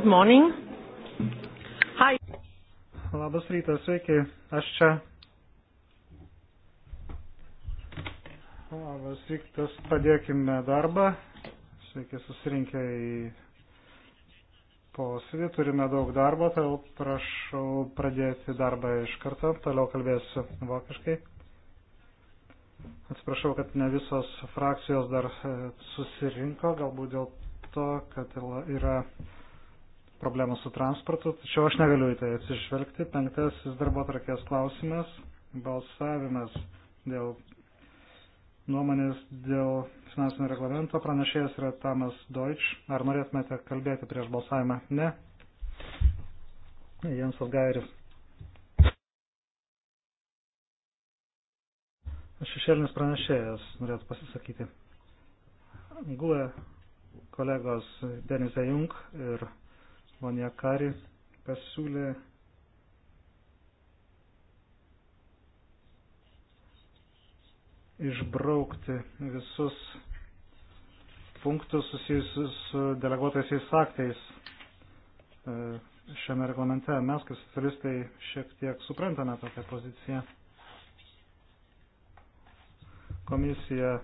Good morning. Hi. Labas rytas, sveiki. Aš čia. Labas rytas, padėkime darbą. Sveiki susirinkę į posėdį. Turime daug darbo, tai prašau pradėti darbą iš karto. Toliau kalbėsiu vokiškai. Atsiprašau, kad ne visos frakcijos dar e, susirinko, galbūt dėl to, kad yra problemų su transportu, tačiau aš negaliu į tai atsižvelgti. Penktasis darbo trakės klausimas - balsavimas dėl nuomonės dėl finansinio reglamento. Pranešėjas yra Tamas Deutsch. Ar norėtumėte kalbėti prieš balsavimą? Ne. Jensas Gairis. Šešėlinis pranešėjas norėtų pasisakyti. Gulė kolegos Denise Jung ir Maniakari pasiūlė išbraukti visus punktus susijusius su deleguotaisiais aktais e, šiame reglamente. Mes, kaip socialistai, šiek tiek suprantame tokią poziciją. Komisija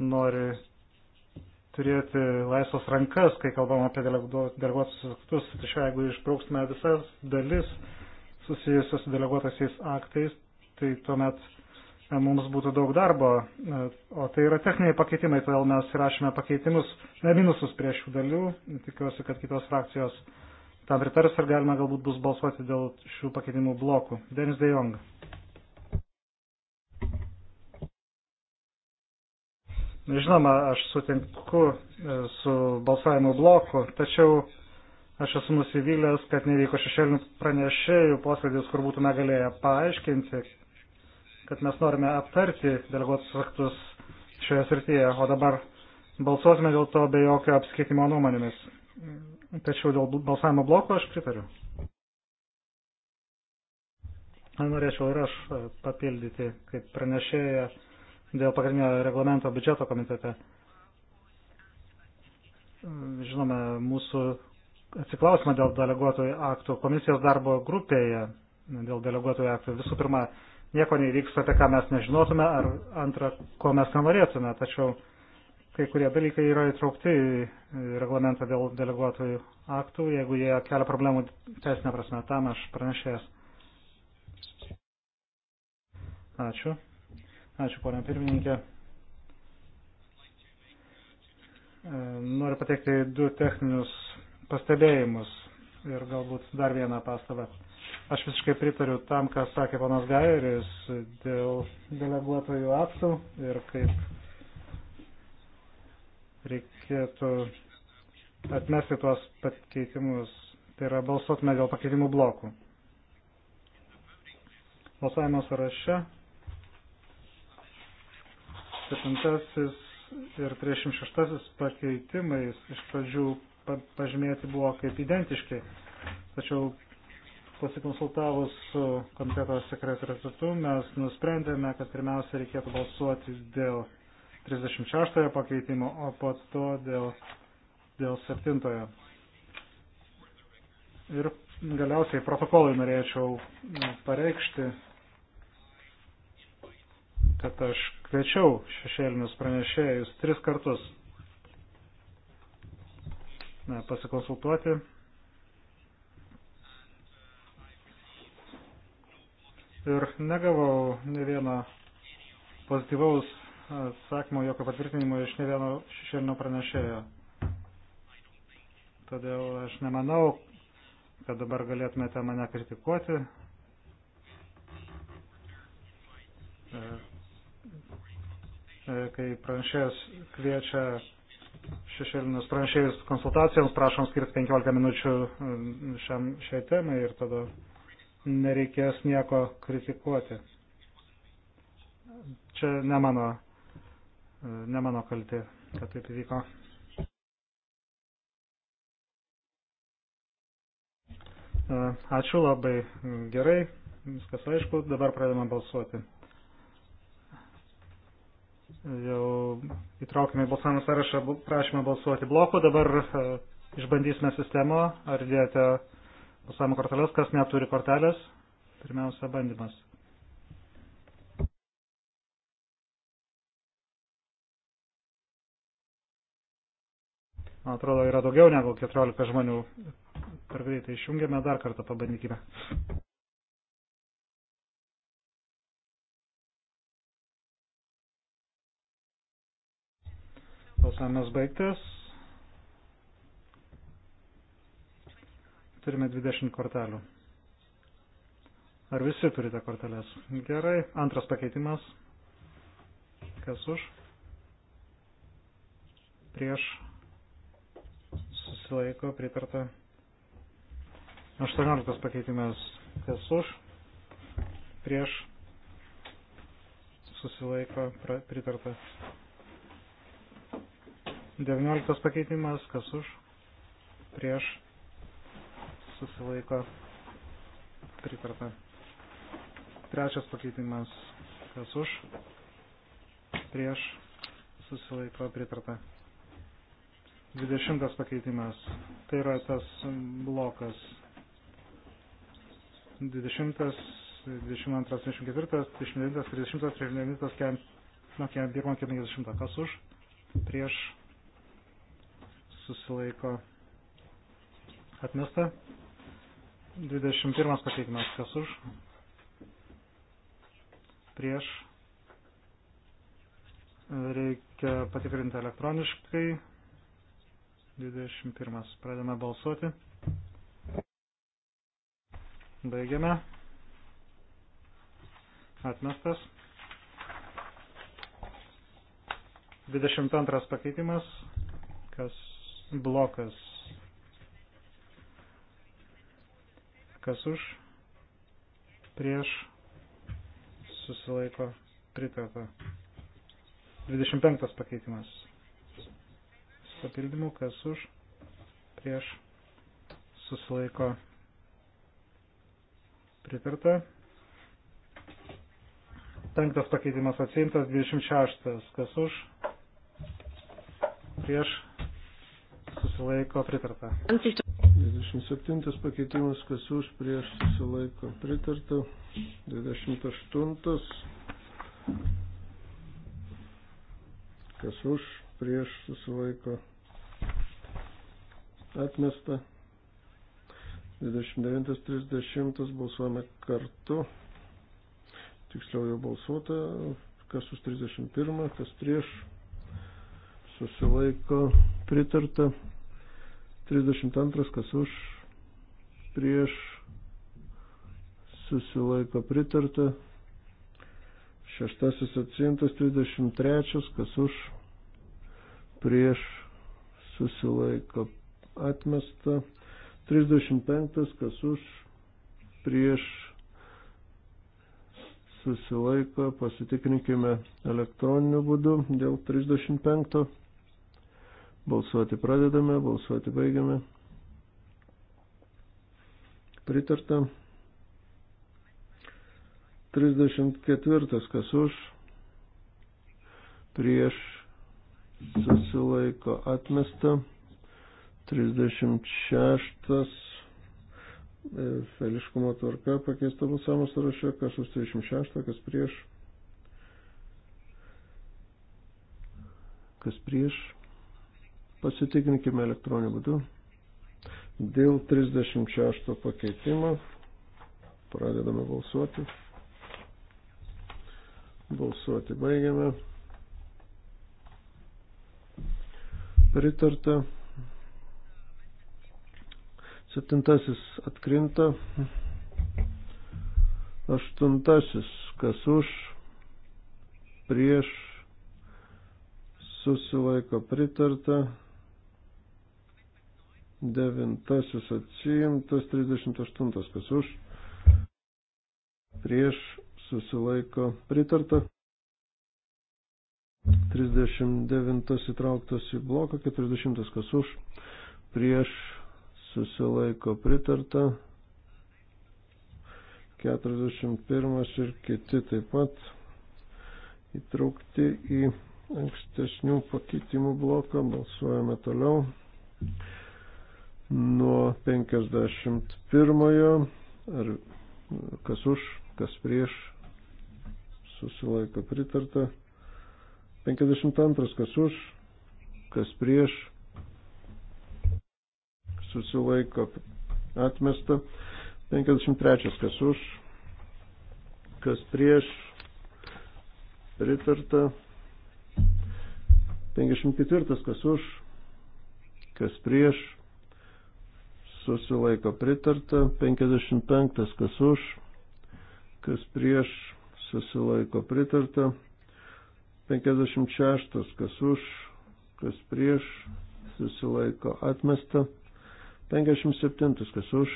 nori turėti laisvas rankas, kai kalbam apie deleguotus aktus. Tačiau jeigu išbrauksime visas dalis susijusios su deleguotaisiais aktais, tai tuomet e, mums būtų daug darbo, e, o tai yra techniniai pakeitimai, todėl mes įrašėme pakeitimus, ne minusus prie šių dalių, tikiuosi, kad kitos frakcijos tam pritars ir galima galbūt bus balsuoti dėl šių pakeitimų blokų. Denis De Jong. Žinoma, aš sutinku e, su balsavimo bloku, tačiau aš esu nusivylęs, kad nevyko šešėlinių pranešėjų posėdis, kur būtume galėję paaiškinti, kad mes norime aptarti deleguotus aktus šioje srityje, o dabar balsuosime dėl to be jokio apskaitimo nuomonėmis. Tačiau dėl balsavimo bloko aš pritariu. Norėčiau ir aš e, papildyti, kaip pranešėja dėl pagrindinio reglamento biudžeto komitete. Žinome, mūsų atsiklausimą dėl deleguotojų aktų komisijos darbo grupėje, dėl deleguotojų aktų visų pirma, nieko neįvyks, apie ką mes nežinotume, ar antra, ko mes nenorėtume, tačiau kai kurie dalykai yra įtraukti į reglamentą dėl deleguotojų aktų, jeigu jie kelia problemų teisinę prasme, tam aš pranešėjęs. Ačiū. Ačiū, ponia pirmininkė. E, noriu pateikti du techninius pastebėjimus ir galbūt dar vieną pastabą. Aš visiškai pritariu tam, ką sakė panas Gairis dėl deleguotojų aktų ir kaip reikėtų atmesti tuos pakeitimus. Tai yra balsuotume dėl pakeitimų blokų. Balsavimo sąraše 37 ir 36 pakeitimais iš pradžių pažymėti buvo kaip identiški, tačiau pasikonsultavus su komiteto sekretariatu mes nusprendėme, kad pirmiausia reikėtų balsuoti dėl 36 pakeitimo, o po to dėl, dėl 7. Ir galiausiai protokolai norėčiau pareikšti, kad aš kviečiau šešėlinius pranešėjus tris kartus na, pasikonsultuoti. Ir negavau ne vieno pozityvaus atsakymo, jokio patvirtinimo iš ne vieno šešėlinio pranešėjo. Todėl aš nemanau, kad dabar galėtumėte mane kritikuoti E, kai pranešėjas kviečia šešėlinius pranešėjus konsultacijoms, prašom skirti 15 minučių e, šiam, šiai temai ir tada nereikės nieko kritikuoti. Čia ne mano, e, ne mano kalti, kad taip įvyko. Ačiū labai gerai, viskas aišku, dabar pradedame balsuoti jau įtraukime į balsavimą sąrašą prašymą balsuoti bloku. Dabar e, išbandysime sistemą, ar dėjote balsavimo korteles, kas neturi kortelės. Pirmiausia, bandymas. Man atrodo, yra daugiau negu 14 žmonių. Per greitai išjungėme, dar kartą pabandykime. Balsavimas baigtas. Turime 20 kortelių. Ar visi turite korteles? Gerai. Antras pakeitimas. Kas už? Prieš. Susilaiko pritarta. 18 pakeitimas. Kas už? Prieš. Susilaiko pritarta. 19 pakeitimas, kas už, prieš, susilaiko, pritarta. Trečias pakeitimas, kas už, prieš, susilaiko, pritarta. 20 pakeitimas, tai yra tas blokas. 20, 22, 24, 29, 30, 39, 41, 40, kas už, prieš, susilaiko atmesta. 21 pateikimas kas už, prieš. Reikia patikrinti elektroniškai. 21. Pradėme balsuoti. Baigiame. Atmestas. 22 pakeitimas. Kas blokas. Kas už, prieš, susilaiko, pritarta. 25 pakeitimas. Papildymų, kas už, prieš, susilaiko, pritarta. Penktas pakeitimas atsiimtas, 26. Kas už? Prieš susilaiko pritarta. 27 pakeitimas, kas už, prieš susilaiko pritarta. 28. Kas už, prieš susilaiko atmesta. 29.30 balsuojame kartu. Tiksliau jau balsuota, kas už 31, kas prieš susilaiko pritarta. 32 kas už, prieš, susilaiko pritarta. Šeštasis atsimtas 33 kas už, prieš, susilaiko atmesta. 35 kas už, prieš, susilaiko, pasitikrinkime elektroniniu būdu dėl 35. Balsuoti pradedame, balsuoti baigiame. Pritarta. 34. Kas už? Prieš susilaiko atmesta. 36. E, feliškumo tvarka pakeista balsavimo sąraše. Kas už 36, kas prieš? Kas prieš? Pasitikrinkime elektroniniu būdu. Dėl 36 pakeitimo pradedame balsuoti. Balsuoti baigiame. Pritarta. Septintasis atkrinta. Aštuntasis, kas už, prieš, susilaiko pritarta devintasis atsiimtas, 38 kas už, prieš susilaiko pritarta, 39 įtrauktas į bloką, 40 kas už, prieš susilaiko pritarta, 41 ir kiti taip pat įtraukti į ankstesnių pakeitimų bloką, balsuojame toliau nuo 51 ar kas už, kas prieš susilaiko pritarta. 52 kas už, kas prieš susilaiko atmesta. 53 kas už, kas prieš pritarta. 54 kas už, kas prieš susilaiko pritarta, 55 kas už, kas prieš susilaiko pritarta, 56 kas už, kas prieš susilaiko atmesta, 57 kas už,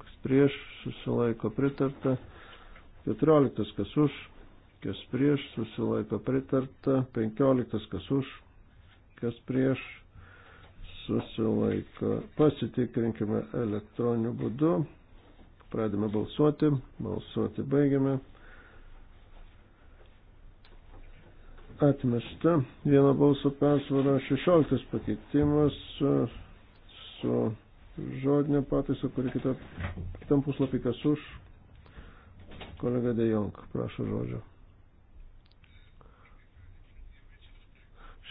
kas prieš susilaiko pritarta, 14 kas už, kas prieš susilaiko pritarta, 15 kas už, kas prieš susilaiko. Pasitikrinkime elektroniniu būdu. Pradėme balsuoti. Balsuoti baigiame. Atmesta vieno balso persvara 16 pakeitimas e, su žodinė pataisa, kuri kita, kitam puslapį kas už. Kolega De Jong, prašau žodžio.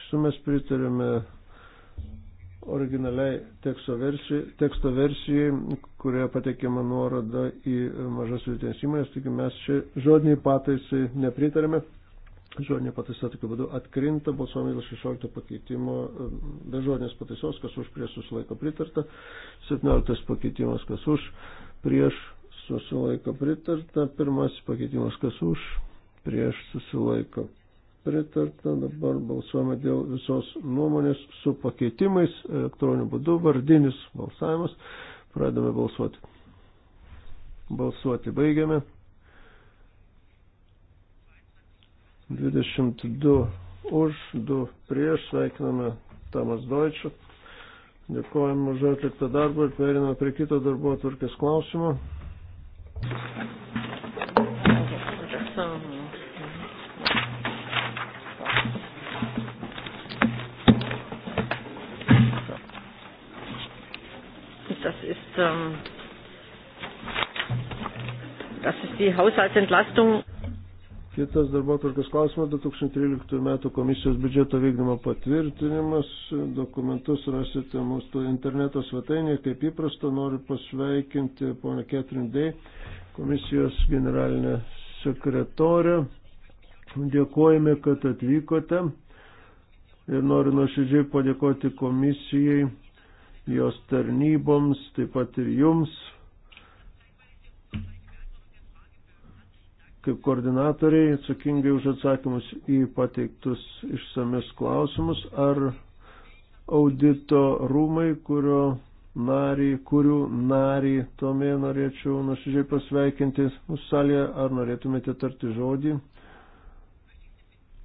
Šis mes pritarėme originaliai teksto versijai, teksto versijai kurioje pateikiama nuoroda į mažas vidutinės įmonės, taigi mes čia žodiniai pataisai nepritarėme. Žodinė pataisa tokiu būdu atkrinta, balsuojame dėl 16 pakeitimo, be žodinės pataisos, kas už prieš susilaiko pritarta, 17 pakeitimas, kas už prieš susilaiko pritarta, pirmasis pakeitimas, kas už prieš susilaiko pritarta pritarta. Dabar balsuojame dėl visos nuomonės su pakeitimais elektroniniu būdu. Vardinis balsavimas. Pradame balsuoti. Balsuoti baigiame. 22 už, 2 prieš. Sveikiname Tamas Deutschu. Dėkojame už atliktą darbą ir periname prie kito darbo atvarkės klausimo. Thank you. ähm, das ist die Haushaltsentlastung. Kitas darbotvarkės klausimas 2013 metų komisijos biudžeto vykdymo patvirtinimas. Dokumentus rasite mūsų interneto svetainėje. Kaip įprasta, noriu pasveikinti ponę Ketrindai, komisijos generalinę sekretorę. Dėkojame, kad atvykote ir noriu nuoširdžiai padėkoti komisijai jos tarnyboms, taip pat ir jums, kaip koordinatoriai, atsakingai už atsakymus į pateiktus išsames klausimus, ar audito rūmai, kurio narį, kurių narį tomė norėčiau nuoširdžiai pasveikinti mūsų salėje, ar norėtumėte tarti žodį.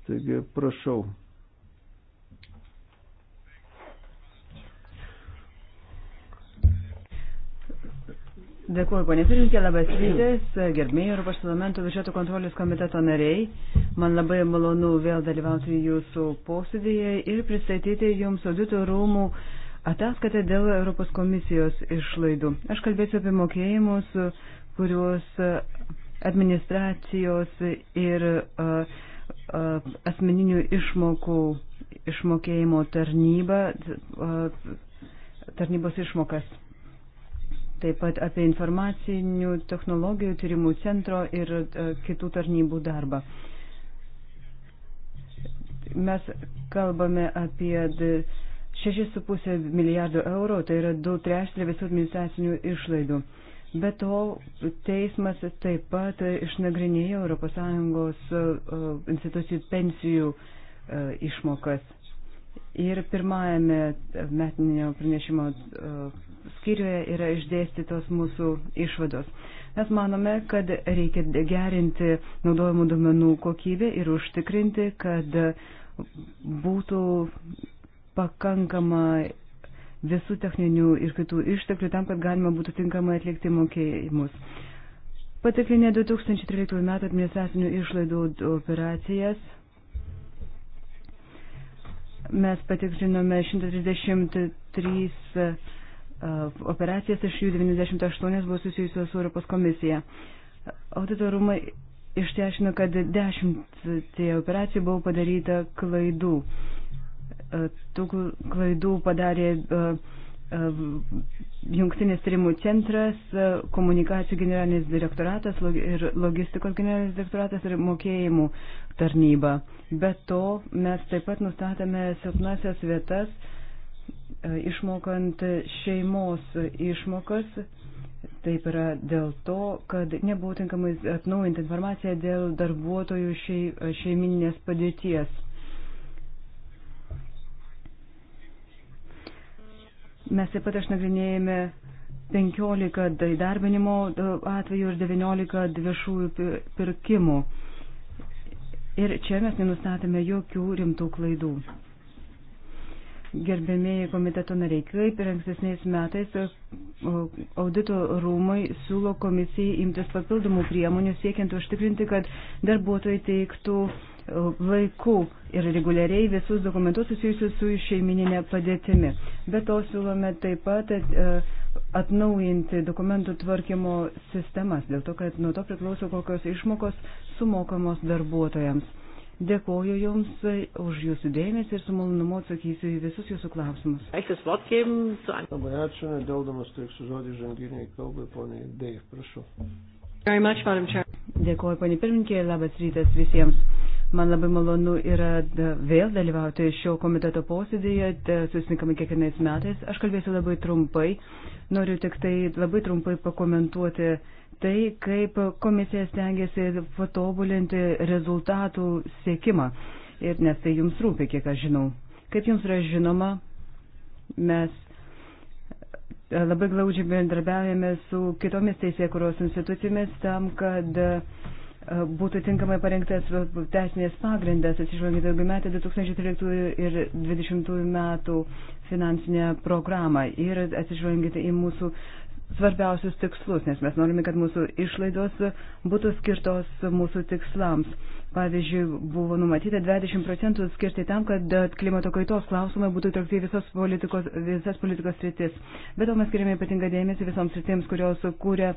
Taigi, prašau. Dėkuoju, ponė Pirinkė, labas rytas, gerbėjai Europos parlamento biudžeto kontrolės komiteto nariai. Man labai malonu vėl dalyvauti jūsų posėdėje ir pristatyti jums audito rūmų ataskaitą dėl Europos komisijos išlaidų. Aš kalbėsiu apie mokėjimus, kuriuos administracijos ir uh, uh, asmeninių išmokų išmokėjimo tarnyba, uh, tarnybos išmokas taip pat apie informacinių technologijų tyrimų centro ir e, kitų tarnybų darbą. Mes kalbame apie 6,5 milijardų eurų, tai yra 2 trečdalį visų administracinių išlaidų. Be to, teismas taip pat išnagrinėjo ES e, institucijų pensijų e, išmokas. Ir pirmajame metinio pranešimo e, skyriuje yra išdėstytos mūsų išvados. Mes manome, kad reikia gerinti naudojimų duomenų kokybę ir užtikrinti, kad būtų pakankama visų techninių ir kitų išteklių tam, kad galima būtų tinkamai atlikti mokėjimus. Patikrinė 2013 m. administracinių išlaidų operacijas mes patikrinome 133 e, operacijas, iš jų 98 buvo susijusios su Europos komisija. Auditorumai išteišino, kad 10 operacijų buvo padaryta klaidų. E, tų klaidų padarė e, Jungtinės tyrimų centras, komunikacijų generalinis direktoratas ir logistikos generalinis direktoratas ir mokėjimų tarnyba. Be to, mes taip pat nustatėme silpnasias vietas, e, išmokant šeimos išmokas. Taip yra dėl to, kad nebuvo tinkamai atnaujinti informaciją dėl darbuotojų šeiminės padėties. Mes taip pat išnagrinėjame 15 įdarbinimo e, atvejų ir 19 viešųjų pirkimų. Ir čia mes nenustatėme jokių rimtų klaidų gerbėmėjai komiteto nariai, kaip ir ankstesniais metais audito rūmai siūlo komisijai imtis papildomų priemonių siekiant užtikrinti, kad darbuotojai teiktų laiku ir reguliariai visus dokumentus susijusius su šeimininė padėtimi. Be to siūlome taip pat e, atnaujinti dokumentų tvarkymo sistemas, dėl to, kad nuo to priklauso kokios išmokos sumokamos darbuotojams. Dėkuoju Jums už Jūsų dėmesį ir su malonumu atsakysiu į visus Jūsų klausimus. Labai ačiū, nedėldamas teiksiu žodį žanginiai kalbai, poniai Dave, prašau. Dėkuoju, poniai pirminkė, labas rytas visiems. Man labai malonu yra vėl dalyvauti šio komiteto posėdėje, susitinkame kiekvienais metais. Aš kalbėsiu labai trumpai, noriu tik tai labai trumpai pakomentuoti uh, tai, kaip komisija stengiasi patobulinti rezultatų siekimą. Ir nes tai jums rūpi, kiek aš žinau. Kaip jums yra žinoma, mes e, labai glaudžiai bendrabiavėme su kitomis teisėkuros institucijomis tam, kad e, būtų tinkamai parengtas teisinės pagrindas, atsižvelgiant daugiau metų 2013 ir 2020 metų finansinę programą ir atsižvelgiant į mūsų uh, svarbiausius tikslus, nes mes norime, kad mūsų išlaidos būtų skirtos mūsų tikslams. Pavyzdžiui, buvo numatyta 20 procentų skirti tam, kad klimato kaitos klausimai būtų traukti visos politikos, visas politikos sritis. Bet to mes skiriame ypatingą dėmesį visoms sritims, kurios kūrė e,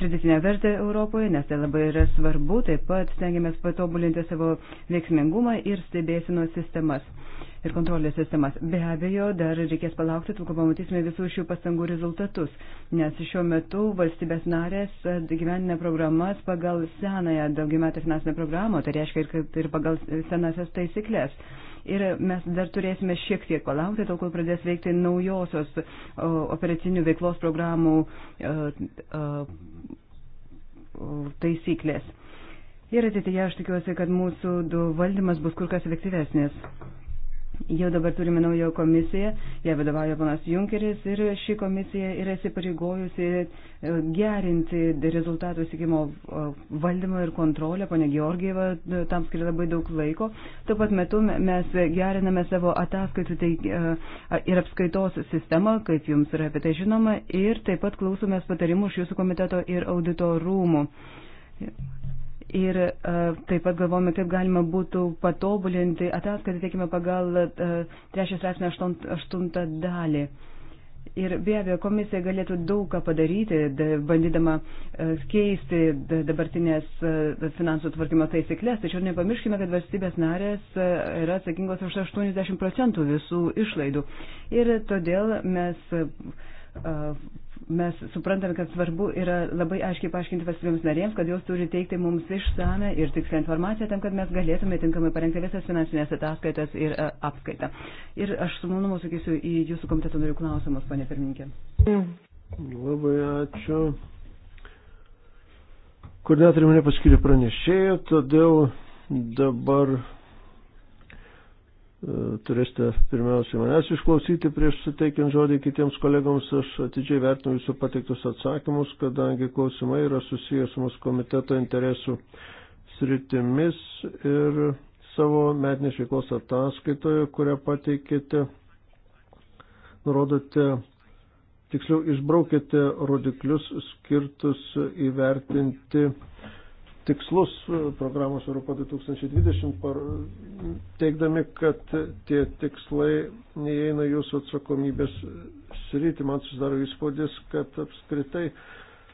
pridėtinę vertę Europoje, nes tai labai yra svarbu. Taip pat stengiamės patobulinti savo veiksmingumą ir stebėsino sistemas ir kontrolės sistemas. Be abejo, dar reikės palaukti, tol kol pamatysime visų šių pastangų rezultatus, nes šiuo metu valstybės narės gyvenina programas pagal senąją daugiametę finansinę programą, tai reiškia ir, ir pagal senasias taisyklės. Ir mes dar turėsime šiek tiek palaukti, tol kol pradės veikti naujosios operacinių veiklos programų taisyklės. Ir ateityje aš tikiuosi, kad mūsų valdymas bus kur kas efektyvesnis. Jau dabar turime naują komisiją, ją vadovauja panas Junkeris ir ši komisija yra įsipareigojusi e, gerinti rezultatų įsikimo e, valdymą ir kontrolę. Pane Georgieva e, tam skiria labai daug laiko. Tuo pat metu mes geriname savo ataskaitų tai, ir apskaitos sistemą, kaip jums yra apie tai žinoma, ir taip pat klausomės patarimų iš jūsų komiteto ir audito rūmų. Ir uh, taip pat galvojame, kaip galima būtų patobulinti ataskaitą, teikime, pagal uh, e, 3 straipsnio 8, 8 dalį. Ir be abejo, komisija galėtų daug ką padaryti, bandydama e, keisti dabartinės finansų tvarkymo taisyklės, tačiau nepamirškime, kad valstybės narės yra atsakingos už 80 procentų visų išlaidų. Ir todėl mes mes suprantame, kad svarbu yra labai aiškiai paaiškinti valstybėms narėms, kad jos turi teikti mums išsame ir tikslę informaciją tam, kad mes galėtume tinkamai parengti visas finansinės ataskaitas ir e, apskaitą. Ir aš su manumu sakysiu į jūsų komiteto narių klausimus, ponė pirmininkė. Labai ačiū. Koordinatoriai mane paskiria pranešėjo, todėl dabar turėsite pirmiausiai manęs išklausyti prieš suteikiant žodį kitiems kolegoms. Aš atidžiai vertinu jūsų pateiktus atsakymus, kadangi klausimai yra susijęs su mūsų komiteto interesų sritimis ir savo metinės veiklos ataskaitoje, kurią pateikėte, nurodote, tiksliau išbraukėte rodiklius skirtus įvertinti tikslus programos Europa 2020, teikdami, kad tie tikslai neįeina jūsų atsakomybės sritį. Man susidaro įspūdis, kad apskritai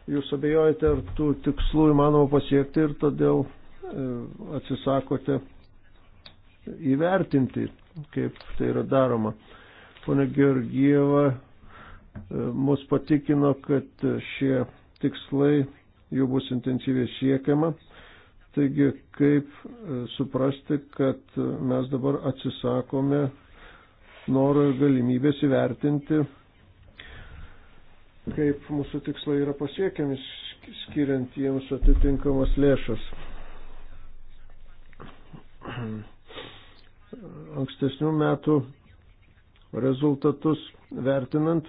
jūs abejojate, ar tų tikslų įmanoma pasiekti ir todėl e, atsisakote įvertinti, kaip tai yra daroma. Pone Georgieva e, mus patikino, kad šie tikslai jų bus intensyviai siekiama. Taigi, kaip e, suprasti, kad e, mes dabar atsisakome noro ir galimybės įvertinti, kaip mūsų tikslai yra pasiekiami, skiriant jiems atitinkamas lėšas. Ankstesnių metų rezultatus vertinant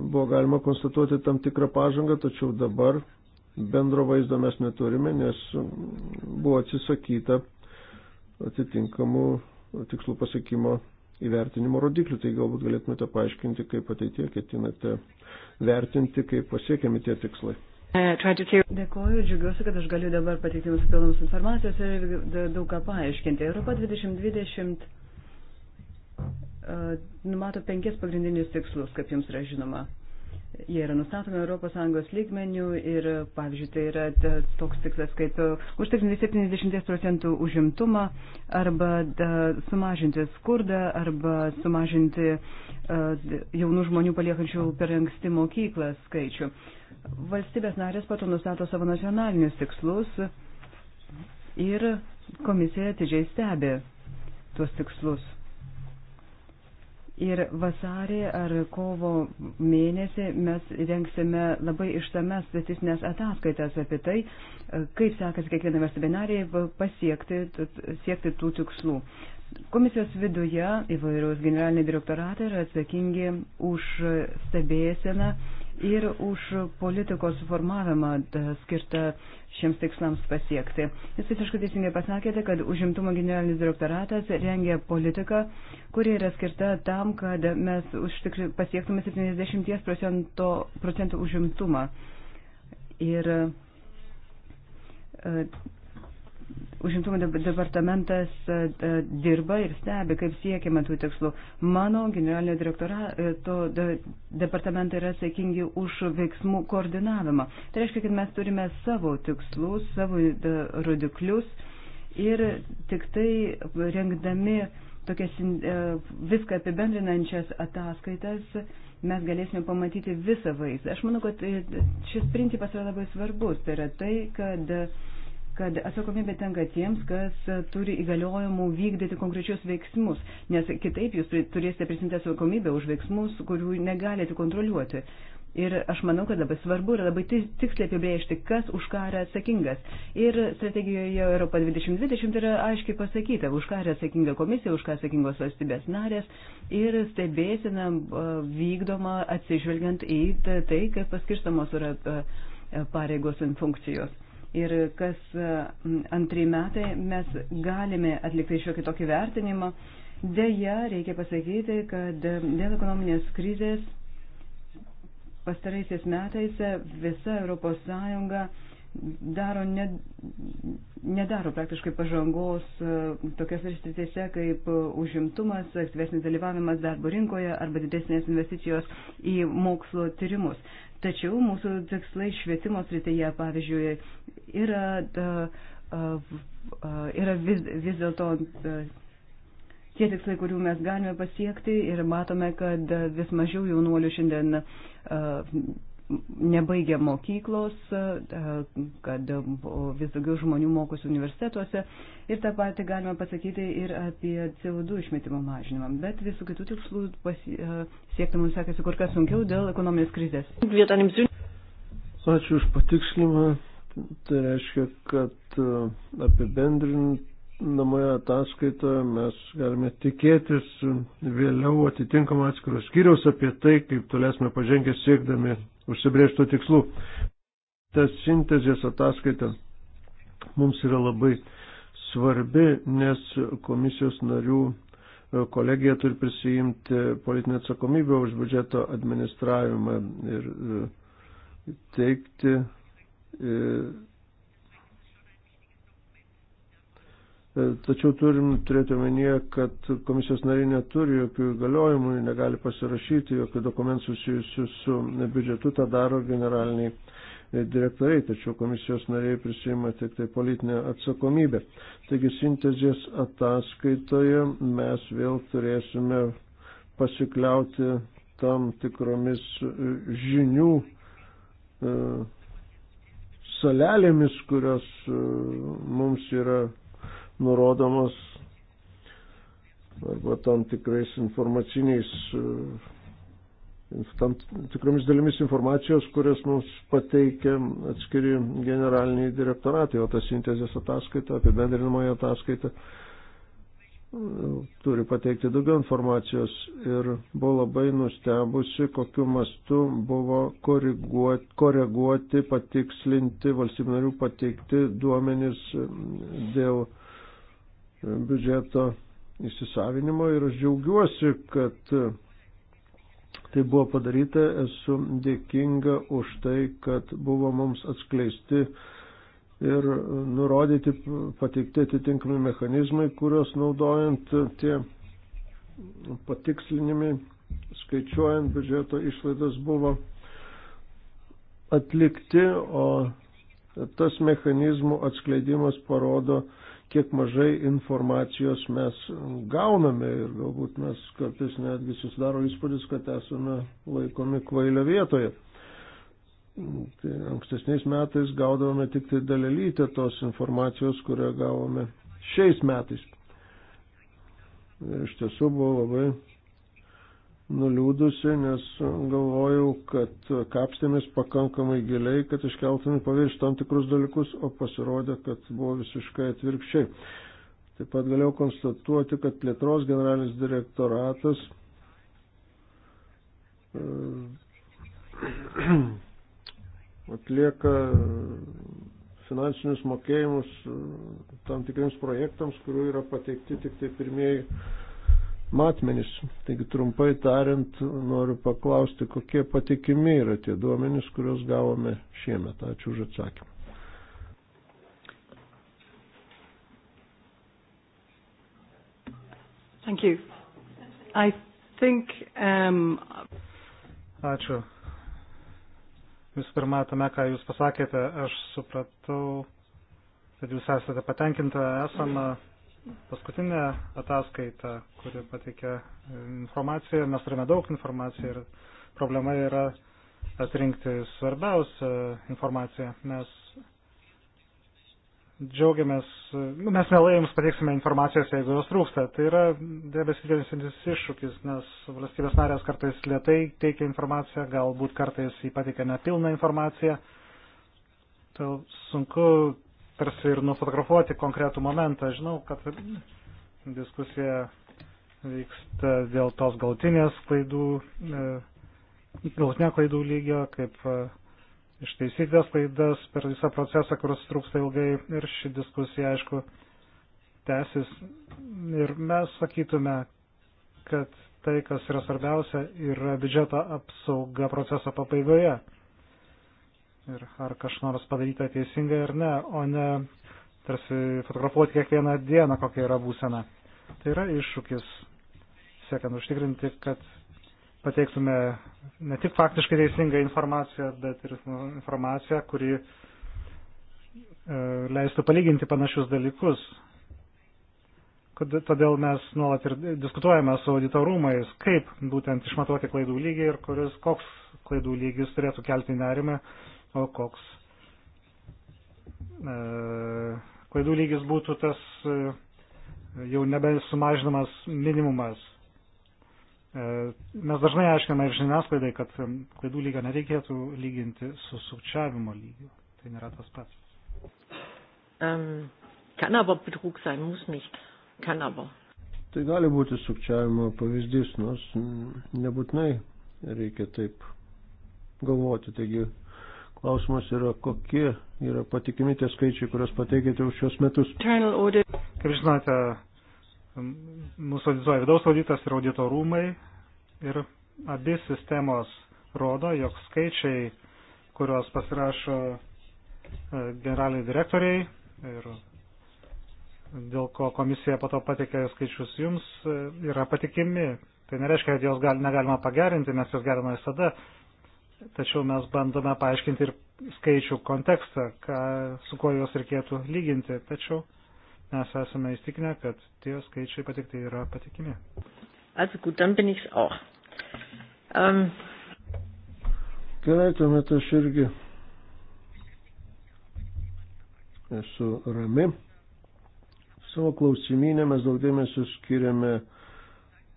buvo galima konstatuoti tam tikrą pažangą, tačiau dabar bendro vaizdo mes neturime, nes mm, buvo atsisakyta atitinkamų tikslų pasiekimo įvertinimo rodiklių. Tai galbūt galėtumėte paaiškinti, kaip ateitie ketinate vertinti, kaip pasiekiami tie tikslai. Uh, Dėkuoju, džiugiuosi, kad aš galiu dabar pateikti jums pilnus informacijos ir daug ką paaiškinti. Europa 2020 numato penkis pagrindinius tikslus, kaip jums yra žinoma. Jie yra nustatomi ES lygmenių ir, pavyzdžiui, tai yra toks tikslas kaip užtikrinti 70 procentų užimtumą arba sumažinti skurdą arba sumažinti jaunų žmonių paliekančių per anksti mokyklą skaičių. Valstybės narės pato nustato savo nacionalinius tikslus ir komisija atidžiai stebi tuos tikslus. Ir vasarį ar kovo mėnesį mes rengsime labai išsames statistinės ataskaitas apie tai, kaip sekasi kiekvienai valstybinariai pasiekti siekti tų tikslų. Komisijos viduje įvairūs generaliniai direktoratai yra atsakingi už stebėseną ir už politikos formavimą skirtą šiems tikslams pasiekti. Jūs visiškai teisingai pasakėte, kad užimtumo generalinis direktoratas rengia politiką, kuri yra skirta tam, kad mes užtikri, pasiektume 70 procentų, procentų užimtumą. Ir e, Užimtumo departamentas e, e, dirba ir stebi, kaip siekiama tų tikslų. Mano generalinio direktorato e, departamentai yra atsakingi už veiksmų koordinavimą. Tai reiškia, kad mes turime savo tikslus, savo rodiklius ir tik tai rengdami tokias viską apibendrinančias ataskaitas mes galėsime pamatyti visą vaizdą. Aš manau, kad šis principas yra labai svarbus. Tai yra tai, kad kad atsakomybė tenka tiems, kas turi įgaliojimų vykdyti konkrečius veiksmus, nes kitaip jūs turėsite prisimti atsakomybę už veiksmus, kurių negalite kontroliuoti. Ir aš manau, kad labai svarbu yra labai tiksliai apibrėžti, kas už ką yra atsakingas. Ir strategijoje Europa 2020 yra aiškiai pasakyta, už ką yra atsakinga komisija, už ką atsakingos valstybės narės ir stebėsina vykdoma atsižvelgiant į tai, kaip paskirstamos yra pareigos ir funkcijos ir kas antrį metai mes galime atlikti šiokį tokį vertinimą. Deja, reikia pasakyti, kad dėl ekonominės krizės pastaraisiais metais visa ES daro ne, nedaro praktiškai pažangos e, tokiose sritise kaip užimtumas, aktyvesnis dalyvavimas darbo rinkoje arba didesnės investicijos į mokslo tyrimus. Tačiau mūsų tikslai švietimo srityje, pavyzdžiui, yra, yra vis, vis dėlto tie tikslai, kurių mes galime pasiekti ir matome, kad vis mažiau jaunuolių šiandien nebaigia mokyklos, e, kad vis daugiau žmonių mokosi universitetuose ir tą patį galima pasakyti ir apie CO2 išmetimo mažinimą, bet visų kitų tikslų e, siekti mums sekasi kur kas sunkiau dėl ekonominės krizės. Ačiū už patikslimą. Tai reiškia, kad e, apibendrinant namoje ataskaitoje mes galime tikėtis vėliau atitinkamą atskiros skyriaus apie tai, kaip tolesime pažengę siekdami užsibrėžtų tikslų. Tas sintezės ataskaita mums yra labai svarbi, nes komisijos narių e, kolegija turi prisijimti politinę atsakomybę už biudžeto administravimą ir e, teikti e, E, tačiau turim turėti omenyje, kad komisijos nariai neturi jokių įgaliojimų, negali pasirašyti jokių dokumentų susijusių su biudžetu, tą daro generaliniai e, direktoriai, tačiau komisijos nariai prisima tik tai politinę atsakomybę. Taigi sintezės ataskaitoje mes vėl turėsime pasikliauti tam tikromis e, žinių salelėmis, kurios mums yra nurodomos arba tam tikrais informaciniais, e, tam tikromis dalimis informacijos, kurias mums pateikia atskiri generaliniai direktoratai, o ta sintezės ataskaita, apibendrinamoji ataskaita e, turi pateikti daugiau informacijos ir buvo labai nustebusi, kokiu mastu buvo koreguoti, koreguoti patikslinti valstybinarių pateikti duomenys e, dėl biudžeto įsisavinimo ir aš džiaugiuosi, kad tai buvo padaryta. Esu dėkinga už tai, kad buvo mums atskleisti ir nurodyti, pateikti atitinkami mechanizmai, kurios naudojant tie patikslinimai, skaičiuojant biudžeto išlaidas buvo atlikti, o tas mechanizmų atskleidimas parodo, kiek mažai informacijos mes gauname ir galbūt mes kartais netgi susidaro įspūdis, kad esame laikomi kvailio vietoje. Tai ankstesniais metais gaudavome tik tai dalelytę tos informacijos, kurią gavome šiais metais. Ir iš tiesų buvo labai nuliūdusi, nes galvojau, kad kapstėmės pakankamai giliai, kad iškeltume pavirš tam tikrus dalykus, o pasirodė, kad buvo visiškai atvirkščiai. Taip pat galėjau konstatuoti, kad plėtros generalinis direktoratas e, atlieka finansinius mokėjimus e, tam tikriems projektams, kurių yra pateikti tik tai pirmieji matmenys. Taigi trumpai tariant, noriu paklausti, kokie patikimi yra tie duomenys, kuriuos gavome šiemet. Ačiū už atsakymą. Thank you. I think, um... Ačiū. Visų pirma, tame, ką Jūs pasakėte, aš supratau, kad Jūs esate patenkinta esama paskutinė ataskaita, kuri pateikia e, informaciją, mes turime daug informacijų ir problema yra atrinkti svarbiausią informaciją. Mes džiaugiamės, nu, mes mielai jums pateiksime informacijos, jeigu jos trūksta. Tai yra debesitėlis iššūkis, nes valstybės narės kartais lietai teikia informaciją, galbūt kartais jį pateikia nepilną informaciją. Tai sunku tarsi ir nufotografuoti konkretų momentą. Žinau, kad diskusija vyksta dėl tos galtinės klaidų, e, galtinio klaidų lygio, kaip e, ištaisyti tas klaidas per visą procesą, kuris trūksta ilgai ir ši diskusija, aišku, tęsis. Ir mes sakytume, kad tai, kas yra svarbiausia, yra biudžeto apsauga proceso pabaigoje ir ar kažkas nors padaryta teisingai ar ne, o ne tarsi fotografuoti kiekvieną dieną, kokia yra būsena. Tai yra iššūkis, siekiant užtikrinti, kad pateiktume ne tik faktiškai teisingą informaciją, bet ir informaciją, kuri e, leistų palyginti panašius dalykus. Todėl mes nuolat ir diskutuojame su auditorumais, kaip būtent išmatuoti klaidų lygį ir kuris, koks klaidų lygis turėtų kelti nerimą o koks e, klaidų lygis būtų tas e, jau nebesumažinamas minimumas. E, mes dažnai aiškiname ir žiniasklaidai, kad klaidų lygio nereikėtų lyginti su sukčiavimo lygiu. Tai nėra tas pats. Um, kann aber Betrug sein, muss nicht. Kann aber. Tai gali būti sukčiavimo pavyzdys, nors nebūtinai reikia taip galvoti. Taigi Klausimas yra, kokie yra patikimi tie skaičiai, kuriuos pateikėte už šios metus. Kaip žinote, mūsų audizuoja vidaus auditas ir audito rūmai ir abi sistemos rodo, jog skaičiai, kuriuos pasirašo e, generaliniai direktoriai ir dėl ko komisija po to patikė skaičius jums, e, yra patikimi. Tai nereiškia, kad jos gal, negalima pagerinti, mes jos geriname visada, tačiau mes bandome paaiškinti ir skaičių kontekstą, ką, su kuo juos reikėtų lyginti, tačiau mes esame įstikinę, kad tie skaičiai patikti yra patikimi. Also gut, dann bin ich's auch. Um... Gerai, tuomet aš irgi esu rami. Savo klausimynę mes daug dėmesio skiriame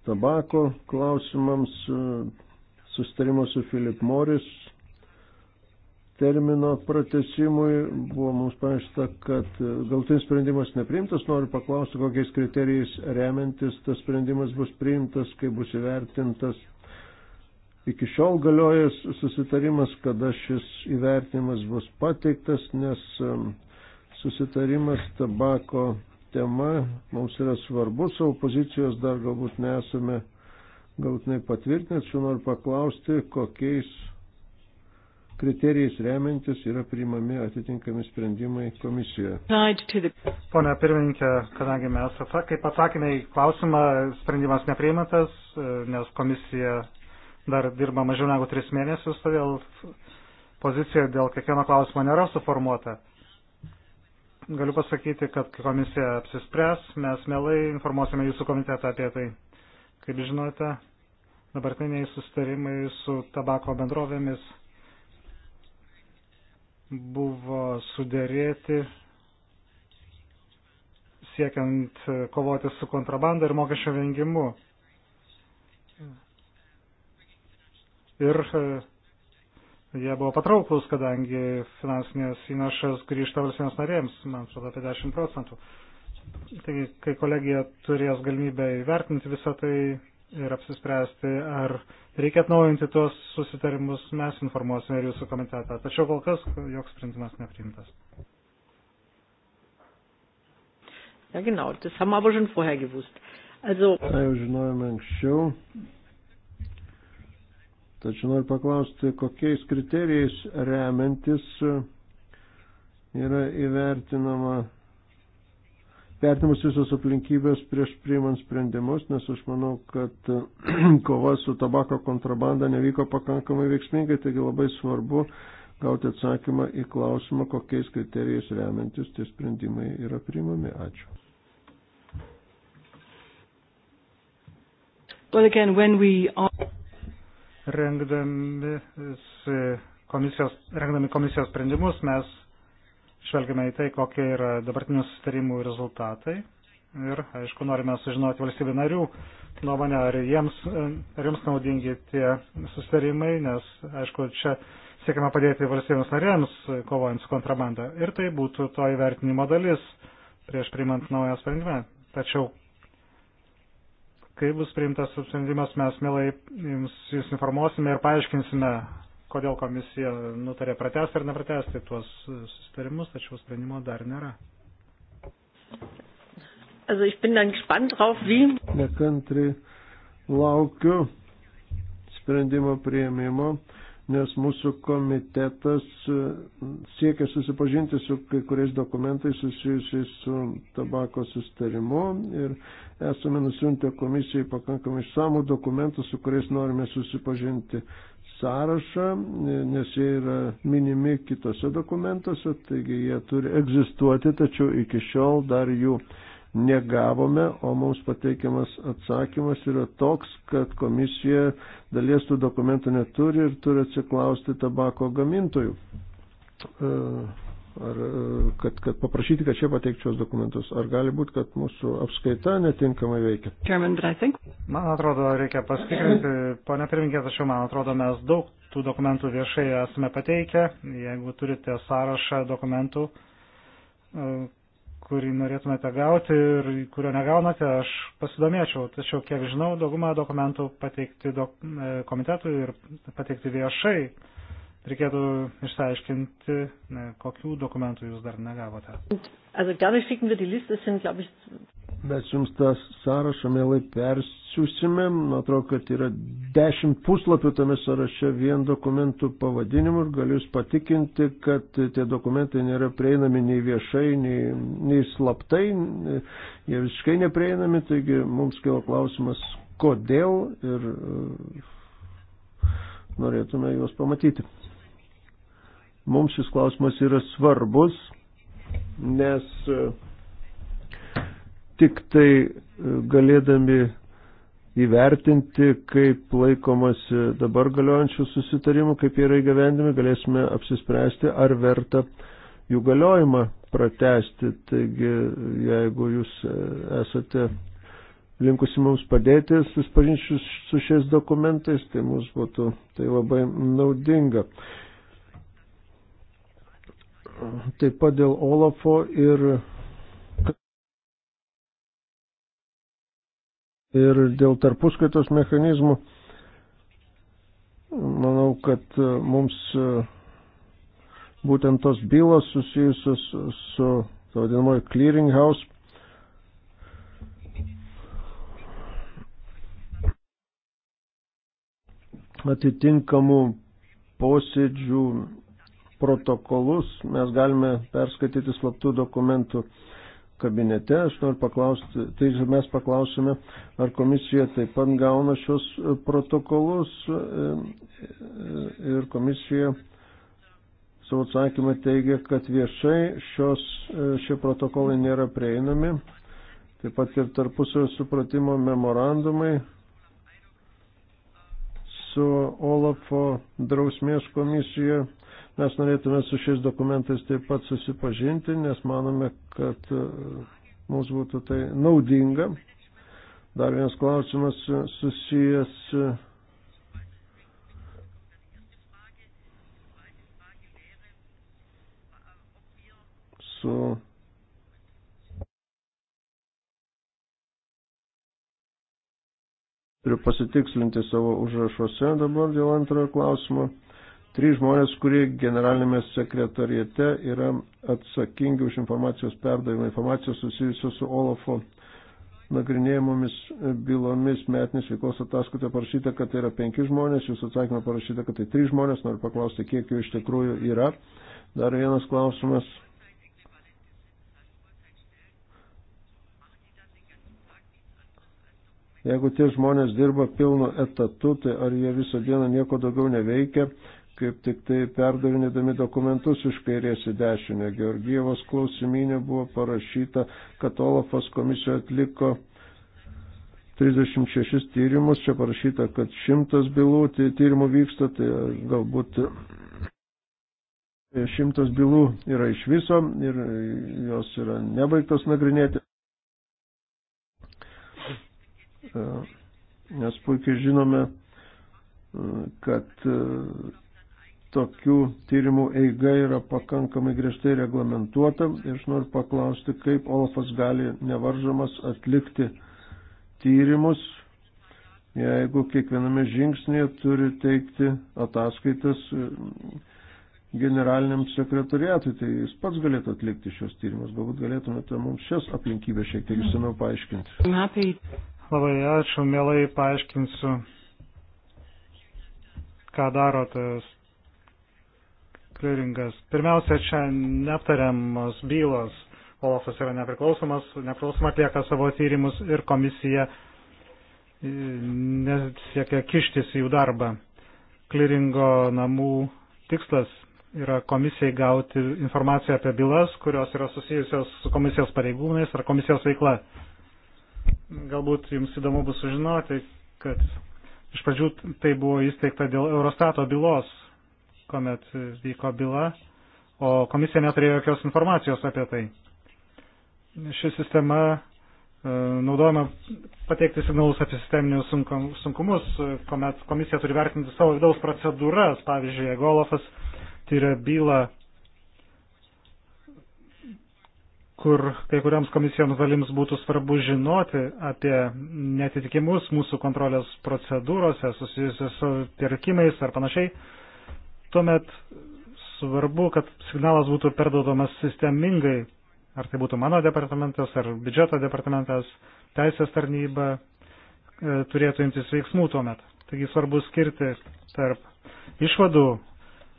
tabako klausimams, sustarimo su Philip Morris termino pratesimui buvo mums paaišta, kad galtinis sprendimas nepriimtas. Noriu paklausti, kokiais kriterijais remiantis tas sprendimas bus priimtas, kai bus įvertintas iki šiol galiojęs susitarimas, kada šis įvertinimas bus pateiktas, nes um, susitarimas tabako tema mums yra svarbus, savo pozicijos dar galbūt nesame galtinai patvirtinęs, šiuo noriu paklausti, kokiais kriterijais remiantis yra priimami atitinkami sprendimai komisijoje. Pone pirmininkė, kadangi mes kaip atsakėme į klausimą, sprendimas nepriimatas, e, nes komisija dar dirba mažiau negu tris mėnesius, todėl pozicija dėl kiekvieno klausimo nėra suformuota. Galiu pasakyti, kad komisija apsispręs, mes mielai informuosime jūsų komitetą apie tai. Kaip žinote, dabartiniai sustarimai su tabako bendrovėmis buvo sudėrėti siekiant kovoti su kontrabanda ir mokesčio vengimu. Ir e, jie buvo patrauklus, kadangi finansinės įnašas grįžta valstybės narėms, man atrodo, apie 10 procentų. Taigi, kai kolegija turės galimybę įvertinti visą tai, ir apsispręsti, ar reikia atnaujinti tuos susitarimus, mes informuosime ir jūsų komitetą. Tačiau kol kas joks sprendimas nepriimtas. Ja, genau, das haben wir aber schon vorher gewusst. Also. Tai jau žinojome anksčiau. Tačiau noriu paklausti, kokiais kriterijais remiantis yra įvertinama vertimus visos aplinkybės prieš priimant sprendimus, nes aš manau, kad kova su tabako kontrabanda nevyko pakankamai veiksmingai, taigi labai svarbu gauti atsakymą į klausimą, kokiais kriterijais remiantis tie sprendimai yra priimami. Ačiū. Well, again, when we are... rengdami, komisijos, rengdami komisijos sprendimus mes žvelgiame į tai, kokie yra dabartinių sustarimų rezultatai. Ir, aišku, norime sužinoti valstybių narių nuomonę, ar jiems, ar jiems naudingi tie sustarimai, nes, aišku, čia siekime padėti valstybėms narėms kovojant su kontrabanda. Ir tai būtų to įvertinimo dalis prieš priimant naują sprendimą. Tačiau, kai bus priimtas sprendimas, mes mielai jums, jūs informuosime ir paaiškinsime, kodėl komisija nutarė pratesti ar nepratesti tuos susitarimus, tačiau sprendimo dar nėra. Also ich bin dann gespannt drauf, wie. Nekantri laukiu sprendimo prieimimo, nes mūsų komitetas e, siekia susipažinti su kai kuriais dokumentais susijusiais su tabako sustarimu ir esame nusiuntę komisijai pakankamai išsamų dokumentų, su kuriais norime susipažinti sąrašą, nes jie yra minimi kitose dokumentuose, taigi jie turi egzistuoti, tačiau iki šiol dar jų negavome, o mums pateikiamas atsakymas yra toks, kad komisija dalies tų dokumentų neturi ir turi atsiklausti tabako gamintojų. E, ar e, kad, kad paprašyti, kad čia pateikčios dokumentus. Ar gali būti, kad mūsų apskaita netinkamai veikia? Man atrodo, reikia pasitikrinti, ponia pirmininkė, tačiau man atrodo, mes daug tų dokumentų viešai esame pateikę. Jeigu turite sąrašą dokumentų, e, kurį norėtumėte gauti ir kurio negaunate, aš pasidomėčiau. Tačiau, kiek žinau, dauguma dokumentų pateikti dok, e, komitetui ir pateikti viešai reikėtų išsiaiškinti, ne, kokių dokumentų jūs dar negavote. Mes jums tą sąrašą mielai persiusime. Man atrodo, kad yra dešimt puslapių tame sąraše vien dokumentų pavadinimų ir galiu jūs patikinti, kad tie dokumentai nėra prieinami nei viešai, nei, nei slaptai, jie visiškai neprieinami, taigi mums kilo klausimas, kodėl ir e, norėtume juos pamatyti. Mums šis klausimas yra svarbus, nes e, tik tai e, galėdami įvertinti, kaip laikomasi dabar galiojančių susitarimų, kaip jie yra įgyvendami, galėsime apsispręsti, ar verta jų galiojimą pratesti. Taigi, jeigu jūs e, esate linkusi mums padėti, suspažinčius su šiais dokumentais, tai mums būtų tai labai naudinga taip pat dėl Olafo ir, ir dėl tarpuskaitos mechanizmų. Manau, kad e, mums e, būtent tos bylos susijusios su to vadinamoji clearinghouse atitinkamų posėdžių protokolus mes galime perskaityti slaptų dokumentų kabinete. Aš noriu paklausti, tai mes paklausime, ar komisija taip pat gauna šios protokolus e, e, ir komisija savo atsakymą teigia, kad viešai šios, e, šie protokolai nėra prieinami. Taip pat ir tarpusio supratimo memorandumai su Olafo drausmės komisija Mes norėtume su šiais dokumentais taip pat susipažinti, nes manome, kad e, mums būtų tai naudinga. Dar vienas klausimas susijęs e, su Turiu pasitikslinti savo užrašuose dabar dėl antrojo klausimo trys žmonės, kurie generalinėme sekretariete yra atsakingi už informacijos perdavimą, informacijos susijusios su Olafo nagrinėjamomis bylomis metinės veiklos ataskaitoje parašyta, kad tai yra penki žmonės, jūsų atsakymą parašyta, kad tai trys žmonės, noriu paklausti, kiek jų iš tikrųjų yra. Dar vienas klausimas. Jeigu tie žmonės dirba pilnu etatu, tai ar jie visą dieną nieko daugiau neveikia, kaip tik tai perdavinėdami dokumentus iš kairės į dešinę. Georgievos klausimynė buvo parašyta, kad Olafas komisijoje atliko 36 tyrimus, čia parašyta, kad 100 bylų tai tyrimų vyksta, tai galbūt 100 bylų yra iš viso ir jos yra nebaigtos nagrinėti. Nes puikiai žinome, kad tokių tyrimų eiga yra pakankamai griežtai reglamentuota ir aš noriu paklausti, kaip Olafas gali nevaržomas atlikti tyrimus, jeigu kiekviename žingsnėje turi teikti ataskaitas generaliniam sekretoriatui, tai jis pats galėtų atlikti šios tyrimus. Galbūt galėtumėte mums šias aplinkybės šiek tiek išsamiau paaiškinti. Labai ačiū, mielai paaiškinsiu, ką daro tas kliringas. Pirmiausia, čia neaptariamos bylos. Olafas yra nepriklausomas, nepriklausoma atlieka savo tyrimus ir komisija e, nesiekia kištis į jų darbą. Kliringo namų tikslas yra komisijai gauti informaciją apie bylas, kurios yra susijusios su komisijos pareigūnais ar komisijos veikla. Galbūt jums įdomu bus sužinoti, kad iš pradžių tai buvo įsteigta dėl Eurostato bylos kuomet vyko byla, o komisija neturėjo jokios informacijos apie tai. Ši sistema e, naudojama pateikti signalus apie sisteminius sunkumus, e, kuomet komisija turi vertinti savo vidaus procedūras. Pavyzdžiui, jeigu Olafas tyria bylą, kur kai kuriams komisijoms dalims būtų svarbu žinoti apie netitikimus mūsų kontrolės procedūrose susijusios su pirkimais ar panašiai, Tuomet svarbu, kad signalas būtų perdodamas sistemingai, ar tai būtų mano departamentas, ar biudžeto departamentas, teisės tarnyba e, turėtų imtis veiksmų tuomet. Taigi svarbu skirti tarp išvadų,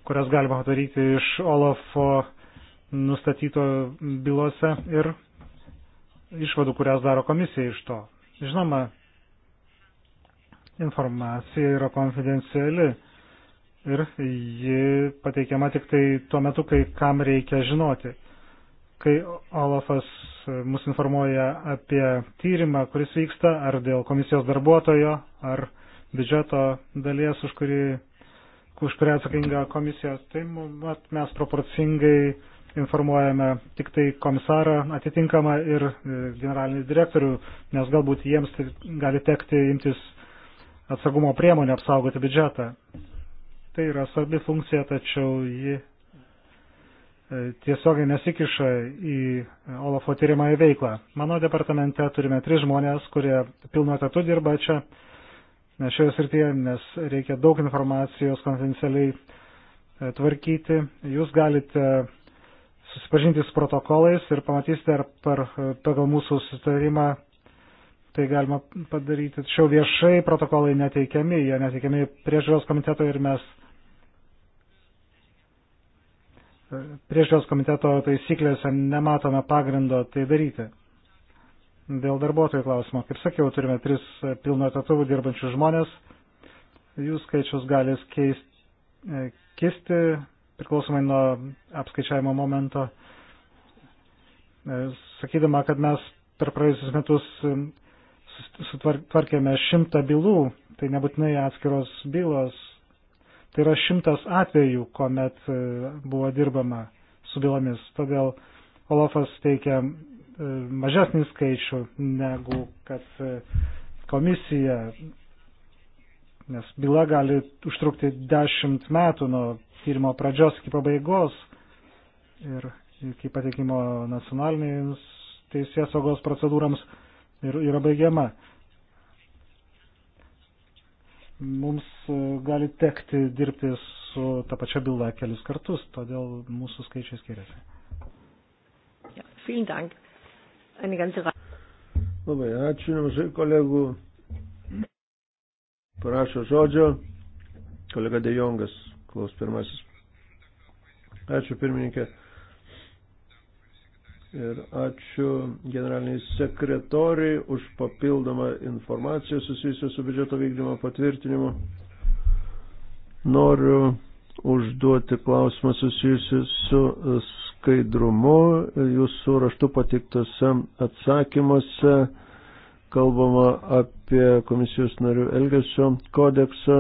kurias galima padaryti iš Olafo nustatyto bylose ir išvadų, kurias daro komisija iš to. Žinoma, informacija yra konfidenciali ir ji pateikiama tik tai tuo metu, kai kam reikia žinoti. Kai Olafas mus informuoja apie tyrimą, kuris vyksta, ar dėl komisijos darbuotojo, ar biudžeto dalies, už, kurį, už kurią atsakinga komisija, tai mat, mes proporcingai informuojame tik tai komisarą atitinkamą ir e, generalinį direktorių, nes galbūt jiems gali tekti imtis atsargumo priemonę apsaugoti biudžetą. Tai yra svarbi funkcija, tačiau ji e, tiesiogiai nesikiša į e, Olafo tyrimąją veiklą. Mano departamente turime tris žmonės, kurie pilnu etatu dirba čia e, šioje srityje, nes reikia daug informacijos konfidencialiai tvarkyti. Jūs galite susipažinti su protokolais ir pamatysite, ar per, pagal mūsų sutarimą tai galima padaryti. Tačiau viešai protokolai neteikiami, jie neteikiami priežiūros komiteto ir mes e, priežiūros komiteto taisyklėse nematome pagrindo tai daryti. Dėl darbuotojų klausimo, kaip sakiau, turime tris pilno etatų dirbančių žmonės. Jų skaičius gali keist, e, kisti priklausomai nuo apskaičiavimo momento. E, sakydama, kad mes per praėjusius metus sutvarkėme šimtą bylų, tai nebūtinai atskiros bylos, tai yra šimtas atvejų, kuomet e, buvo dirbama su bylomis. Todėl Olafas teikia e, mažesnį skaičių negu kad e, komisija, nes byla gali užtrukti dešimt metų nuo tyrimo pradžios iki pabaigos ir iki patikimo nacionalinės teisės saugos procedūrams ir yra baigiama. Mums e, gali tekti dirbti su ta pačia byla kelis kartus, todėl mūsų skaičiai skiriasi. Ja, vielen Dank. Eine ganze Reihe. Labai ačiū nemažai kolegų. Parašo žodžio. Kolega Dejongas klaus pirmasis. Ačiū pirmininkė. Ir ačiū generaliniai sekretoriai už papildomą informaciją susijusią su biudžeto vykdymo patvirtinimu. Noriu užduoti klausimą susijusiu su skaidrumu. Jūsų raštu patiktose atsakymuose kalbama apie komisijos narių elgesio kodeksą.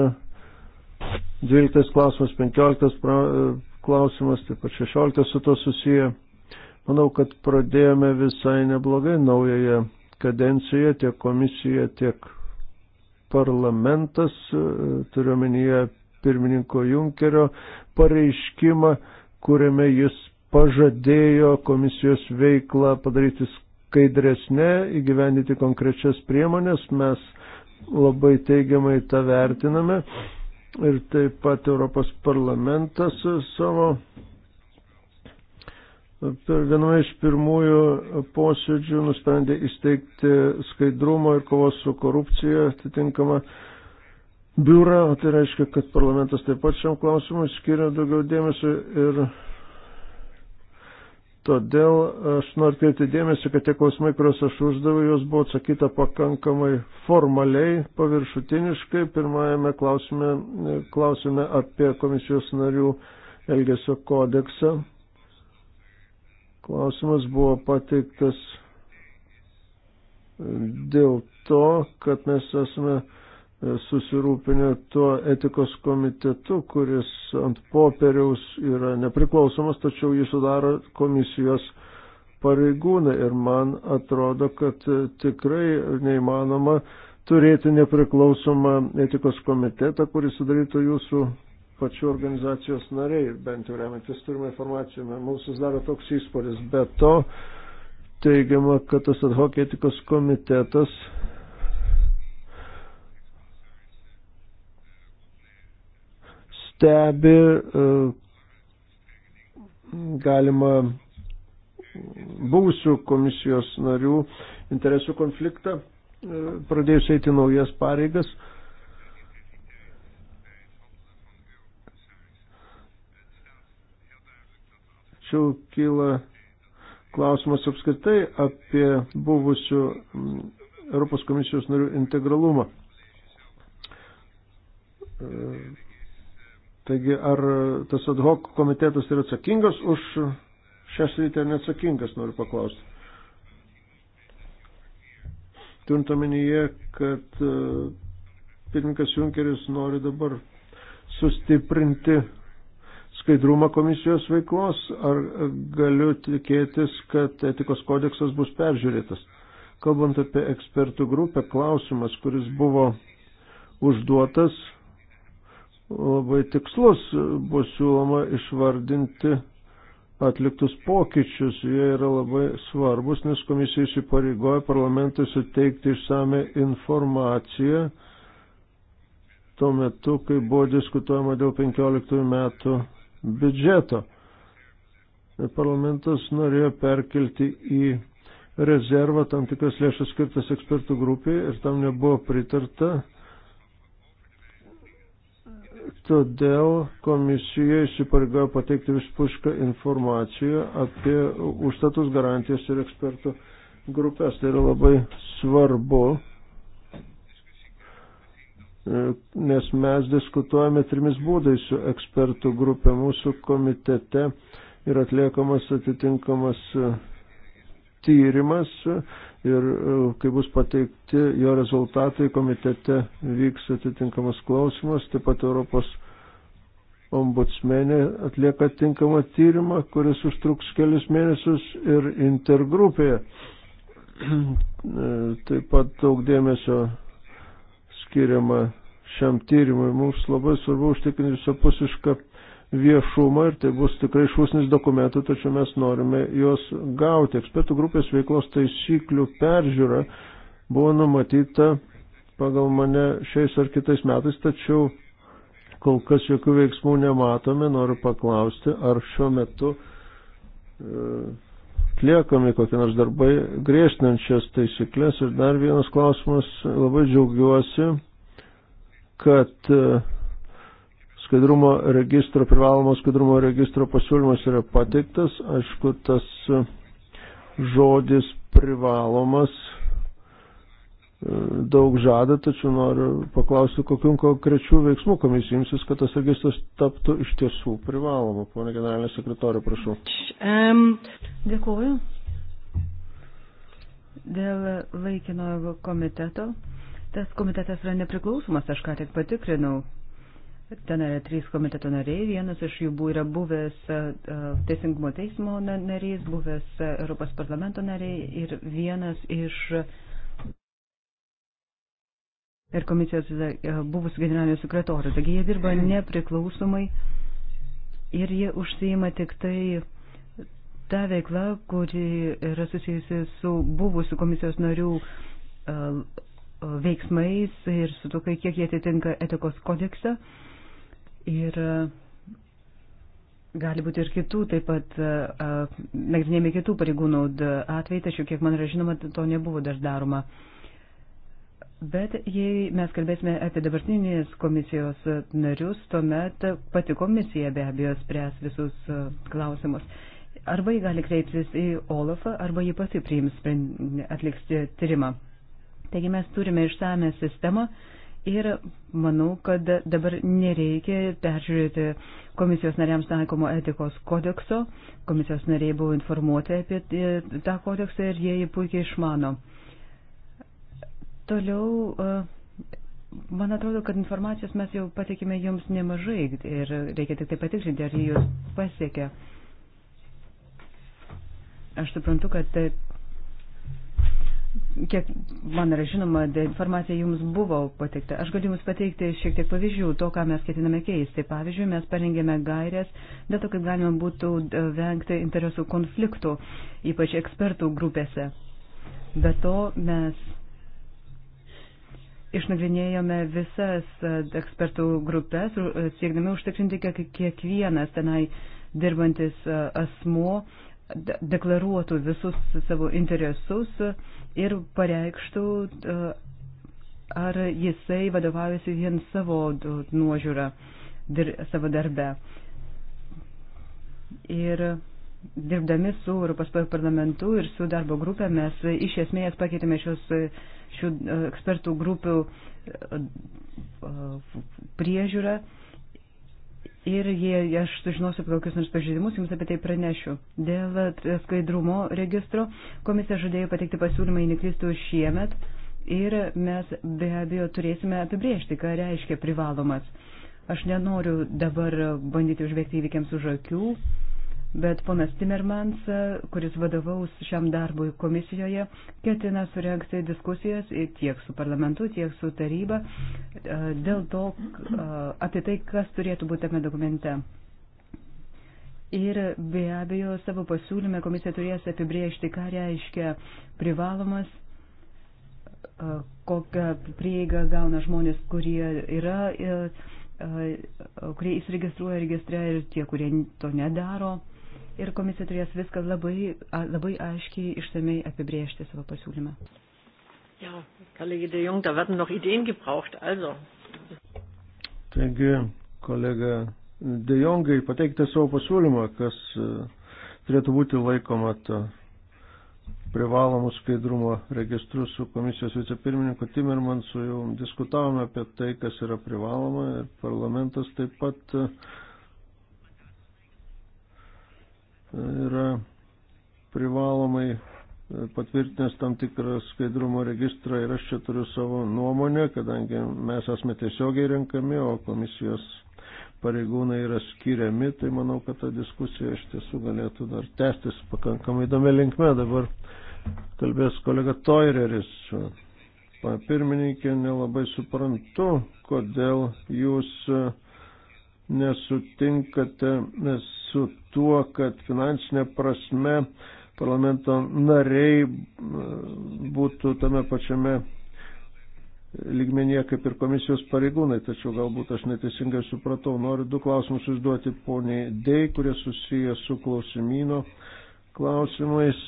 12 klausimas, 15 klausimas, taip pat 16 su to susiję. Manau, kad pradėjome visai neblogai naujoje kadencijoje tiek komisija, tiek parlamentas, e, turiuomenyje pirmininko Junkerio pareiškimą, kuriame jis pažadėjo komisijos veiklą padaryti skaidresnė, įgyvendyti konkrečias priemonės. Mes labai teigiamai tą vertiname. Ir taip pat Europos parlamentas savo Viename iš pirmųjų posėdžių nusprendė įsteigti skaidrumo ir kovos su korupcija atitinkamą biurą, o tai reiškia, kad parlamentas taip pat šiam klausimui skiria daugiau dėmesio ir todėl aš noriu atkreipti dėmesį, kad tie klausimai, kuriuos aš uždaviau, jos buvo atsakyta pakankamai formaliai, paviršutiniškai. Pirmajame klausime, klausime apie komisijos narių Elgesio kodeksą Klausimas buvo pateiktas dėl to, kad mes esame susirūpinę tuo etikos komitetu, kuris ant popieriaus yra nepriklausomas, tačiau jį sudaro komisijos pareigūnai. Ir man atrodo, kad tikrai neįmanoma turėti nepriklausomą etikos komitetą, kuris sudarytų jūsų pačių organizacijos nariai, bent jau remiantis turimą informaciją, mums susidaro toks įspūdis. Be to, teigiama, kad tas ad hoc etikos komitetas stebi e, galima buvusių komisijos narių interesų konfliktą, e, pradėjus eiti naujas pareigas. Tačiau kyla klausimas apskritai apie buvusių mm, Europos komisijos narių integralumą. E, taigi, ar tas ad hoc komitetas yra atsakingas už šią sritį ar neatsakingas, noriu paklausti. Turint omenyje, kad e, pirmininkas Junkeris nori dabar sustiprinti skaidrumą komisijos veiklos, ar galiu tikėtis, kad etikos kodeksas bus peržiūrėtas. Kalbant apie ekspertų grupę, klausimas, kuris buvo užduotas, labai tikslus, buvo siūloma išvardinti atliktus pokyčius, jie yra labai svarbus, nes komisija įsipareigoja parlamentui suteikti išsame informaciją tuo metu, kai buvo diskutuojama dėl 15 metų biudžeto. Parlamentas norėjo perkelti į rezervą tam tikras lėšas skirtas ekspertų grupiai ir tam nebuvo pritarta. Todėl komisija įsipareigojo pateikti vispušką informaciją apie užstatus garantijas ir ekspertų grupės. Tai yra labai svarbu E, nes mes diskutuojame trimis būdais su ekspertų grupė mūsų komitete ir atliekamas atitinkamas e, tyrimas ir e, kai bus pateikti jo rezultatai komitete vyks atitinkamas klausimas, taip pat Europos ombudsmenė atlieka atitinkamą tyrimą, kuris užtruks kelius mėnesius ir intergrupėje. Taip pat daug dėmesio skiriama šiam tyrimui. Mums labai svarbu užtikrinti visapusišką viešumą ir tai bus tikrai šūsnis dokumentų, tačiau mes norime juos gauti. Ekspertų grupės veiklos taisyklių peržiūra buvo numatyta pagal mane šiais ar kitais metais, tačiau kol kas jokių veiksmų nematome. Noriu paklausti, ar šiuo metu e, atliekami kokie nors darbai griežtinančias taisyklės. Ir dar vienas klausimas, labai džiaugiuosi kad e, skaidrumo registro, privalomo skaidrumo registro pasiūlymas yra pateiktas. Aišku, tas e, žodis privalomas e, daug žada, tačiau noriu paklausti, kokiu konkrečiu veiksmu komisija imsis, kad tas registras taptų iš tiesų privalomu. Pone generalinė sekretorė, prašau. Um, dėkuoju. Dėl laikinojo komiteto Tas komitetas yra nepriklausomas, aš ką tik patikrinau. Ten yra trys komiteto nariai, vienas iš jų yra buvęs Teisingumo teismo narys, buvęs Europos parlamento nariai ir vienas iš ir komisijos buvusių generalinių sekretorių. Taigi jie dirba nepriklausomai ir jie užsijima tik tai ta veikla, kuri yra susijusi su buvusių komisijos narių veiksmais ir su tokia, kiek jie atitinka etikos kodeksą. Ir e, gali būti ir kitų, taip pat e, e, nagrinėjami kitų pareigūnų atvejai, tačiau kiek man yra žinoma, to nebuvo dar daroma. Bet jei mes kalbėsime apie dabartinės komisijos narius, tuomet pati komisija be abejo spręs visus klausimus. Arba jį gali kreiptis į Olafą, arba jį pati priims atliks tyrimą. Taigi mes turime išsame sistemą ir manau, kad dabar nereikia peržiūrėti komisijos nariams taikomo etikos kodekso. Komisijos nariai buvo informuoti apie tą kodeksą ir jie jį puikiai išmano. Toliau. Uh, Man atrodo, kad informacijos mes jau patikime jums nemažai ir reikia tik tai patikrinti, ar jį jūs pasiekia. Aš suprantu, kad kiek man yra žinoma, informacija jums buvo pateikta. Aš galiu jums pateikti šiek tiek pavyzdžių to, ką mes ketiname keisti. Pavyzdžiui, mes parengėme gairias dėl to, kad galima būtų e, vengti interesų konfliktų, ypač ekspertų grupėse. Be to, mes išnagrinėjome visas e, ekspertų grupės, e, siekdami užtikrinti, kad kiekvienas tenai dirbantis asmuo deklaruotų visus savo interesus ir pareikštų, e, ar jisai vadovaujasi vien savo e, nuožiūrą dir, savo darbe. Ir dirbdami su Europos parlamentu ir su darbo grupė mes iš esmės pakeitėme šios, e, šių ekspertų grupių priežiūrą. Uh, Ir jei aš sužinosiu kokius nors pažeidimus, jums apie tai pranešiu. Dėl skaidrumo registro komisija žadėjo pateikti pasiūlymą į nekristų šiemet ir mes be abejo turėsime apibriežti, ką reiškia privalomas. Aš nenoriu dabar bandyti užbėgti įvykiams už akių bet ponas Timmermans, kuris vadovaus šiam darbui komisijoje, ketina surenkti diskusijas tiek su parlamentu, tiek su taryba e, dėl to, e, apie tai, kas turėtų būti tame dokumente. Ir be abejo, savo pasiūlyme komisija turės apibriežti, ką reiškia privalomas e, kokią prieigą gauna žmonės, kurie yra, kurie įsiregistruoja registre ir tie, kurie to nedaro ir komisija turės viską labai, labai aiškiai išsamei apibriežti savo pasiūlymą. Ja, Kollege de Jong, da werden noch Ideen gebraucht, also. Taigi, kolega de Jongai, pateikite savo pasiūlymą, kas e, turėtų būti laikoma ta privalomų skaidrumo registrų su komisijos vicepirmininku Timirmansu jau diskutavome apie tai, kas yra privaloma ir parlamentas taip pat uh, yra privalomai e, patvirtinęs tam tikrą skaidrumo registrą ir aš čia turiu savo nuomonę, kadangi mes esame tiesiogiai renkami, o komisijos pareigūnai yra skiriami, tai manau, kad ta diskusija iš tiesų galėtų dar tęstis pakankamai įdomi linkme. Dabar kalbės kolega Toireris. Pirmininkė, nelabai suprantu, kodėl jūs uh, nesutinkate su tuo, kad finansinė prasme parlamento nariai e, būtų tame pačiame lygmenyje kaip ir komisijos pareigūnai, tačiau galbūt aš neteisingai supratau. Noriu du klausimus užduoti poniai Dei, kurie susiję su klausimino klausimais.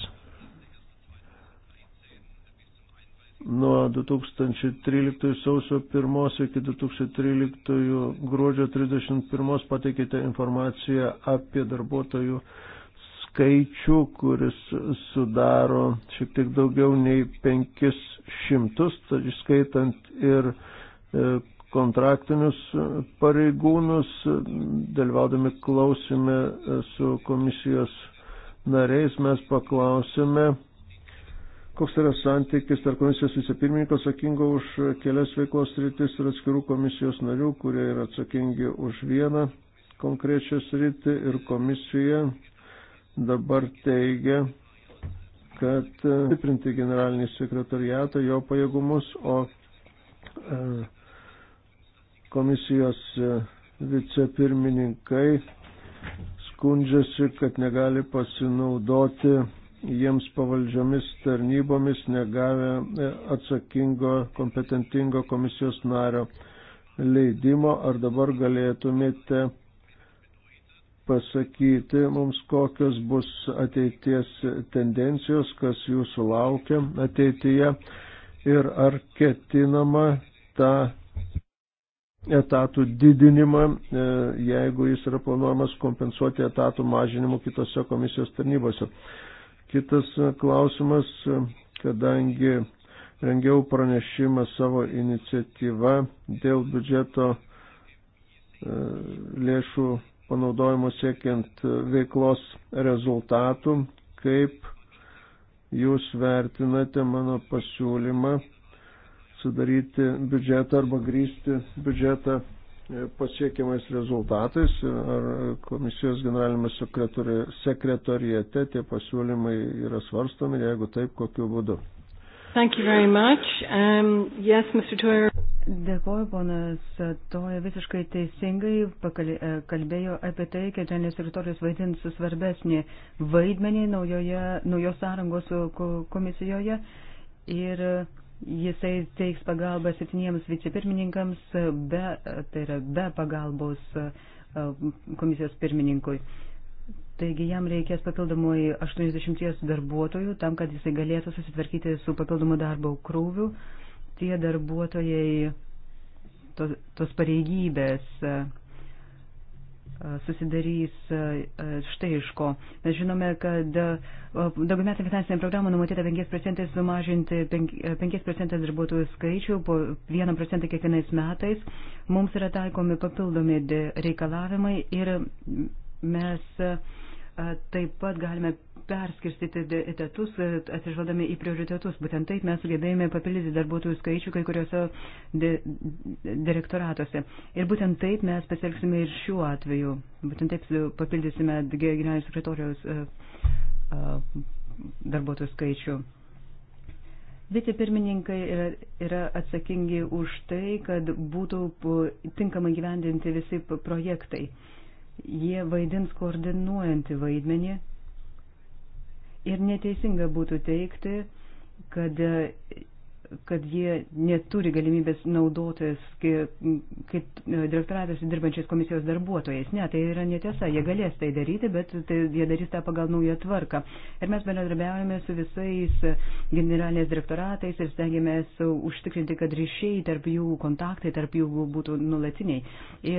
nuo 2013 sausio 1 iki 2013 gruodžio 31 pateikite informaciją apie darbuotojų skaičių, kuris sudaro šiek tiek daugiau nei 500, tai skaitant ir e, kontraktinius pareigūnus, dalyvaudami klausime e, su komisijos nariais, mes paklausime, koks yra santykis tarp komisijos vicepirmininko atsakingo už kelias veiklos rytis ir atskirų komisijos narių, kurie yra atsakingi už vieną konkrečią sritį ir komisija dabar teigia, kad e, stiprinti generalinį sekretariatą, jo pajėgumus, o e, komisijos e, vicepirmininkai skundžiasi, kad negali pasinaudoti jiems pavaldžiomis tarnybomis negavę e, atsakingo, kompetentingo komisijos nario leidimo. Ar dabar galėtumėte pasakyti mums, kokios bus ateities tendencijos, kas jūsų laukia ateityje ir ar ketinama tą etatų didinimą, e, jeigu jis yra planuojamas kompensuoti etatų mažinimu kitose komisijos tarnybose. Kitas e, klausimas, e, kadangi rengiau pranešimą savo iniciatyvą dėl biudžeto e, lėšų panaudojimo siekiant veiklos rezultatų, kaip jūs vertinate mano pasiūlymą sudaryti biudžetą arba grįsti biudžetą E, pasiekiamais rezultatais ar komisijos generalinėme sekretoriete tie pasiūlymai yra svarstomi, jeigu taip, kokiu būdu. Thank you very much. Um, yes, Mr. Toyer. Dėkoju, ponas Toja visiškai teisingai e, kalbėjo apie tai, kad žemės teritorijos vaidins svarbesnį vaidmenį naujoje, naujos sąrangos komisijoje. Ir uh, Jisai teiks pagalbą septyniems vicepirmininkams, be, tai yra be pagalbos e, komisijos pirmininkui. Taigi jam reikės papildomai 80 darbuotojų tam, kad jisai galėtų susitvarkyti su papildomu darbo krūviu. Tie darbuotojai, tos, tos pareigybės e, susidarys e, e, štai iš ko. Mes žinome, kad e, daugiametė finansinė programa numatyta 5 procentais sumažinti 5 procentais darbuotojų skaičių po 1 procentą kiekvienais metais. Mums yra taikomi papildomi reikalavimai ir mes taip pat galime perskirstyti etatus, e, atsižvaldami į prioritetus. Būtent taip mes sugebėjome papildyti darbuotojų skaičių kai kuriuose di direktoratuose. Ir būtent taip mes pasielgsime ir šiuo atveju. Būtent taip papildysime generalinio sekretorijos e, e, darbuotojų skaičių. Vicepirmininkai yra, yra atsakingi už tai, kad būtų tinkamai gyvendinti visi projektai. Jie vaidins koordinuojantį vaidmenį Ir neteisinga būtų teikti, kad, kad jie neturi galimybės naudotis kaip direktoratas dirbančiais komisijos darbuotojais. Ne, tai yra netiesa. Jie galės tai daryti, bet tai, jie darys tą pagal naują tvarką. Ir mes bendradarbiaujame su visais generalinės direktoratais ir stengiamės užtikrinti, kad ryšiai tarp jų, kontaktai tarp jų būtų nulatiniai.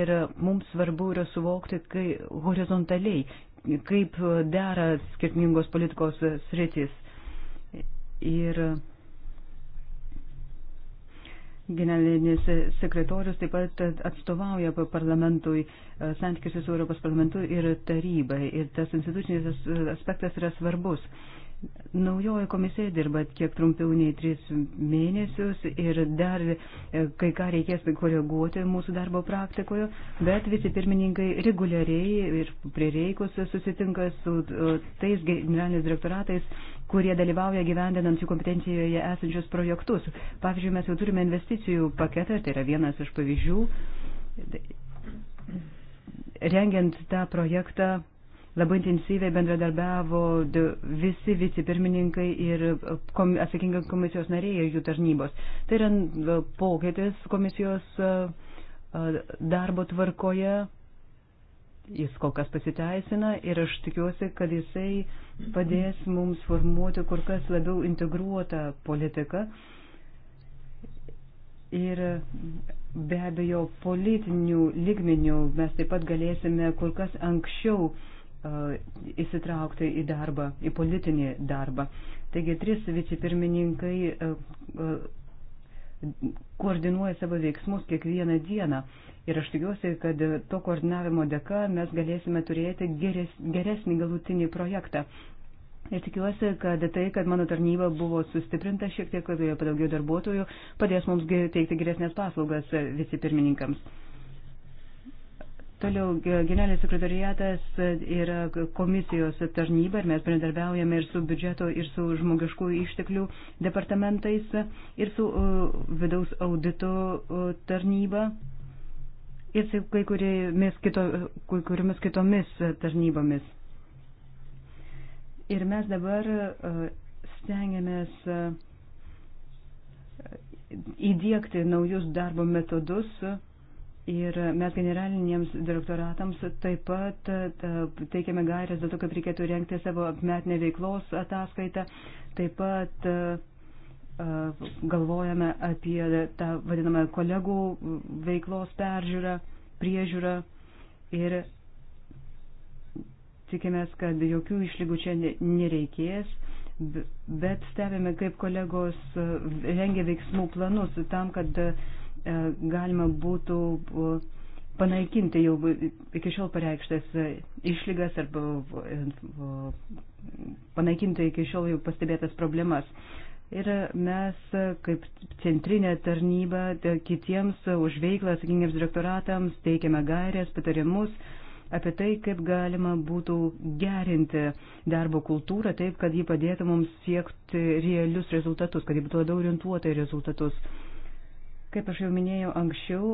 Ir mums svarbu yra suvokti, kai horizontaliai kaip dera skirtingos politikos sritis. Ir generalinis sekretorius taip pat atstovauja parlamentui, santykiuose su Europos parlamentu ir tarybai. Ir tas institucinis aspektas yra svarbus. Naujoji komisija dirba kiek trumpiau nei tris mėnesius ir dar e, kai ką reikės koreguoti mūsų darbo praktikoje, bet visi pirmininkai reguliariai ir prireikus susitinka su e, tais generaliniais direktoratais, kurie dalyvauja gyvendinant jų kompetencijoje esančius projektus. Pavyzdžiui, mes jau turime investicijų paketą, tai yra vienas iš pavyzdžių. Rengiant tą projektą Labai intensyviai bendradarbiavo visi vicepirmininkai ir kom, atsakinga komisijos nariai ir jų tarnybos. Tai yra e, pokytis komisijos e, e, darbo tvarkoje. Jis kol kas pasiteisina ir aš tikiuosi, kad jisai padės mums formuoti kur kas labiau integruotą politiką. Ir be abejo, politinių lygmenių mes taip pat galėsime kur kas anksčiau uh, įsitraukti į darbą, į politinį darbą. Taigi trys vicepirmininkai koordinuoja savo veiksmus kiekvieną dieną. Ir aš tikiuosi, kad to koordinavimo dėka mes galėsime turėti geres, geresnį galutinį projektą. Ir tikiuosi, kad tai, kad mano tarnyba buvo sustiprinta šiek tiek, kad joje padaugiau darbuotojų, padės mums teikti geresnės paslaugas vicepirmininkams. Toliau generalinis sekretariatas e, yra komisijos tarnyba ir mes bendradarbiaujame ir su biudžeto, ir su žmogiškų išteklių departamentais, ir su e, vidaus audito e, tarnyba, ir su kai kuriomis, kito, kai kuriomis kitomis tarnybomis. Ir mes dabar stengiamės įdėkti naujus darbo metodus Ir mes generaliniams direktoratams taip pat teikiame gairias dėl to, kaip reikėtų renkti savo metinę veiklos ataskaitą. Taip pat galvojame apie tą vadinamą kolegų veiklos peržiūrą, priežiūrą ir tikimės, kad jokių išlygų čia nereikės, bet stebime, kaip kolegos rengia veiksmų planus tam, kad E, galima būtų e, panaikinti jau iki šiol pareikštas e, išlygas arba panaikinti iki šiol jau pastebėtas problemas. Ir mes kaip centrinė tarnyba kitiems už veiklą atsakingiems direktoratams teikiame gairės, patarimus apie tai, kaip galima būtų gerinti darbo kultūrą taip, kad ji padėtų mums siekti realius rezultatus, kad ji būtų labiau orientuota į rezultatus. Kaip aš jau minėjau anksčiau,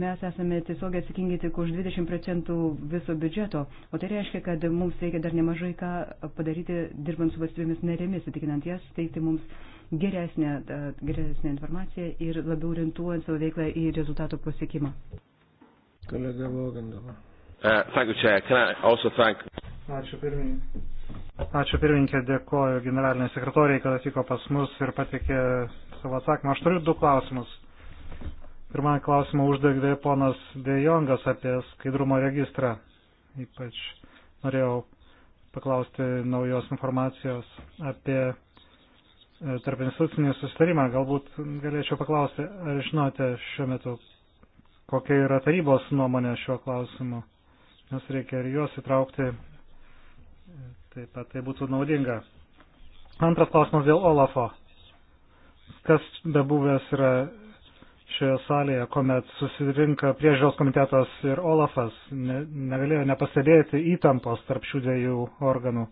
mes esame tiesiog atsakingi tik už 20 procentų viso biudžeto, o tai reiškia, kad mums reikia dar nemažai ką padaryti dirbant su valstybėmis narėmis, įtikinant jas teikti mums geresnę, geresnę informaciją ir labiau orientuojant savo veiklą į rezultatų pasiekimą. Kolega Vogandova. Uh, Ačiū pirmininkai. Ačiū pirmininkė, dėkoju generaliniai sekretoriai, kad atvyko pas mus ir patikė savo atsakymą. Aš turiu du klausimus. Pirmąjį klausimą uždavė ponas Dejongas apie skaidrumo registrą. Ypač norėjau paklausti naujos informacijos apie e, tarp institucinį susitarimą. Galbūt galėčiau paklausti, ar žinote šiuo metu, kokia yra tarybos nuomonė šiuo klausimu, nes reikia ir juos įtraukti. E, taip pat tai būtų naudinga. Antras klausimas dėl Olafo kas bebuvęs yra šioje salėje, kuomet susirinka priežiūros komitetas ir Olafas, ne, negalėjo nepastebėti įtampos tarp šių dviejų organų.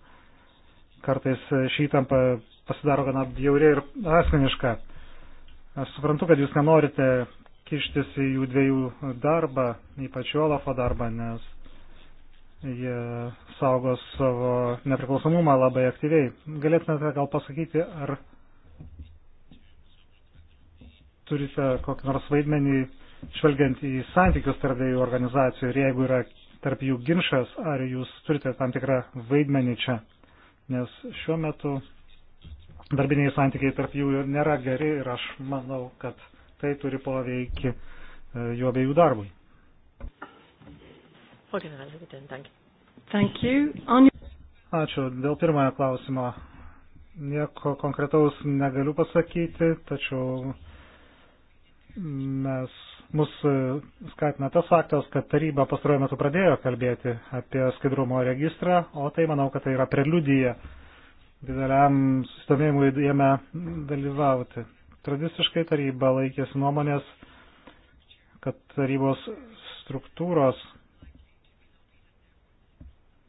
Kartais šį įtampą pasidaro gana bjauri ir asmeniška. Aš suprantu, kad jūs nenorite kištis į jų dviejų darbą, ypač Olafo darbą, nes jie saugos savo nepriklausomumą labai aktyviai. Galėtumėte gal pasakyti, ar turite kokį nors vaidmenį, žvelgiant į santykius tarp dviejų organizacijų ir jeigu yra tarp jų ginčas, ar jūs turite tam tikrą vaidmenį čia. Nes šiuo metu darbiniai santykiai tarp jų nėra geri ir aš manau, kad tai turi poveikį e, jų abiejų darbui. Ačiū dėl pirmojo klausimo. Nieko konkretaus negaliu pasakyti, tačiau mes mus e, skatina tas faktas, kad taryba pastaruoju metu pradėjo kalbėti apie skaidrumo registrą, o tai manau, kad tai yra preliudija dideliam sustomėjimui jame dalyvauti. Tradiciškai taryba laikėsi nuomonės, kad tarybos struktūros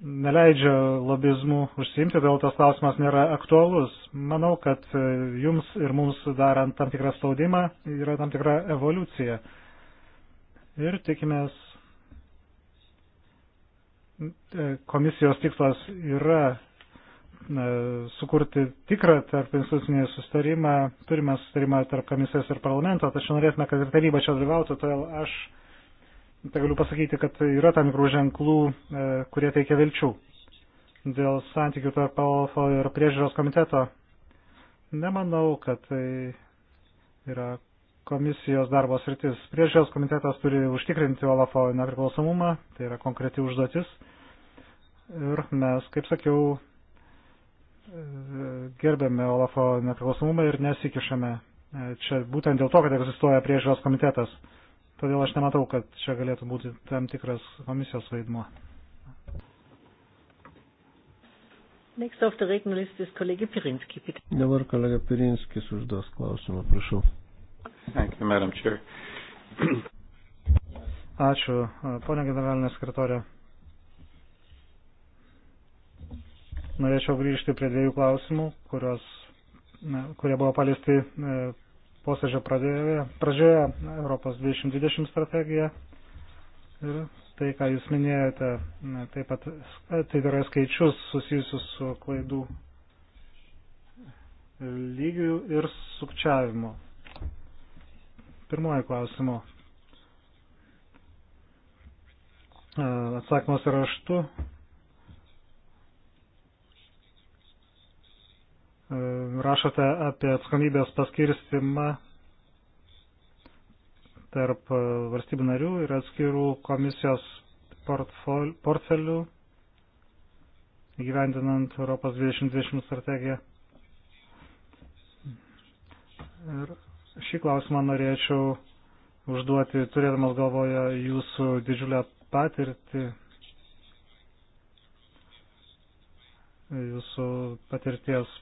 neleidžia lobizmų užsiimti, todėl tas klausimas nėra aktualus. Manau, kad e, jums ir mums darant tam tikrą spaudimą yra tam tikra evoliucija. Ir tikimės, e, komisijos tikslas yra e, sukurti tikrą tarp institucinį sustarimą, turime sustarimą tarp komisijos ir parlamento, tačiau norėtume, kad ir taryba čia dalyvautų, todėl aš tai galiu pasakyti, kad yra tam tikrų ženklų, e, kurie teikia vilčių. Dėl santykių tarp OLFO ir priežiūros komiteto nemanau, kad tai yra komisijos darbo sritis. Priežiūros komitetas turi užtikrinti OLAFO nepriklausomumą, tai yra konkreti užduotis. Ir mes, kaip sakiau, e, gerbėme OLAFO nepriklausomumą ir nesikišame. E, čia būtent dėl to, kad egzistuoja priežiūros komitetas. Todėl aš nematau, kad čia galėtų būti tam tikras komisijos vaidmuo. Next of the written list is kolega Pirinski. Dabar kolega Pirinskis užduos klausimą, prašau. Thank you, Madam Chair. Ačiū, ponia generalinė sekretorė. Norėčiau grįžti prie dviejų klausimų, kurios, ne, kurie buvo paliesti e, posėdžio pradžioje, pradžioje Europos 2020 strategija ir tai, ką jūs minėjote, taip pat tai yra skaičius susijusius su klaidų lygių ir sukčiavimu. Pirmoji klausimo. Atsakymas raštu rašote apie atsakomybės paskirstimą tarp e, valstybių narių ir atskirų komisijos portfelių įgyvendinant Europos 2020 strategiją. Ir šį klausimą norėčiau užduoti, turėdamas galvoje jūsų didžiulę patirtį, jūsų patirties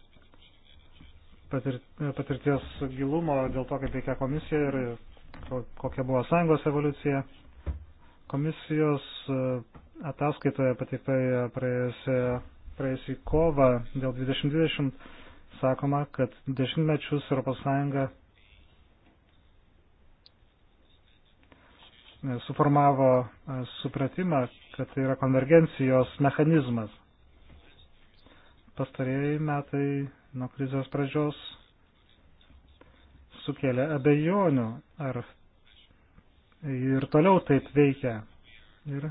patirties gilumo dėl to, kaip veikia komisija ir kokia buvo sąjungos evoliucija. Komisijos e, ataskaitoje pateiktoje praėjusį kovą dėl 2020 sakoma, kad dešimtmečius ES e, suformavo e, supratimą, kad tai yra konvergencijos mechanizmas. Pastarėjai metai nuo krizės pradžios sukėlė abejonių, ar ir toliau taip veikia. Ir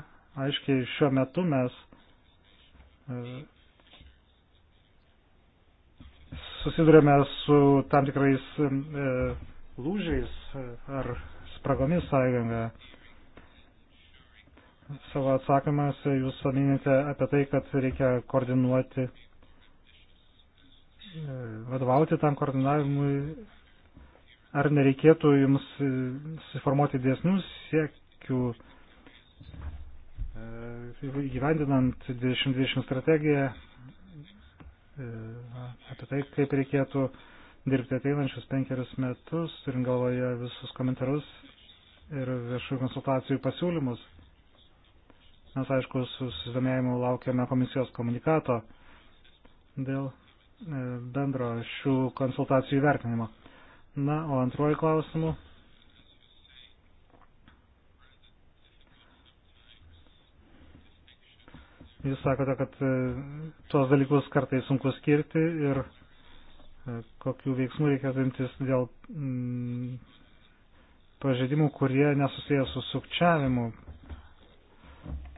aiškiai šiuo metu mes e, susidurėme su tam tikrais e, lūžiais e, ar spragomis sąjungoje. Savo atsakymuose jūs paminėte apie tai, kad reikia koordinuoti E, vadovauti tam koordinavimui, ar nereikėtų jums e, suformuoti dėsnių siekių e, įgyvendinant 2020 strategiją apie tai, kaip reikėtų dirbti ateinančius penkerius metus, turint galvoje visus komentarus ir viešų konsultacijų pasiūlymus. Mes, aišku, su susidomėjimu laukiame komisijos komunikato dėl E, bendro šių konsultacijų vertinimo. Na, o antruoju klausimu. Jūs sakote, kad e, tuos dalykus kartai sunku skirti ir e, kokių veiksmų reikėtų imtis dėl mm, pažeidimų, kurie nesusijęs su sukčiavimu,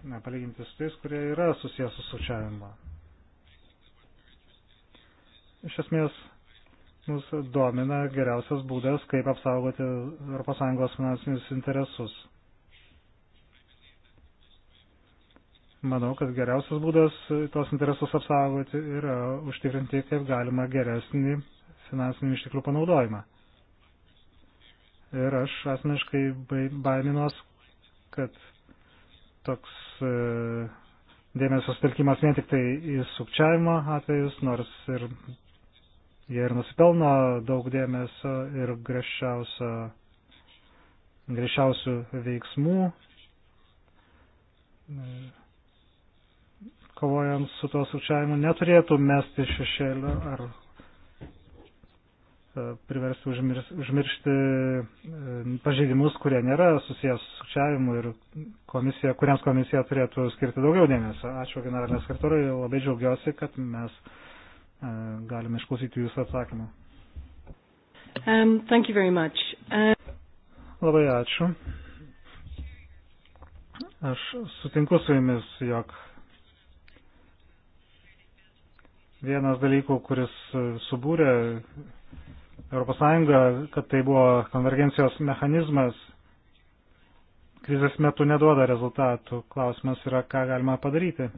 ne, palyginti su tais, kurie yra susijęs su sukčiavimu. Iš esmės, mus domina geriausias būdas, kaip apsaugoti ES finansinius interesus. Manau, kad geriausias būdas tos interesus apsaugoti yra užtikrinti kaip galima geresnį finansinių išteklių panaudojimą. Ir aš asmeniškai baiminos, kad toks e, dėmesio sutelkimas ne tik tai į sukčiavimo atvejus, nors ir Jie ir nusipelno daug dėmesio ir greščiausių veiksmų, kovojant su tuo sukčiavimu, neturėtų mesti šešėlio ar e, priversti užmiršti e, pažeidimus, kurie nėra susijęs su sukčiavimu ir komisija, kuriems komisija turėtų skirti daugiau dėmesio. Ačiū generalinės sekretoriui, labai džiaugiuosi, kad mes galime išklausyti jūsų atsakymą. Um, thank you very much. Uh... Labai ačiū. Aš sutinku su jumis, jog vienas dalykų, kuris subūrė ES, kad tai buvo konvergencijos mechanizmas, krizės metu neduoda rezultatų. Klausimas yra, ką galima padaryti.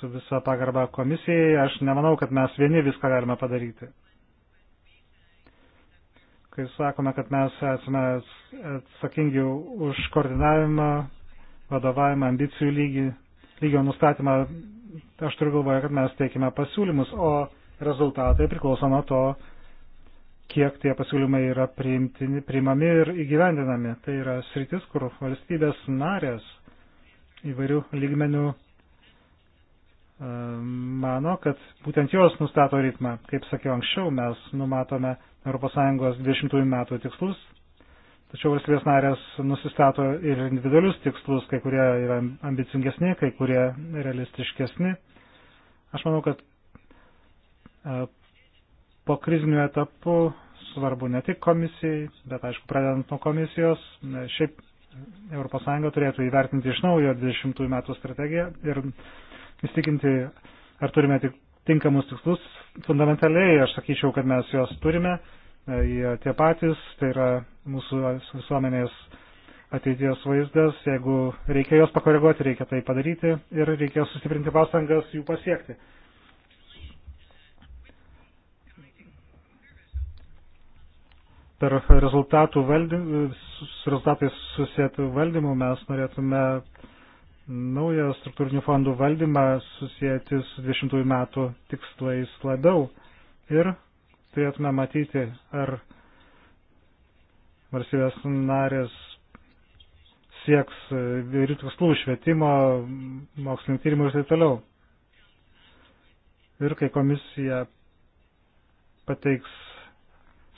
su visa pagarba komisijai, aš nemanau, kad mes vieni viską galime padaryti. Kai sakome, kad mes esame atsakingi už koordinavimą, vadovavimą, ambicijų lygį, lygio nustatymą, aš turiu galvoje, kad mes teikime pasiūlymus, o rezultatai priklauso nuo to, kiek tie pasiūlymai yra priimtini, priimami ir įgyvendinami. Tai yra sritis, kur valstybės narės įvairių lygmenių mano, kad būtent jos nustato ritmą. Kaip sakiau anksčiau, mes numatome ES 20 metų tikslus, tačiau valstybės narės nusistato ir individualius tikslus, kai kurie yra ambicingesni, kai kurie realistiškesni. Aš manau, kad e, po krizinių etapų svarbu ne tik komisijai, bet aišku, pradedant nuo komisijos, e, šiaip ES turėtų įvertinti iš naujo 20 metų strategiją ir įstikinti, ar turime tik tinkamus tikslus. Fundamentaliai aš sakyčiau, kad mes juos turime, e, jie tie patys, tai yra mūsų visuomenės ateities vaizdas, jeigu reikia juos pakoreguoti, reikia tai padaryti ir reikia sustiprinti pastangas jų pasiekti. per rezultatų valdymą, su rezultatais susijęti valdymų mes norėtume naują struktūrinių fondų valdymą susijęti su 20 metų tikslais labiau ir turėtume matyti, ar valstybės narės sieks įvairių tikslų švietimo, mokslinio tyrimų ir taip toliau. Ir kai komisija pateiks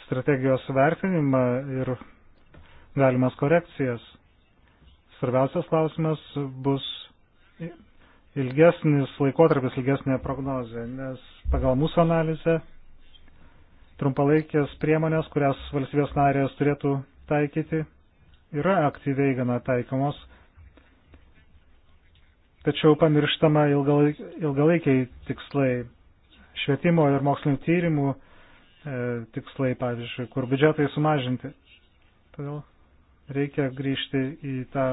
strategijos vertinimą ir galimas korekcijas, svarbiausias klausimas bus ilgesnis laikotarpis, ilgesnė prognozė, nes pagal mūsų analizę trumpalaikės priemonės, kurias valstybės narės turėtų taikyti, yra aktyviai gana taikomos, tačiau pamirštama ilgalaikiai tikslai švietimo ir mokslinio tyrimų e, tikslai, pavyzdžiui, kur biudžetai sumažinti. Todėl reikia grįžti į tą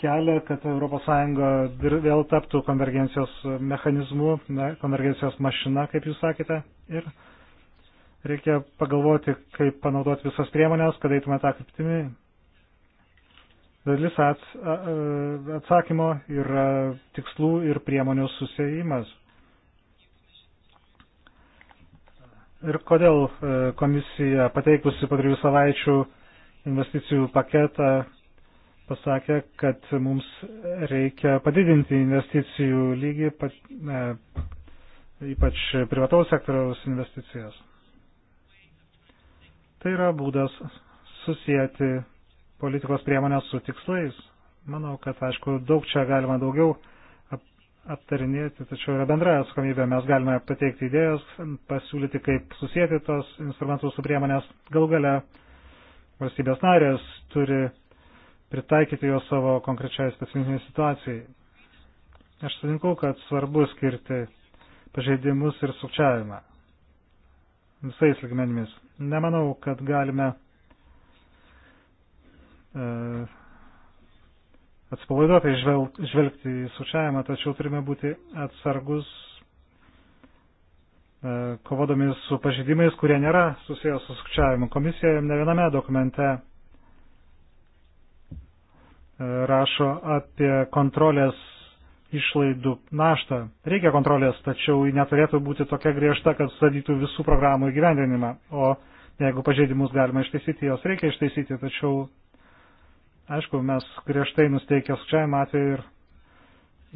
kelią, kad ES vėl taptų konvergencijos mechanizmu, ne, konvergencijos mašina, kaip jūs sakėte. Ir reikia pagalvoti, kaip panaudoti visas priemonės, kad eitume tą kryptimį. Dalis atsakymo yra tikslų ir priemonių susijimas. Ir kodėl e, komisija pateikusi po trijų savaičių investicijų paketą pasakė, kad mums reikia padidinti investicijų lygį, pat, ne, ypač privataus sektoriaus investicijas. Tai yra būdas susijęti politikos priemonės su tikslais. Manau, kad aišku, daug čia galima daugiau aptarinėti, tačiau yra bendra atsakomybė. Mes galime pateikti idėjas, pasiūlyti, kaip susijęti tos instrumentus su priemonės. Gal gale valstybės narės turi pritaikyti juos savo konkrečiai specifiniai situacijai. Aš sutinku, kad svarbu skirti pažeidimus ir sukčiavimą visais ligmenimis. Nemanau, kad galime e, atsipalaiduotai žvel, žvelgti į sukčiavimą, tačiau turime būti atsargus e, kovodami su pažeidimais, kurie nėra susijęs su sukčiavimu. Komisija ne viename dokumente E, rašo apie kontrolės išlaidų naštą. Reikia kontrolės, tačiau ji neturėtų būti tokia griežta, kad sudarytų visų programų įgyvendinimą. O jeigu pažeidimus galima ištaisyti, jos reikia ištaisyti, tačiau, aišku, mes griežtai nusteikę skčiavimą atveju ir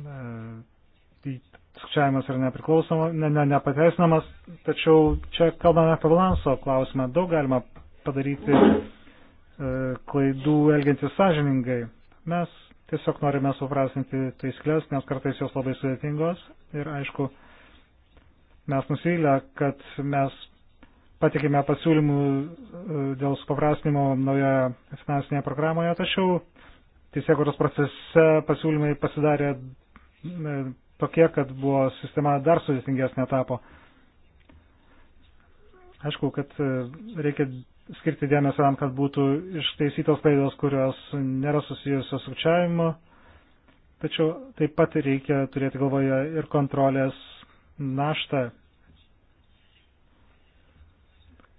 e, skčiavimas yra nepriklausomas, ne, ne, nepateisinamas, tačiau čia kalbame apie balanso klausimą. Daug galima padaryti e, klaidų elgiantis sąžiningai Mes tiesiog norime suprasinti taisyklės, nes kartais jos labai sudėtingos ir aišku, mes nusivylę, kad mes patikime pasiūlymų e, dėl supaprastinimo naujoje finansinėje programoje, tačiau teisėkuros procese pasiūlymai pasidarė e, tokie, kad buvo sistema dar sudėtingesnė tapo. Aišku, kad e, reikia skirti dėmesio tam, kad būtų ištaisytos klaidos, kurios nėra susijusios sukčiavimu. Tačiau taip pat reikia turėti galvoje ir kontrolės naštą,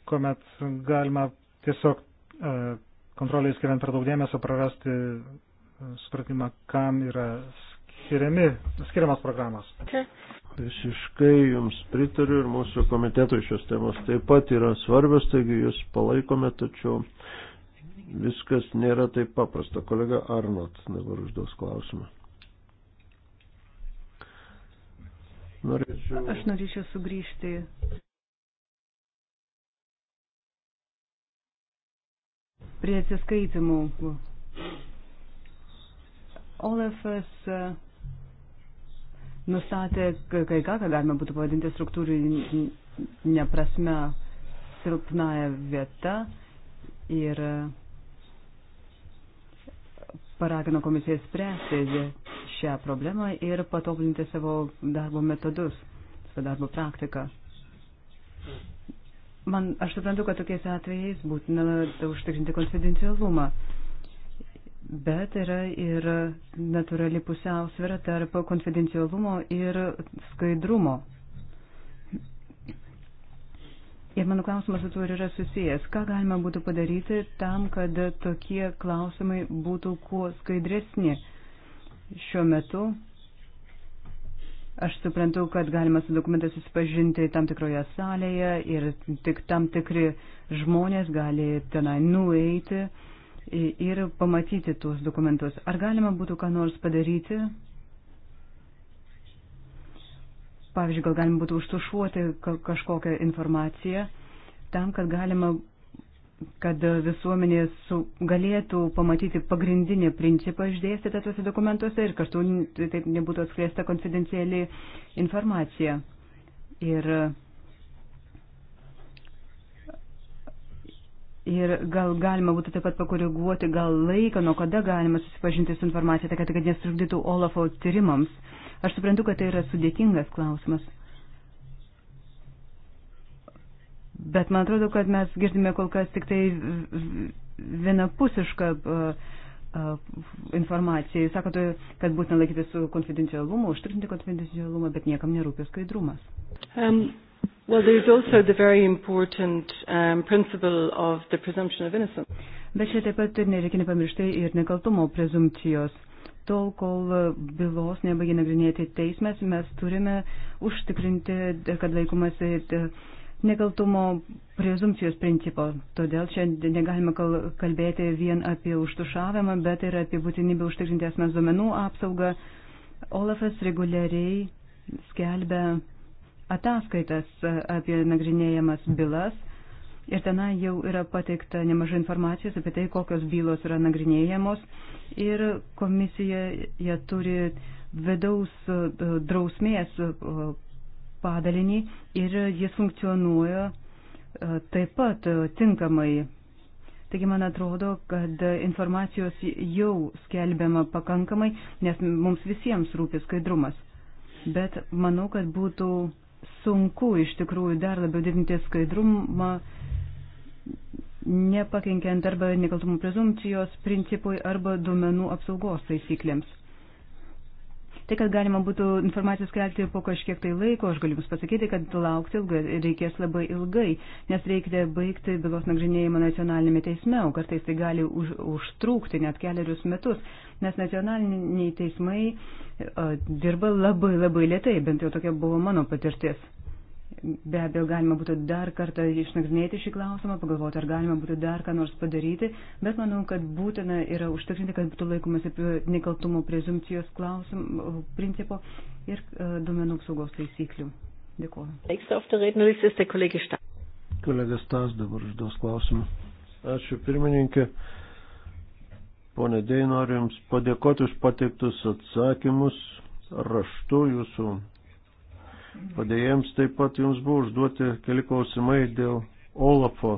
kuomet galima tiesiog e, kontroliai skiriant per daug dėmesio prarasti supratimą, kam yra skiriami, skiriamas programos. Okay. Visiškai jums pritariu ir mūsų komitetui šios temos taip pat yra svarbios, taigi jūs palaikome, tačiau viskas nėra taip paprasta. Kolega Arnot dabar užduos klausimą. Norėčiau... Aš norėčiau sugrįžti prie atsiskaitimų. Olafas nustatė kai ką, ką galima būtų pavadinti struktūrinė prasme silpnąją vietą ir paragino komisiją spręsti šią problemą ir patobulinti savo darbo metodus, savo darbo praktiką. Man, aš suprantu, kad tokiais atvejais būtina užtikrinti konfidencialumą bet yra ir natūrali pusiausvėra tarp konfidencialumo ir skaidrumo. Ir mano klausimas su tuo ir yra susijęs. Ką galima būtų padaryti tam, kad tokie klausimai būtų kuo skaidresni šiuo metu? Aš suprantu, kad galima su dokumentais susipažinti tam tikroje salėje ir tik tam tikri žmonės gali tenai nueiti. Uh, ir pamatyti tuos dokumentus. Ar galima būtų ką nors padaryti? Pavyzdžiui, gal galima būtų užtušuoti kažkokią informaciją tam, kad galima kad visuomenė su, galėtų pamatyti pagrindinį principą išdėstytą tuose dokumentuose ir kartu tai taip nebūtų atskleista konfidenciali informacija. Ir uh, Ir gal galima būtų taip pat pakoreguoti gal laiką, nuo kada galima susipažinti su informacija, tai kad, kad nesuždytų Olafo tyrimams. Aš suprantu, kad tai yra sudėtingas klausimas. Bet man atrodo, kad mes girdime kol kas tik tai vienapusišką informaciją. Sakote, kad būtina laikytis konfidencialumo, užtikrinti konfidencialumą, bet niekam nerūpės skaidrumas. Um. Well, there is also the very important um, principle of the presumption of innocence. Bet čia taip pat nereikia nepamiršti ir nekaltumo prezumpcijos. Tol, kol bylos nebaigia nagrinėti teismas, mes turime užtikrinti, kad laikomasi nekaltumo prezumpcijos principo. Todėl čia negalime kalbėti vien apie užtušavimą, bet ir apie būtinybę užtikrinti asmens duomenų apsaugą. Olafas reguliariai skelbia ataskaitas e, apie nagrinėjamas bylas. Ir tenai jau yra pateikta nemažai informacijos apie tai, kokios bylos yra nagrinėjamos. Ir komisija jie turi vidaus e, drausmės e, padalinį ir jis funkcionuoja taip pat tinkamai. Taigi man atrodo, kad informacijos jau skelbiama pakankamai, nes mums visiems rūpi skaidrumas. Bet manau, kad būtų sunku iš tikrųjų dar labiau didinti skaidrumą, nepakenkiant arba nekaltumo prezumcijos principui arba duomenų apsaugos taisyklėms. Tai, kad galima būtų informaciją skelbti po kažkiek tai laiko, aš galiu Jums pasakyti, kad laukti ilgai, reikės labai ilgai, nes reikia baigti bylos nagrinėjimą nacionalinėme teisme, o kartais tai gali už, užtrūkti net keliarius metus, nes nacionaliniai teismai o, dirba labai labai lietai, bent jau tokia buvo mano patirtis. Be abejo, galima būtų dar kartą išnagrinėti šį klausimą, pagalvoti, ar galima būtų dar ką nors padaryti, bet manau, kad būtina yra užtikrinti, kad būtų laikomasi nekaltumo prezumcijos klausim, principo ir uh, duomenų apsaugos taisyklių. Dėkuoju. Kolegas Tas dabar užduos klausimą. Ačiū pirmininkė. Pone Dei, noriu Jums padėkoti už pateiktus atsakymus raštu jūsų padėjėjams. Taip pat jums buvo užduoti keli klausimai dėl Olafo.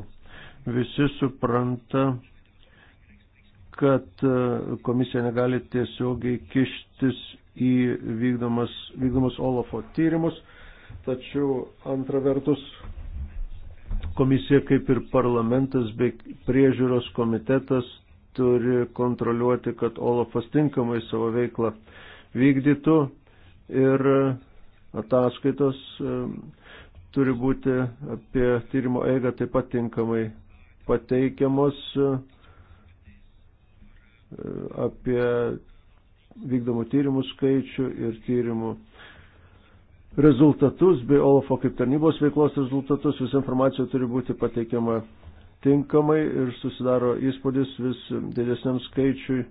Visi supranta, kad e, komisija negali tiesiogiai kištis į vykdomas, vykdomas Olafo tyrimus, tačiau antra vertus komisija kaip ir parlamentas bei priežiūros komitetas turi kontroliuoti, kad Olafas tinkamai savo veiklą vykdytų ir ataskaitos turi būti apie tyrimo eigą taip pat tinkamai pateikiamos e, apie vykdomų tyrimų skaičių ir tyrimų rezultatus bei OLAFO kaip tarnybos veiklos rezultatus. Visa informacija turi būti pateikiama tinkamai ir susidaro įspūdis vis didesniam skaičiui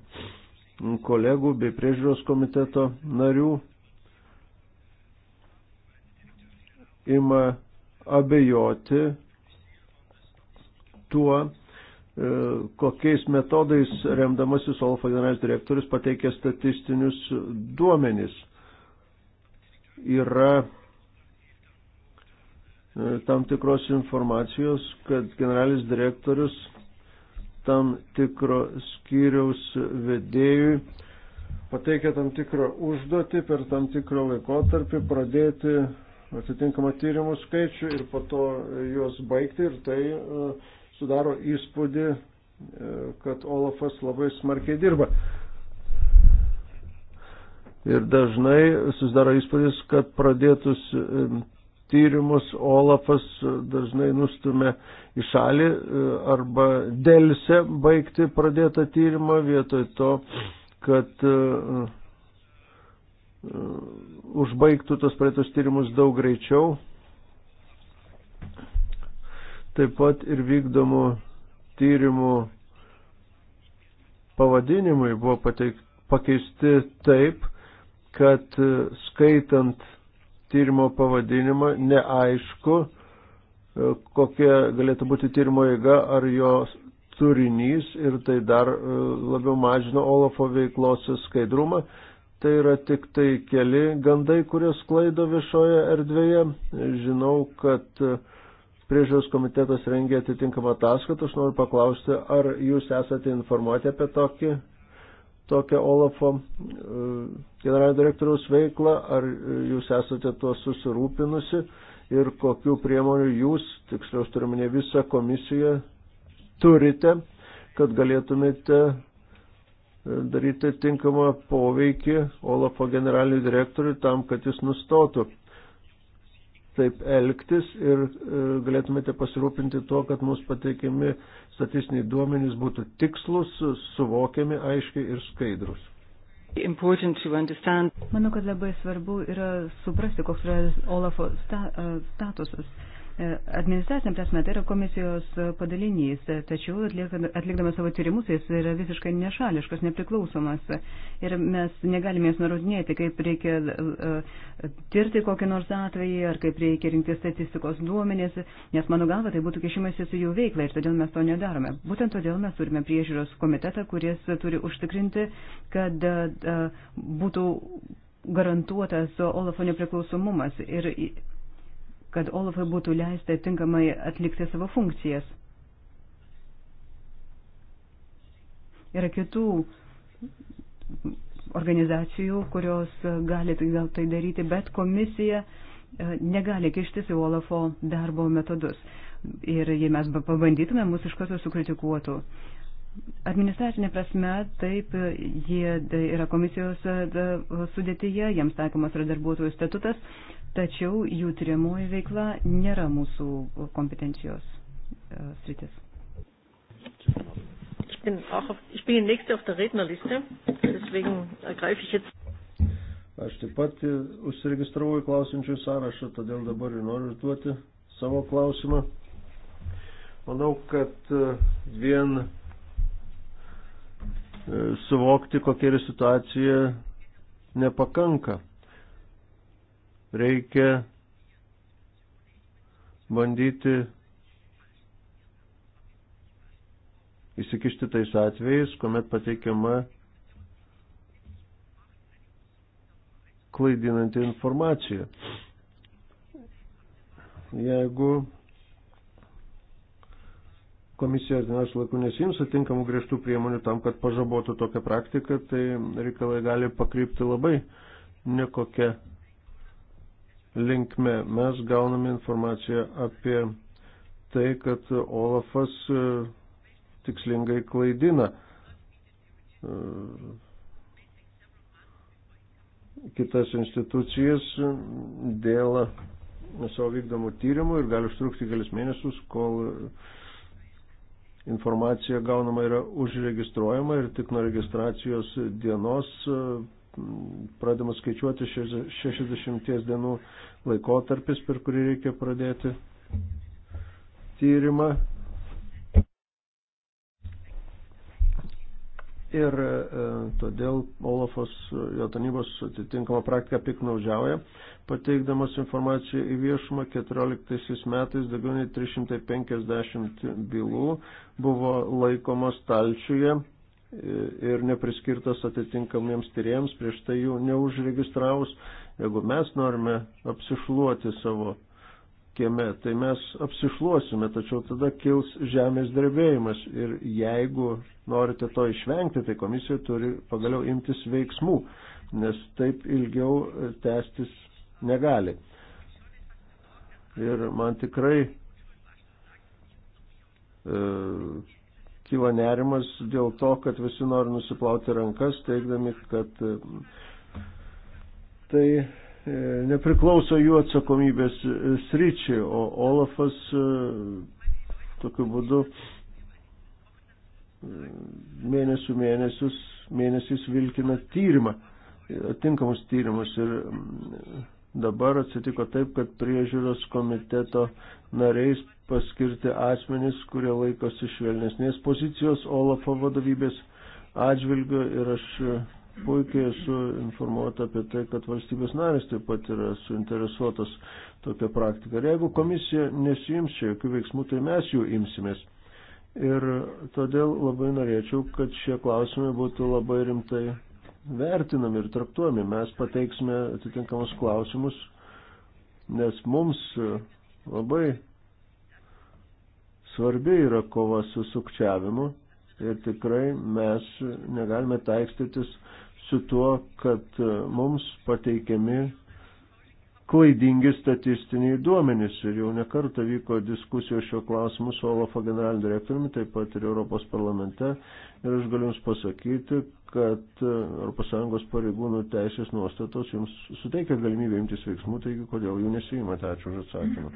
kolegų bei priežiūros komiteto narių ima abejoti tuo, e, kokiais metodais remdamasis Olfa generalinis direktorius pateikė statistinius duomenys. Yra e, tam tikros informacijos, kad generalinis direktorius tam tikro skyriaus vedėjui pateikia tam tikrą užduotį per tam tikrą laikotarpį pradėti atitinkamą tyrimų skaičių ir po to juos baigti ir tai e, sudaro įspūdį, e, kad Olafas labai smarkiai dirba. Ir dažnai susidaro įspūdis, kad pradėtus e, tyrimus Olafas dažnai nustumė į šalį arba dėlse baigti pradėtą tyrimą vietoj to, kad Uh, užbaigtų tos praeitus tyrimus daug greičiau. Taip pat ir vykdomų tyrimų pavadinimai buvo pateik, pakeisti taip, kad uh, skaitant tyrimo pavadinimą neaišku, uh, kokia galėtų būti tyrimo eiga ar jo turinys ir tai dar labiau mažino Olafo veiklos skaidrumą. Tai yra tik tai keli gandai, kurie sklaido viešoje erdvėje. Žinau, kad priežiūros komitetas rengia atitinkamą ataskaitą. Aš noriu paklausti, ar jūs esate informuoti apie tokį, tokią Olafo e, generalinio direktoriaus veiklą, ar jūs esate tuo susirūpinusi ir kokiu priemonių jūs, tiksliau, turime ne visą komisiją, turite, kad galėtumėte daryti tinkamą poveikį Olafo generaliniu direktoriu tam, kad jis nustotų taip elgtis ir e, galėtumėte pasirūpinti tuo, kad mūsų pateikiami statistiniai duomenys būtų tikslus, suvokiami aiškiai ir skaidrus. Manau, kad labai svarbu yra suprasti, koks yra Olafo sta, e, statusas. E, administracinė prasme tai yra komisijos e, padalinys, tačiau atlikdamas savo tyrimus jis yra visiškai nešališkas, nepriklausomas ir mes negalime jas nurodinėti, kaip reikia e, tirti kokį nors atvejį ar kaip reikia rinkti statistikos duomenės, nes mano galva tai būtų kešimasis su jų veikla ir todėl mes to nedarome. Būtent todėl mes turime priežiūros komitetą, kuris turi užtikrinti, kad būtų garantuotas Olafo nepriklausomumas ir kad Olafui būtų leista tinkamai atlikti savo funkcijas. Yra kitų organizacijų, kurios gali tai, gal tai daryti, bet komisija e, negali kištis į Olafo darbo metodus. Ir jei mes pabandytume, mus iš karto sukritikuotų. Administracinė prasme, taip, jie yra komisijos sudėtyje, jiems taikomas yra darbuotojų statutas, tačiau jų tyriamoji veikla nėra mūsų kompetencijos e, sritis. Ich bin, auch auf, ich bin die nächste auf der Rednerliste, deswegen ergreife ich jetzt. Aš taip pat užsiregistravau į klausimčių sąrašą, todėl dabar ir noriu duoti savo klausimą. Manau, kad e, vien E, suvokti, kokia yra situacija, nepakanka. Reikia bandyti įsikišti tais atvejais, kuomet pateikiama klaidinanti informacija. Jeigu komisija artimiausiu laiku nesims atinkamų griežtų priemonių tam, kad pažabotų tokią praktiką, tai reikalai gali pakrypti labai nekokia linkme. Mes gauname informaciją apie tai, kad Olafas e, tikslingai klaidina. E, kitas institucijas dėl savo vykdomų tyrimų ir gali užtrukti kelis mėnesius, kol uh, informacija gaunama yra užregistruojama ir tik nuo registracijos dienos e, pradama skaičiuoti 60 dienų laikotarpis, per kurį reikia pradėti tyrimą ir e, todėl Olafas, jo tarnybos atitinkama praktika piknaudžiauja, pateikdamas informaciją į viešumą 14 metais daugiau nei 350 bylų buvo laikomos talčiuje e, ir nepriskirtas atitinkamiems tyriems, prieš tai jų neužregistravus, jeigu mes norime apsišluoti savo kieme, tai mes apsišluosime, tačiau tada kils žemės drebėjimas ir jeigu norite to išvengti, tai komisija turi pagaliau imtis veiksmų, nes taip ilgiau tęstis negali. Ir man tikrai e, kyla nerimas dėl to, kad visi nori nusiplauti rankas, teikdami, kad e, tai E, nepriklauso jų atsakomybės e, sryčiai, o Olafas e, tokiu būdu mėnesių mėnesius, mėnesius vilkina tyrimą, atinkamus tyrimus. Ir mm, dabar atsitiko taip, kad priežiūros komiteto nariais paskirti asmenys, kurie laikosi švelnesnės pozicijos Olafo vadovybės atžvilgiu ir aš puikiai esu informuota apie tai, kad valstybės narės taip pat yra suinteresuotas tokia praktika. Ir jeigu komisija nesijims čia jokių veiksmų, tai mes jų imsimės. Ir todėl labai norėčiau, kad šie klausimai būtų labai rimtai vertinami ir traktuojami. Mes pateiksime atitinkamus klausimus, nes mums labai svarbi yra kova su sukčiavimu Ir tikrai mes negalime taikstytis su tuo, kad mums pateikiami klaidingi statistiniai duomenys. Ir jau nekartą vyko diskusijos šio klausimu su Olafo generaliniu direktoriumi, taip pat ir Europos parlamente. Ir aš galiu Jums pasakyti, kad ES pareigūnų teisės nuostatos Jums suteikia galimybę imtis veiksmų, taigi kodėl jų nesijimate? Ačiū už atsakymą.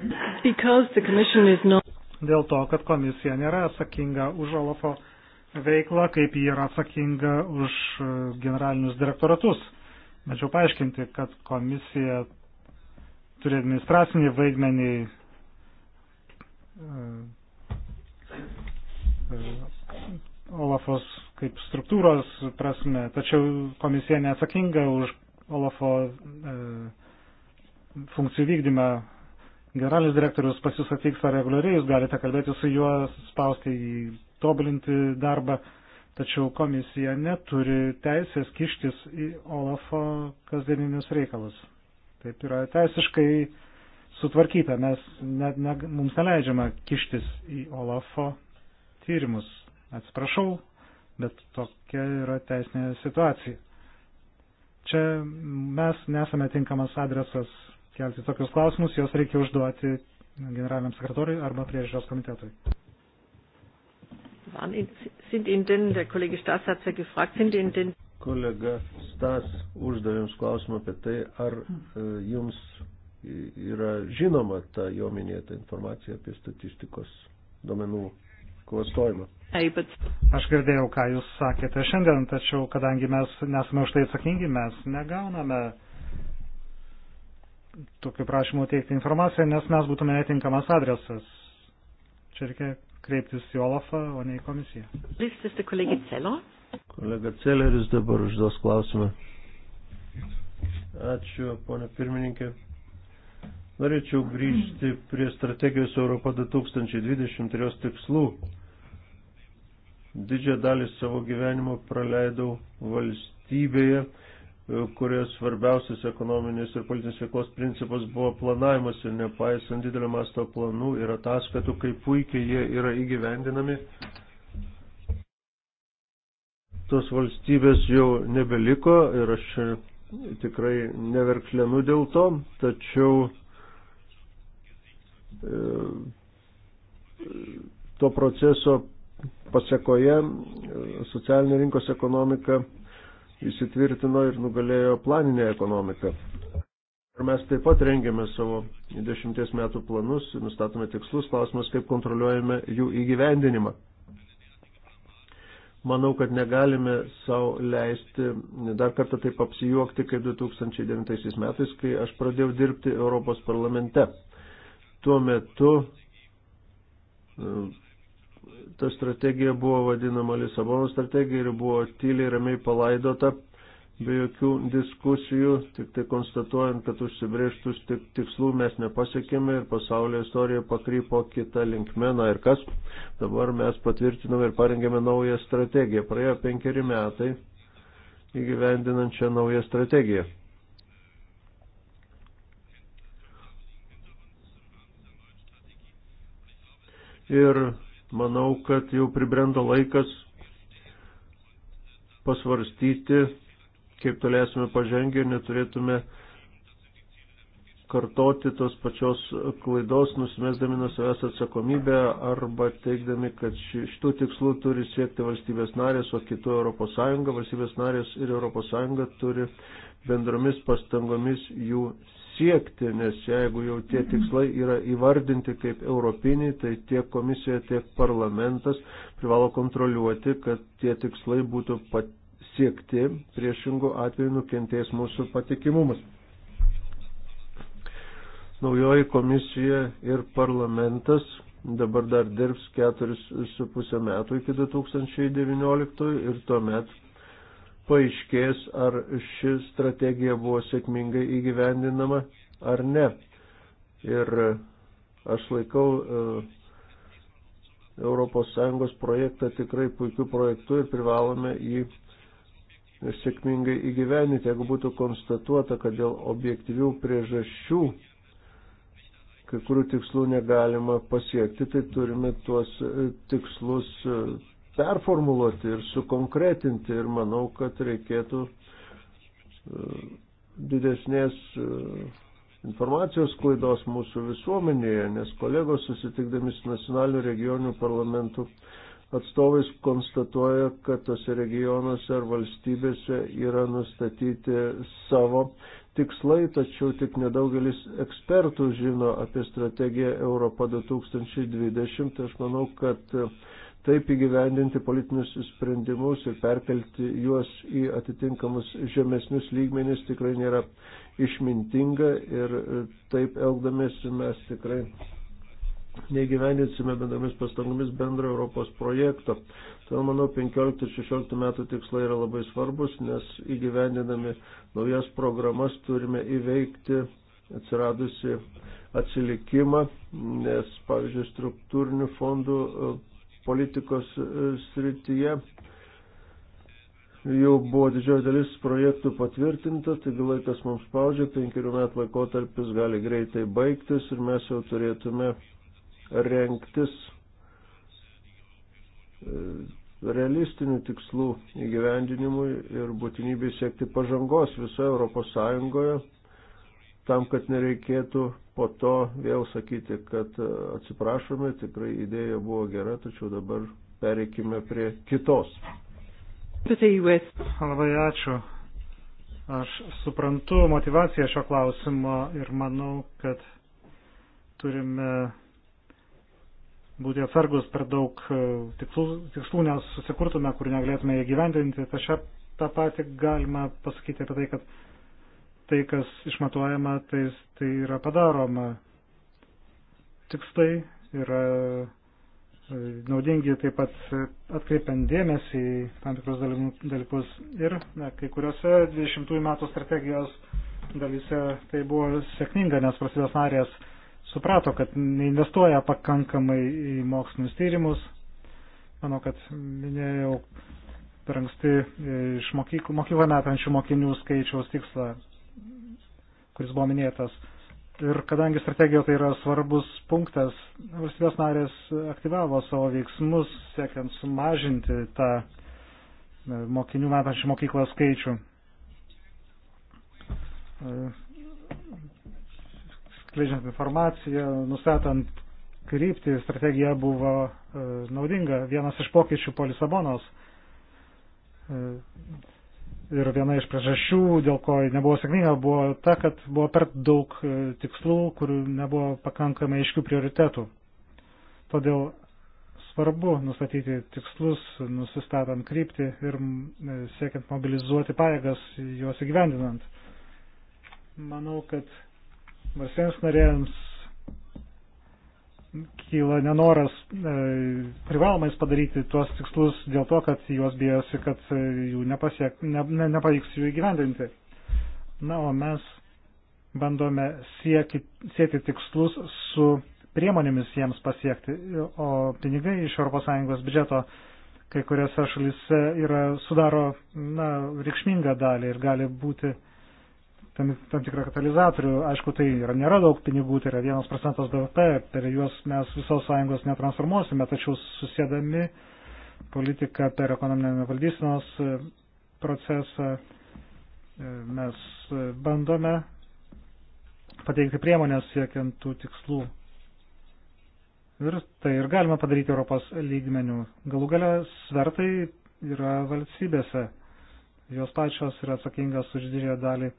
Not... Dėl to, kad komisija nėra atsakinga už Olafo veiklą, kaip ji yra atsakinga už e, generalinius direktoratus. Norėčiau paaiškinti, kad komisija turi administracinį vaidmenį e, e, Olafos kaip struktūros prasme, tačiau komisija neatsakinga už Olafo funkcijų vykdymą. Generalinis direktorius pas jūs atvyksta reguliariai, jūs galite kalbėti su juo, spausti jį tobulinti darbą, tačiau komisija neturi teisės kištis į Olafo kasdieninius reikalus. Taip yra teisiškai sutvarkyta, mes net ne, mums neleidžiama kištis į Olafo tyrimus. Atsiprašau, bet tokia yra teisinė situacija. Čia mes nesame tinkamas adresas kelti tokius klausimus, juos reikia užduoti generaliniam sekretoriui arba priežiūros komitetui waren, sind Ihnen denn, der Kollege Stas hat es ja gefragt, sind Ihnen denn. Kolega Stas uždavė Jums klausimą apie tai, ar hm. e, Jums yra žinoma ta jo minėta informacija apie statistikos duomenų klastojimą. Aš girdėjau, ką Jūs sakėte šiandien, tačiau kadangi mes nesame už tai atsakingi, mes negauname tokių prašymų teikti informaciją, nes mes būtume netinkamas adresas. Čia reikia kreiptis į Olafą, o ne į komisiją. Kolega Celeris dabar užduos klausimą. Ačiū, ponė pirmininkė. Norėčiau grįžti prie strategijos Europa 2020 ir jos tikslų. Didžią dalį savo gyvenimo praleidau valstybėje, kurios svarbiausias ekonominis ir politinis veiklos principas buvo planavimas ir nepaisant didelio masto planų ir ataskaitų, kaip puikiai jie yra įgyvendinami. Tos valstybės jau nebeliko ir aš tikrai neverkšlenu dėl to, tačiau e, to proceso pasiekoje e, socialinė rinkos ekonomika įsitvirtino ir nugalėjo planinę ekonomiką. Ir mes taip pat rengiame savo dešimties metų planus, nustatome tikslus, klausimas, kaip kontroliuojame jų įgyvendinimą. Manau, kad negalime savo leisti dar kartą taip apsijuokti, kaip 2009 metais, kai aš pradėjau dirbti Europos parlamente. Tuo metu ta strategija buvo vadinama Lisabono strategija ir buvo tyliai ramiai palaidota be jokių diskusijų, tik tai konstatuojant, kad užsibrėžtus tik, tikslų mes nepasiekėme ir pasaulio istorija pakrypo kitą linkmę. Na ir kas? Dabar mes patvirtiname ir parengėme naują strategiją. Praėjo penkeri metai įgyvendinančią naują strategiją. Ir Manau, kad jau pribrendo laikas pasvarstyti, kaip tolėsime pažengę ir neturėtume kartoti tos pačios klaidos, nusimesdami nuo savęs atsakomybę arba teikdami, kad šitų tikslų turi siekti valstybės narės, o kitų ES, valstybės narės ir ES turi bendromis pastangomis jų siekti, nes jeigu jau tie tikslai yra įvardinti kaip europiniai, tai tiek komisija, tiek parlamentas privalo kontroliuoti, kad tie tikslai būtų pasiekti, priešingų atveju nukentės mūsų patikimumas. Naujoji komisija ir parlamentas dabar dar dirbs keturis su pusę metų iki 2019 ir tuomet paaiškės, ar ši strategija buvo sėkmingai įgyvendinama ar ne. Ir aš laikau ES projektą tikrai puikiu projektu ir privalome jį sėkmingai įgyveninti. Jeigu būtų konstatuota, kad dėl objektyvių priežasčių kai kurių tikslų negalima pasiekti, tai turime tuos e, tikslus e, performuluoti ir sukonkretinti ir manau, kad reikėtų e, didesnės e, informacijos klaidos mūsų visuomenėje, nes kolegos susitikdami su nacionaliniu regioniniu parlamentu atstovais konstatuoja, kad tose regionuose ar valstybėse yra nustatyti savo tikslai, tačiau tik nedaugelis ekspertų žino apie strategiją Europą 2020. Aš manau, kad taip įgyvendinti politinius sprendimus ir perkelti juos į atitinkamus žemesnius lygmenis tikrai nėra išmintinga ir e, taip elgdamėsi mes tikrai neįgyvendinsime bendromis pastangomis bendro Europos projekto. Todėl, manau, 15-16 metų tikslai yra labai svarbus, nes įgyvendinami naujas programas turime įveikti atsiradusi atsilikimą, nes, pavyzdžiui, struktūrinių fondų e, politikos e, srityje jau buvo didžioji dalis projektų patvirtinta, taigi laikas mums spaudžia, penkerių metų laikotarpis gali greitai baigtis ir mes jau turėtume renktis e, realistinių tikslų įgyvendinimui ir būtinybė siekti pažangos visoje Europos Sąjungoje tam, kad nereikėtų po to vėl sakyti, kad e, atsiprašome, tikrai idėja buvo gera, tačiau dabar pereikime prie kitos. Labai ačiū. Aš suprantu motivaciją šio klausimo ir manau, kad turime būti atsargus per daug e, tikslų, tikslų nesusikurtume, kur negalėtume įgyvendinti. Tačiau tą patį galima pasakyti apie tai, kad tai, kas išmatuojama, tai, tai yra padaroma. Tikslai yra e, naudingi taip pat atkreipiant dėmesį į tam tikrus dalykus. Ir na, kai kuriuose 20 metų strategijos dalyse tai buvo sėkminga, nes prasidės narės suprato, kad neinvestuoja pakankamai į mokslinius tyrimus. Manau, kad minėjau per anksti iš mokyklų, mokyklą metančių mokinių skaičiaus tikslą kuris buvo minėtas. Ir kadangi strategija tai yra svarbus punktas, valstybės narės aktyvavo savo veiksmus, siekiant sumažinti tą e, mokinių metančių mokyklą skaičių. E, skleidžiant informaciją, nustatant kryptį, strategija buvo e, naudinga. Vienas iš pokyčių po Lisabonos ir viena iš priežasčių, dėl ko nebuvo sėkminga, buvo ta, kad buvo per daug e, tikslų, kurių nebuvo pakankamai aiškių prioritetų. Todėl svarbu nustatyti tikslus, nusistatant kryptį ir e, siekiant mobilizuoti pajėgas juos įgyvendinant. Manau, kad valstybėms narėjams kyla nenoras e, privalomais padaryti tuos tikslus dėl to, kad juos bijosi, kad e, jų nepasiek, ne, ne, nepavyks jų įgyvendinti. Na, o mes bandome sieki, sieti tikslus su priemonėmis jiems pasiekti, o pinigai iš ES biudžeto kai kuriuose šalise yra, sudaro na, reikšmingą dalį ir gali būti tam, tam tikrą katalizatorių. Aišku, tai yra, nėra daug pinigų, tai yra 1 procentas BVP, per juos mes visos sąjungos netransformuosime, tačiau susėdami politiką per ekonominę valdysinos e, procesą e, mes bandome pateikti priemonės siekiant tų tikslų. Ir tai ir galima padaryti Europos lygmenių. Galų galia svertai yra valstybėse. Jos pačios yra atsakingas už didžiąją dalį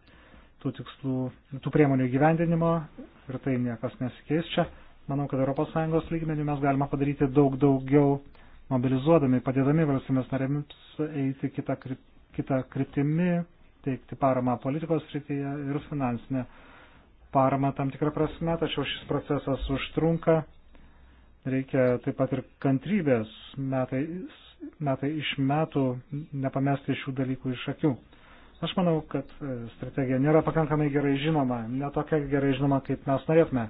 tų tikslų, tų priemonių gyvendinimo ir tai niekas nesikeis čia. Manau, kad ES lygmenių mes galime padaryti daug daugiau, mobilizuodami, padėdami valstybės narėms eiti kitą, kitą kryptimį, teikti paramą politikos srityje ir finansinę paramą tam tikrą prasme, tačiau šis procesas užtrunka. Reikia taip pat ir kantrybės metai, metai iš metų nepamesti šių dalykų iš akių. Aš manau, kad e, strategija nėra pakankamai gerai žinoma, netokia gerai žinoma, kaip mes norėtume. E,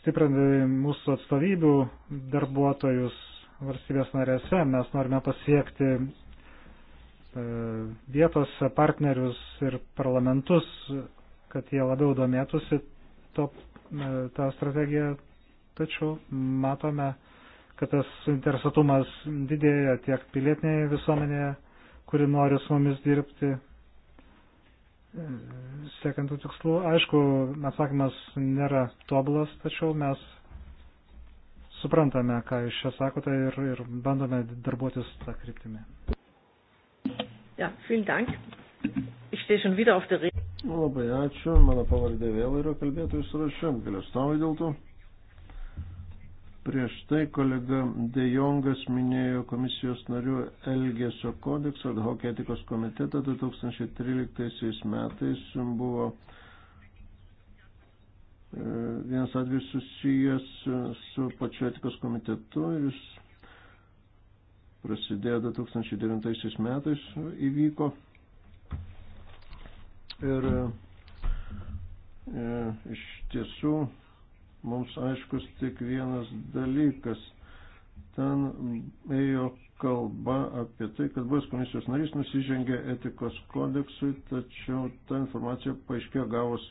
stiprindami mūsų atstovybių darbuotojus valstybės narėse, mes norime pasiekti e, vietos partnerius ir parlamentus, kad jie labiau domėtųsi to, tą strategiją, tačiau matome, kad tas interesatumas didėja tiek pilietinėje visuomenėje, kuri nori su mumis dirbti, e, siekiant tų tikslų. Aišku, atsakymas nėra tobulas, tačiau mes suprantame, ką jūs čia sakote ir, ir bandome darbuotis tą kryptimį. Ja, vielen Dank. Ich stehe schon wieder auf der Rede. Labai ačiū. Mano pavardė vėl yra kalbėtojų surašė. Galės tau dėl to. Prieš tai kolega De Jongas minėjo komisijos narių Elgesio kodekso ad hoc etikos komitetą 2013 metais buvo e, vienas atvejs susijęs su pačiu etikos komitetu ir jis prasidėjo 2009 metais įvyko ir e, iš tiesų mums aiškus tik vienas dalykas. Ten ėjo kalba apie tai, kad buvęs komisijos narys nusižengė etikos kodeksui, tačiau ta informacija paaiškėjo gavus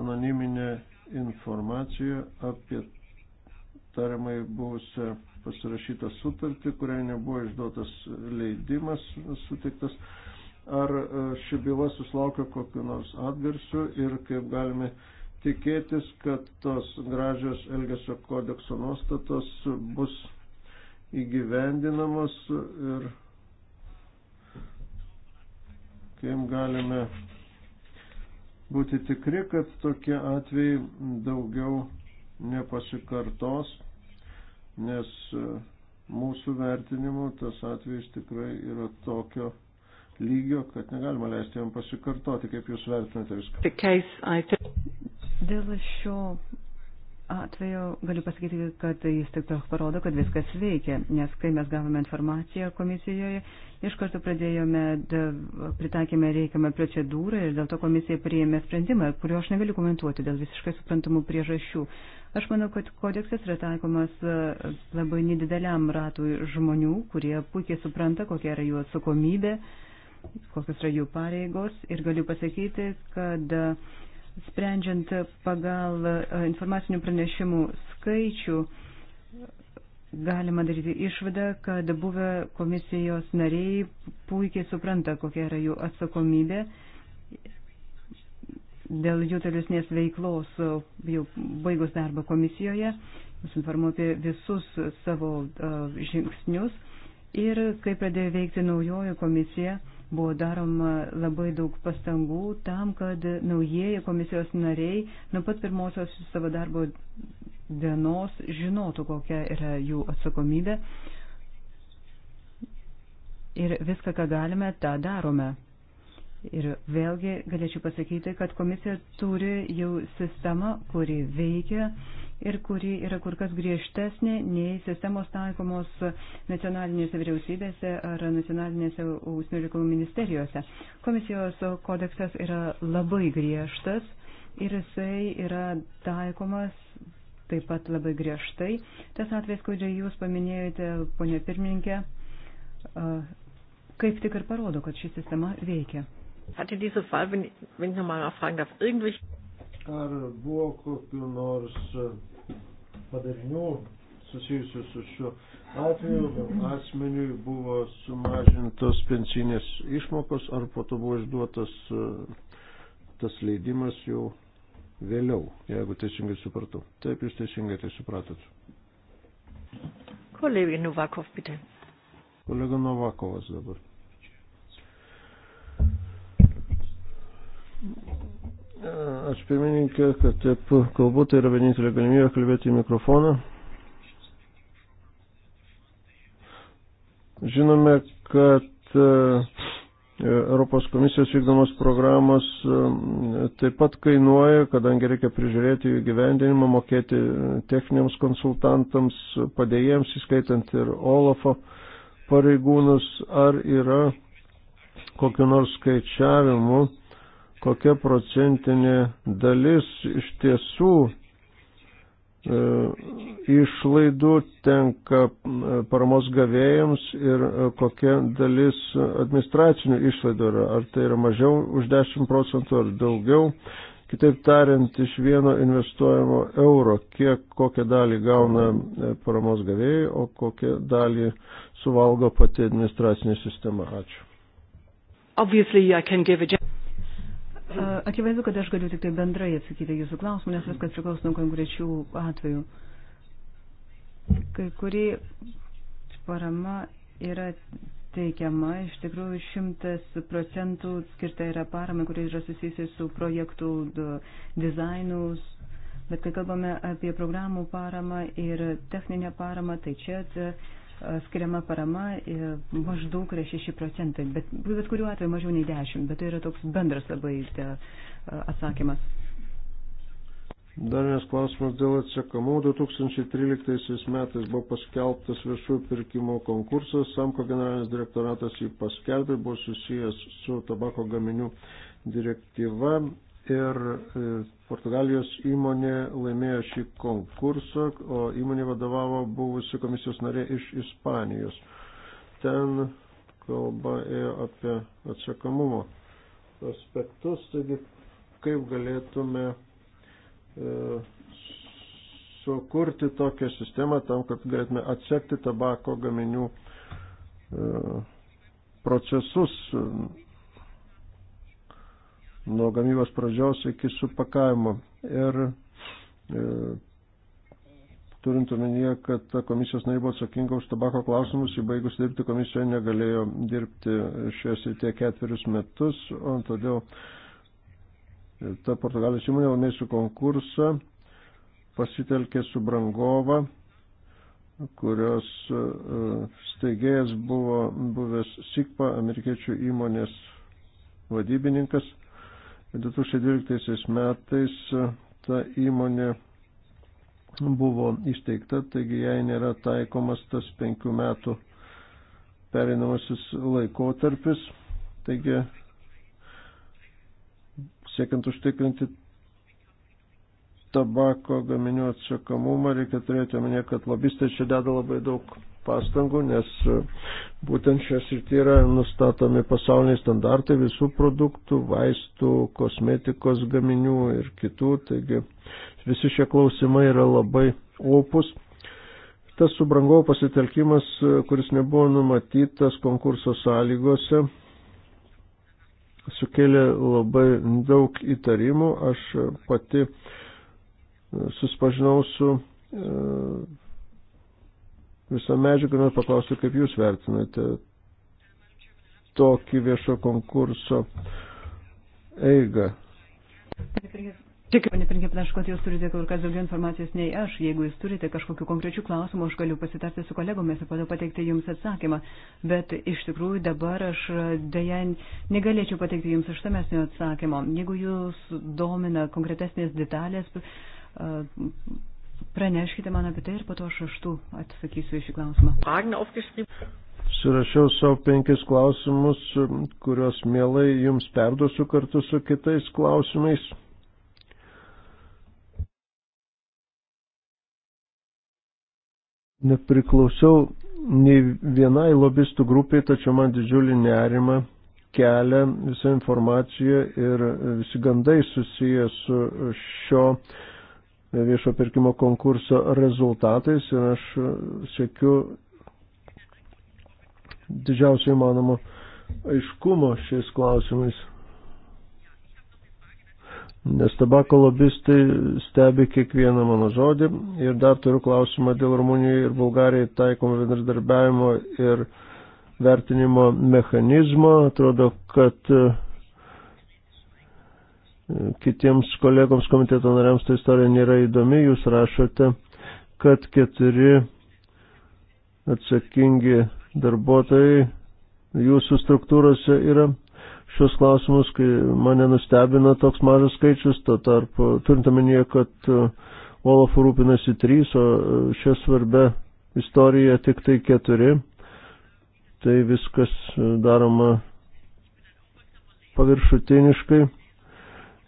anoniminę informaciją apie tariamai buvusią pasirašytą sutartį, kuriai nebuvo išduotas leidimas sutiktas. Ar e, ši byla susilaukia kokiu nors atgarsiu ir kaip galime tikėtis, kad tos gražios Elgesio kodekso nuostatos bus įgyvendinamos ir kaip galime būti tikri, kad tokie atvejai daugiau nepasikartos, nes mūsų vertinimu tas atvejis tikrai yra tokio lygio, kad negalima leisti jam pasikartoti, kaip jūs vertinate viską. Dėl šio atveju galiu pasakyti, kad jis tik toks parodo, kad viskas veikia, nes kai mes gavome informaciją komisijoje, iš karto pradėjome, pritaikėme reikiamą procedūrą ir dėl to komisija priėmė sprendimą, kurio aš negaliu komentuoti dėl visiškai suprantamų priežasčių. Aš manau, kad kodeksas yra taikomas e, labai nedideliam ratui žmonių, kurie puikiai supranta, kokia yra jų atsakomybė, kokios yra jų pareigos ir galiu pasakyti, kad uh, Sprendžiant pagal e, informacinių pranešimų skaičių, galima daryti išvadą, kad buvę komisijos nariai puikiai supranta, kokia yra jų atsakomybė dėl jų tolesnės veiklos e, jau baigus darbą komisijoje, jūs informuoju apie visus savo e, žingsnius ir kai pradėjo veikti naujoji komisija, Buvo daroma labai daug pastangų tam, kad naujieji komisijos nariai nuo pat pirmosios savo darbo dienos žinotų, kokia yra jų atsakomybė. Ir viską, ką galime, tą darome. Ir vėlgi galėčiau pasakyti, kad komisija turi jau sistemą, kuri veikia ir kuri yra kur kas griežtesnė nei sistemos taikomos nacionalinėse vyriausybėse ar nacionalinėse ūsnių reikalų ministerijose. Komisijos kodeksas yra labai griežtas ir jisai yra taikomas taip pat labai griežtai. Tas atvejs, kurį jūs paminėjote, ponė pirmininkė, kaip tik ir parodo, kad ši sistema veikia. Hatte diese Fall, wenn, wenn ich nochmal nachfragen darf, irgendwelche Ar buvo kokiu nors padarinių susijusių su šiuo atveju? Asmeniui buvo sumažintos pensinės išmokos, ar po to buvo išduotas tas leidimas jau vėliau, jeigu teisingai supratau. Taip, jūs teisingai tai supratot. Kolegė Novakov, bitte. Kolega Novakovas dabar. Aš pirmininkė, kad taip kalbu, tai yra vienintelė galimybė kalbėti į mikrofoną. Žinome, kad e, Europos komisijos vykdomos programos e, taip pat kainuoja, kadangi reikia prižiūrėti jų gyvendinimą, mokėti techniniams konsultantams, padėjėjams, įskaitant ir Olafo pareigūnus, ar yra kokiu nors skaičiavimu kokia procentinė dalis iš tiesų e, išlaidų tenka e, paramos gavėjams ir e, kokia dalis administracinių išlaidų yra. Ar tai yra mažiau už 10 procentų ar daugiau. Kitaip tariant, iš vieno investuojamo euro, kiek kokią dalį gauna e, paramos gavėjai, o kokią dalį suvalgo pati administracinė sistema. Ačiū. Obviously, I can give a Akivaizdu, kad aš galiu tik tai bendrai atsakyti jūsų klausimą, nes viskas priklauso nuo konkrečių atvejų. Kai kuri parama yra teikiama, iš tikrųjų šimtas procentų skirta yra parama, kuri yra susijusi su projektų dizainus, bet kai kalbame apie programų paramą ir techninę paramą, tai čia E, skiriama parama e, maždaug yra 6 procentai, bet, bet kuriuo atveju mažiau nei 10, bet tai yra toks bendras labai e, atsakymas. Dar vienas klausimas dėl atsakamų. 2013 metais buvo paskelbtas viešųjų pirkimo konkursas. Samko generalinis direktoratas jį paskelbė, buvo susijęs su tabako gaminių direktyva ir e, Portugalijos įmonė laimėjo šį konkursą, o įmonė vadovavo buvusi komisijos narė iš Ispanijos. Ten kalba ėjo apie atsakomumo aspektus, taigi kaip galėtume e, sukurti tokią sistemą tam, kad galėtume atsekti tabako gaminių e, procesus. E, nuo gamybos pradžios iki supakavimo. Ir e, turint omenyje, kad ta komisijos nariai buvo atsakinga už tabako klausimus, įbaigus dirbti komisijoje negalėjo dirbti šioje srityje ketverius metus, o todėl ta Portugalijos įmonė laimėjusi konkursą pasitelkė subrangovą, kurios e, steigėjas buvo buvęs SIGPA, amerikiečių įmonės vadybininkas. 2012 metais e, ta įmonė buvo įsteigta, taigi jai nėra taikomas tas penkių metų perinamasis laikotarpis. Taigi, siekiant užtikrinti tabako gaminių atsakomumą, reikia turėti omenyje, kad lobistai čia deda labai daug pastangų, nes e, būtent šias ir tai yra nustatomi pasauliniai standartai visų produktų, vaistų, kosmetikos gaminių ir kitų. Taigi visi šie klausimai yra labai opus. Tas subrangovo pasitelkimas, e, kuris nebuvo numatytas konkurso sąlygose, sukėlė labai daug įtarimų. Aš e, pati susipažinau su visą medžiagą, noriu paklausti, kaip jūs vertinate tokį viešo konkurso eigą. Tik, pane Pirinkė, panašu, kad jūs turite kur kas daugiau informacijos nei aš. Jeigu jūs turite kažkokių konkrečių klausimų, aš galiu pasitarti su kolegomis ir padau pateikti jums atsakymą. Bet iš tikrųjų dabar aš e, dėja negalėčiau pateikti jums ištamesnio atsakymo. Jeigu jūs domina konkretesnės detalės, e, Praneškite man apie tai ir po to aš raštu atsakysiu iš šį klausimą. Surašiau savo penkis klausimus, kuriuos mielai jums perduosiu kartu su kitais klausimais. Nepriklausiau nei vienai lobistų grupiai, tačiau man didžiulį nerimą kelia visa informacija ir visi gandai susiję su šio viešo pirkimo konkurso rezultatais ir aš e, sėkiu didžiausio įmanomo aiškumo šiais klausimais. Nes tabako lobistai stebi kiekvieną mano žodį ir dar turiu klausimą dėl Rumunijai ir Bulgarijai taikomo bendradarbiavimo ir vertinimo mechanizmo. Atrodo, kad uh, Kitiems kolegoms komiteto nariams ta istorija nėra įdomi. Jūs rašote, kad keturi atsakingi darbuotojai jūsų struktūrose yra šios klausimus, kai mane nustebina toks mažas skaičius, to tarpu turint omenyje, kad uh, Olaf rūpinasi trys, o uh, šią svarbę istoriją tik tai keturi, tai viskas uh, daroma paviršutiniškai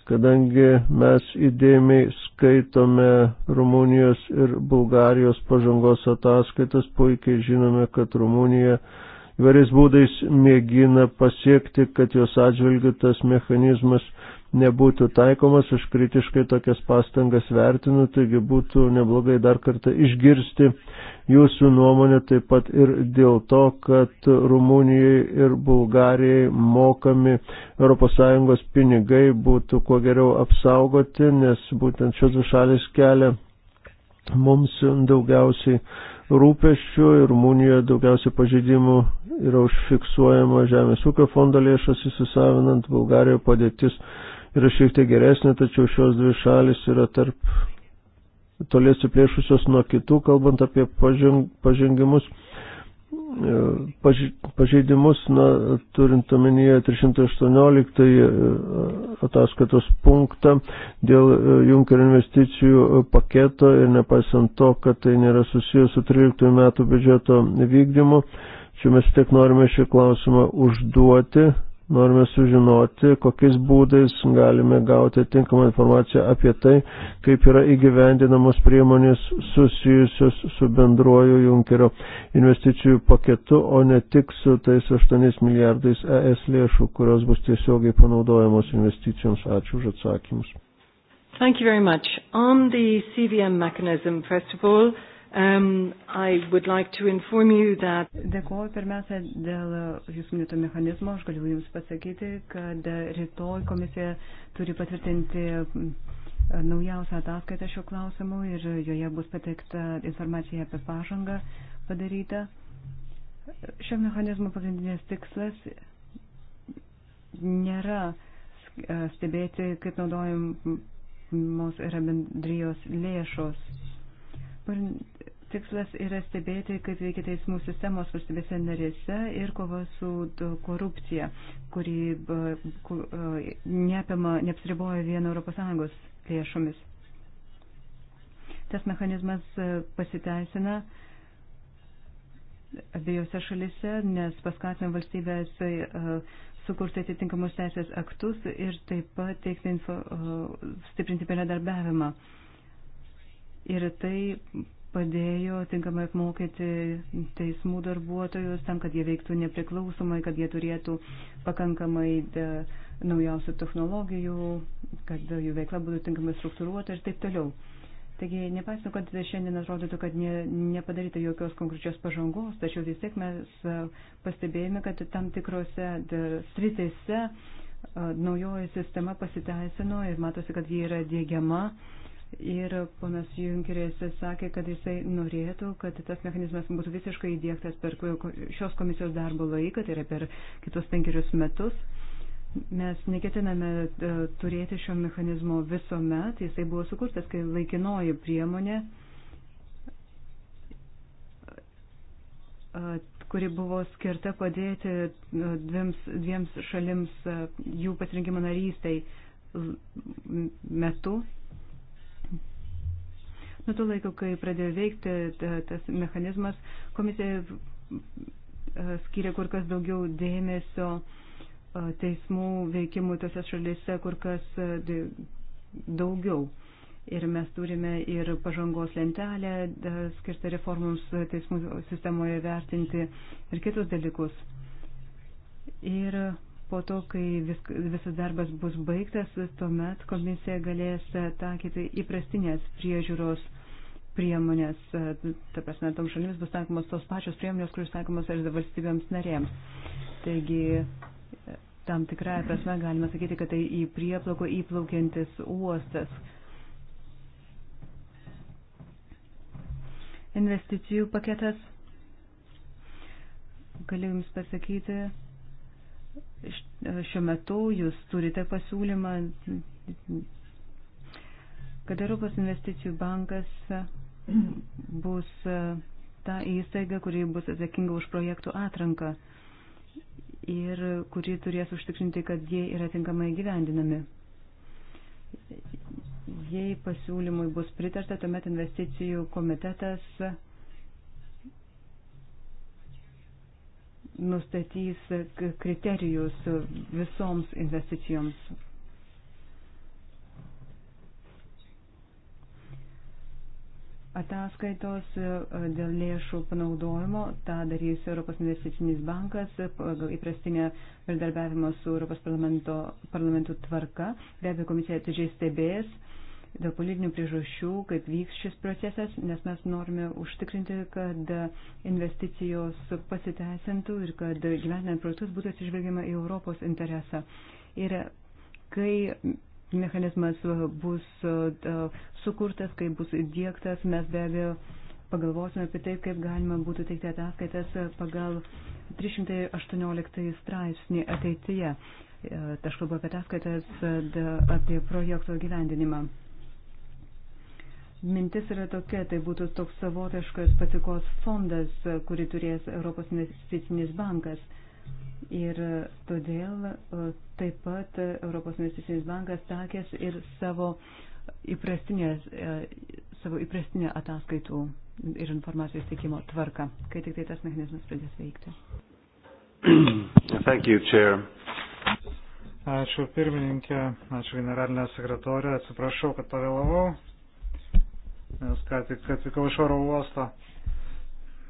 kadangi mes įdėmiai skaitome Rumunijos ir Bulgarijos pažangos ataskaitas, puikiai žinome, kad Rumunija įvairiais būdais mėgina pasiekti, kad jos atžvilgių tas mechanizmas nebūtų taikomas. Aš kritiškai tokias pastangas vertinu, taigi būtų neblogai dar kartą išgirsti jūsų nuomonė taip pat ir dėl to, kad Rumunijai ir Bulgarijai mokami ES pinigai būtų kuo geriau apsaugoti, nes būtent šios dvi šalis kelia mums daugiausiai rūpeščių ir Rumunijoje daugiausiai pažeidimų yra užfiksuojama žemės ūkio fondo lėšas įsisavinant, Bulgarijoje padėtis yra šiek tiek geresnė, tačiau šios dvi šalis yra tarp toliai atsiplėšusios nuo kitų, kalbant apie paženg, pažengimus, e, paž, pažeidimus, na, turint omenyje 318 e, ataskaitos punktą dėl e, Junkerio investicijų paketo ir nepaisant to, kad tai nėra susijęs su 13 metų biudžeto vykdymu, čia mes tiek norime šį klausimą užduoti Norime sužinoti, kokiais būdais galime gauti tinkamą informaciją apie tai, kaip yra įgyvendinamos priemonės susijusios su bendruoju Junkerio investicijų paketu, o ne tik su tais 8 milijardais ES lėšų, kurios bus tiesiogiai panaudojamos investicijoms. Ačiū už atsakymus. Thank you very much. On the CVM mechanism, first of all, Um, I would like to inform you that. Dėkuoju pirmiausia dėl jūsų minėto mechanizmo. Aš galiu Jums pasakyti, kad rytoj komisija turi patvirtinti mm, naujausią ataskaitą šiuo klausimu ir joje bus pateikta informacija apie pažangą padarytą. Šio mechanizmo pagrindinės tikslas nėra e, stebėti, kaip naudojamos yra bendrijos lėšos Tikslas yra stebėti, kaip veikia teismų sistemos valstybėse narėse ir kova su korupcija, kuri e, neapima, neapsiriboja vien ES lėšomis. Tas mechanizmas e, pasiteisina abiejose šalise, nes paskatina valstybės e, sukurti atitinkamus teisės aktus ir taip pat teikti info, stiprinti bendradarbiavimą. darbiavimą ir tai padėjo tinkamai apmokyti teismų darbuotojus tam, kad jie veiktų nepriklausomai, kad jie turėtų pakankamai de, naujausių technologijų, kad jų veikla būtų tinkamai struktūruota ir taip toliau. Taigi, nepaisant, kad šiandien atrodytų, kad ne, nepadaryta jokios konkrečios pažangos, tačiau vis tiek mes e, pastebėjome, kad tam tikrose e, sritėse e, naujoji sistema pasiteisino ir matosi, kad ji yra dėgiama. Uh, Ir ponas Junkeris sakė, kad jisai norėtų, kad tas mechanizmas būtų visiškai įdėktas per šios komisijos darbo laiką, tai yra per kitus penkerius metus. Mes neketiname e, turėti šio mechanizmo visuomet, jisai buvo sukurtas kaip laikinoji priemonė, e, kuri buvo skirta padėti e, dviems, dviems šalims jų pasirinkimo narystai metu Nuo to laiko, kai pradėjo veikti tas mechanizmas, komisija e, skiria kur kas daugiau dėmesio e, teismų veikimų tose šalyse, kur kas e, daugiau. Ir mes turime ir pažangos lentelę skirtą reformoms teismų sistemoje vertinti ir kitus dalykus. Ir po to, kai vis, visas darbas bus baigtas, tuomet komisija galės taikyti įprastinės priežiūros priemonės, e, ta prasme, toms šalims bus taikomos tos pačios priemonės, kurios taikomos ir valstybėms narėms. Taigi, e, tam tikrai prasme galima sakyti, kad tai į prieplauko įplaukiantis uostas. Investicijų paketas, galiu Jums pasakyti, e, šiuo metu Jūs turite pasiūlymą kad Europos investicijų bankas bus e, ta įstaiga, kuri bus atsakinga už projektų atranką ir kuri turės užtikrinti, kad jie yra tinkamai gyvendinami. Jei pasiūlymui bus pritarta, tuomet investicijų komitetas nustatys kriterijus visoms investicijoms ataskaitos e, dėl lėšų panaudojimo. Ta darys Europos investicinis bankas pagal įprastinę bendradarbiavimo su Europos parlamentu tvarka. Be abejo, komisija atidžiai stebės dėl politinių priežasčių, kaip vyks šis procesas, nes mes norime užtikrinti, kad investicijos pasiteisintų ir kad gyvenant projektus būtų atsižvelgiama į Europos interesą. Ir kai mechanizmas e, bus e, e, sukurtas, kaip bus įdėktas, mes be abejo pagalvosime apie tai, kaip galima būtų teikti ataskaitas pagal 318 straipsnį ateityje. Aš kalbu apie ataskaitas, apie projekto gyvendinimą. Mintis yra tokia, tai būtų toks savotiškas patikos fondas, kurį turės Europos investicinis bankas. Ir todėl e, taip pat Europos investicinis bankas takės ir savo įprastinę, e, savo įprastinę ataskaitų ir informacijos teikimo tvarką, kai tik tai tas mechanizmas pradės veikti. Thank you, Chair. Ačiū pirmininkė, ačiū generalinė sekretorė, atsiprašau, kad pavėlavau, nes ką tik atvykau iš oro uosto.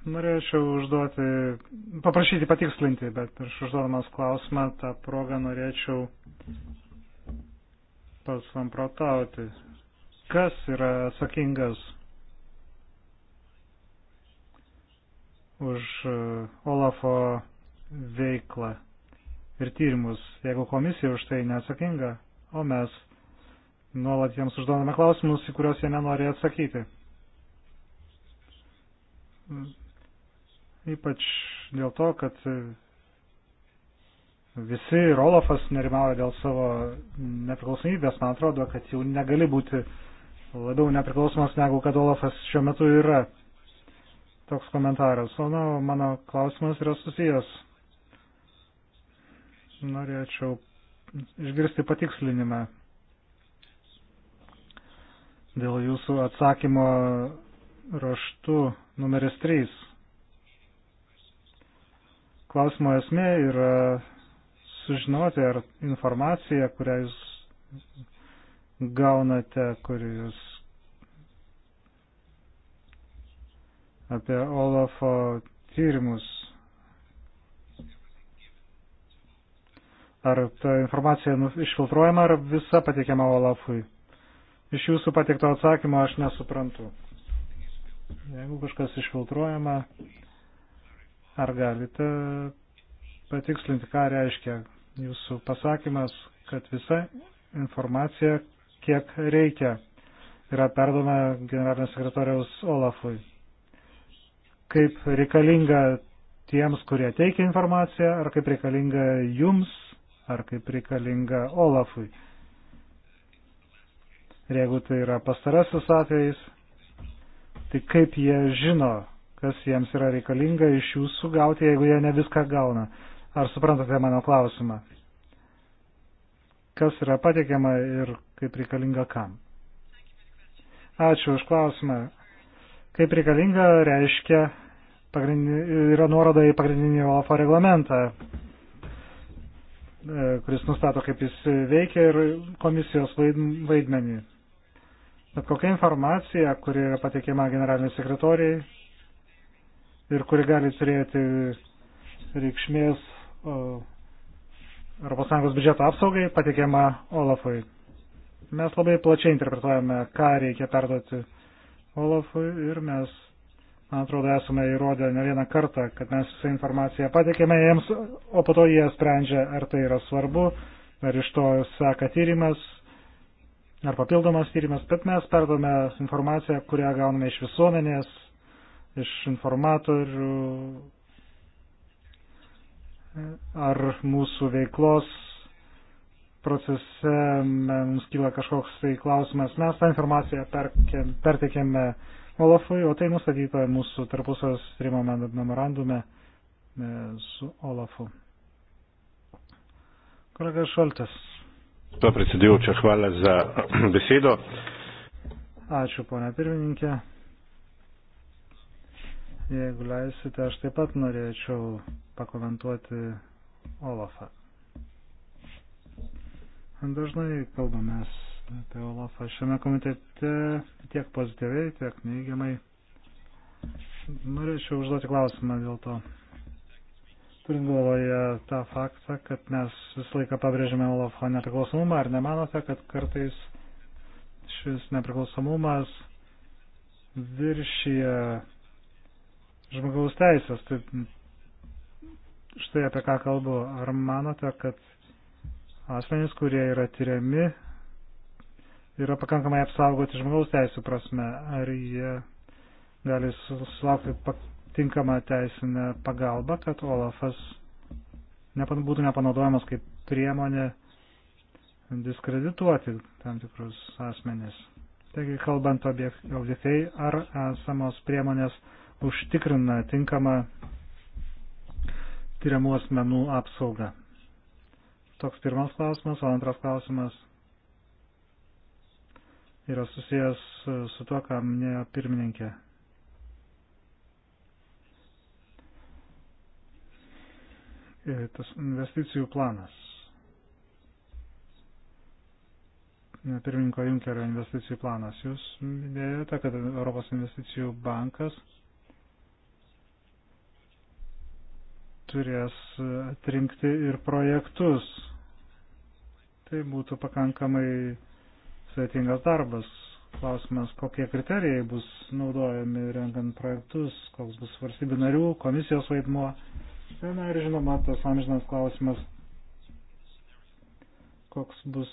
Norėčiau užduoti, paprašyti patikslinti, bet prieš užduodamas klausimą tą progą norėčiau pasamprotauti. Kas yra atsakingas už uh, Olafo veiklą ir tyrimus, jeigu komisija už tai neatsakinga, o mes nuolat jiems užduodame klausimus, į kuriuos jie nenori atsakyti Ypač dėl to, kad visi ir Olafas nerimauja dėl savo nepriklausomybės. Man atrodo, kad jau negali būti labiau nepriklausomas negu kad Olafas šiuo metu yra. Toks komentaras. O na, mano klausimas yra susijęs. Norėčiau išgirsti patikslinimą dėl jūsų atsakymo raštu numeris 3. Klausimo esmė yra sužinoti, ar informacija, kurią jūs gaunate, kurį jūs apie Olafo tyrimus, ar ta informacija nu, išfiltruojama, ar visa pateikiama Olafui. Iš jūsų pateikto atsakymo aš nesuprantu. Jeigu kažkas išfiltruojama, Ar galite patikslinti, ką reiškia jūsų pasakymas, kad visa informacija, kiek reikia, yra perdoma generalinio sekretoriaus Olafui. Kaip reikalinga tiems, kurie teikia informaciją, ar kaip reikalinga jums, ar kaip reikalinga Olafui. Ir jeigu tai yra pastarasis atvejis, tai kaip jie žino, kas jiems yra reikalinga iš jūsų gauti, jeigu jie ne viską gauna. Ar suprantate mano klausimą? Kas yra pateikiama ir kaip reikalinga kam? Ačiū už klausimą. Kaip reikalinga reiškia, yra nuoroda į pagrindinį OLAFO reglamentą, e, kuris nustato, kaip jis veikia ir komisijos vaidmenį. Bet kokia informacija, kuri yra pateikiama generaliniai sekretoriai, ir kuri gali turėti reikšmės ES biudžeto apsaugai pateikiama Olafui. Mes labai plačiai interpretuojame, ką reikia perduoti Olafui ir mes, man atrodo, esame įrodę ne vieną kartą, kad mes visą informaciją pateikėme jiems, o po to jie sprendžia, ar tai yra svarbu, ar iš to seka tyrimas, ar papildomas tyrimas, bet mes perdome informaciją, kurią gauname iš visuomenės, iš informatorių ar mūsų veiklos procese mums kyla kažkoks tai klausimas. Mes tą informaciją perteikėme Olafui, o tai nustatyta mūsų tarpusios trimo memorandume e, su Olafu. Kolega Šoltas. To prisidėjau, čia hvala za besedo. Ačiū, ponia pirmininkė. Jeigu leisite, aš taip pat norėčiau pakomentuoti Olafą. Dažnai kalbame apie Olafą šiame komitete tiek pozityviai, tiek neigiamai. Norėčiau užduoti klausimą dėl to. Turint galvoje tą faktą, kad mes visą laiką pabrėžiame Olafo nepriklausomumą, ar nemanote, kad kartais šis nepriklausomumas viršyje Žmogaus teisės, tai štai apie ką kalbu. Ar manote, kad asmenys, kurie yra tyriami, yra pakankamai apsaugoti žmogaus teisų prasme? Ar jie gali susilaukti tinkamą teisinę pagalbą, kad Olafas būtų nepanaudojamas kaip priemonė diskredituoti tam tikrus asmenis? Taigi, kalbant objektai, ar esamos priemonės užtikrina tinkamą tyriamų asmenų apsaugą. Toks pirmas klausimas, o antras klausimas yra susijęs su to, ką minėjo pirmininkė. E, tas investicijų planas. E, pirmininko Junkerio investicijų planas. Jūs minėjote, kad Europos investicijų bankas turės atrinkti ir projektus. Tai būtų pakankamai sveitingas darbas. Klausimas, kokie kriterijai bus naudojami renkant projektus, koks bus valstybių narių, komisijos vaidmuo. Na ir žinoma, tas amžinas klausimas, koks bus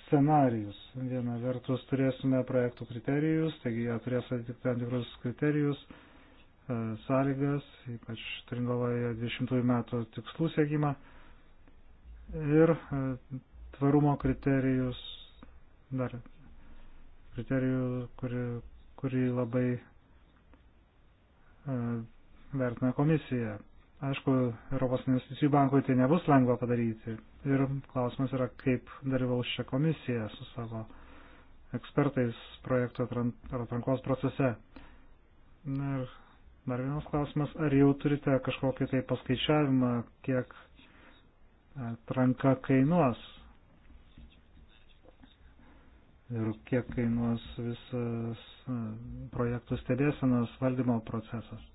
scenarijus. Viena vertus turėsime projektų kriterijus, taigi jie turės atitikti tam tikrus kriterijus E, sąlygas, ypač turint galvoje 20 metų tikslų siekimą ir e, tvarumo kriterijus, dar kriterijų, kurį, kurį labai e, vertina komisija. Aišku, Europos investicijų bankui tai nebus lengva padaryti. Ir klausimas yra, kaip dalyvaus šią komisiją su savo ekspertais projekto atrankos procese. Na ir Dar vienas klausimas, ar jau turite kažkokį tai paskaičiavimą, kiek e, tranka kainuos ir kiek kainuos visas e, projektų stebėsenos valdymo procesas.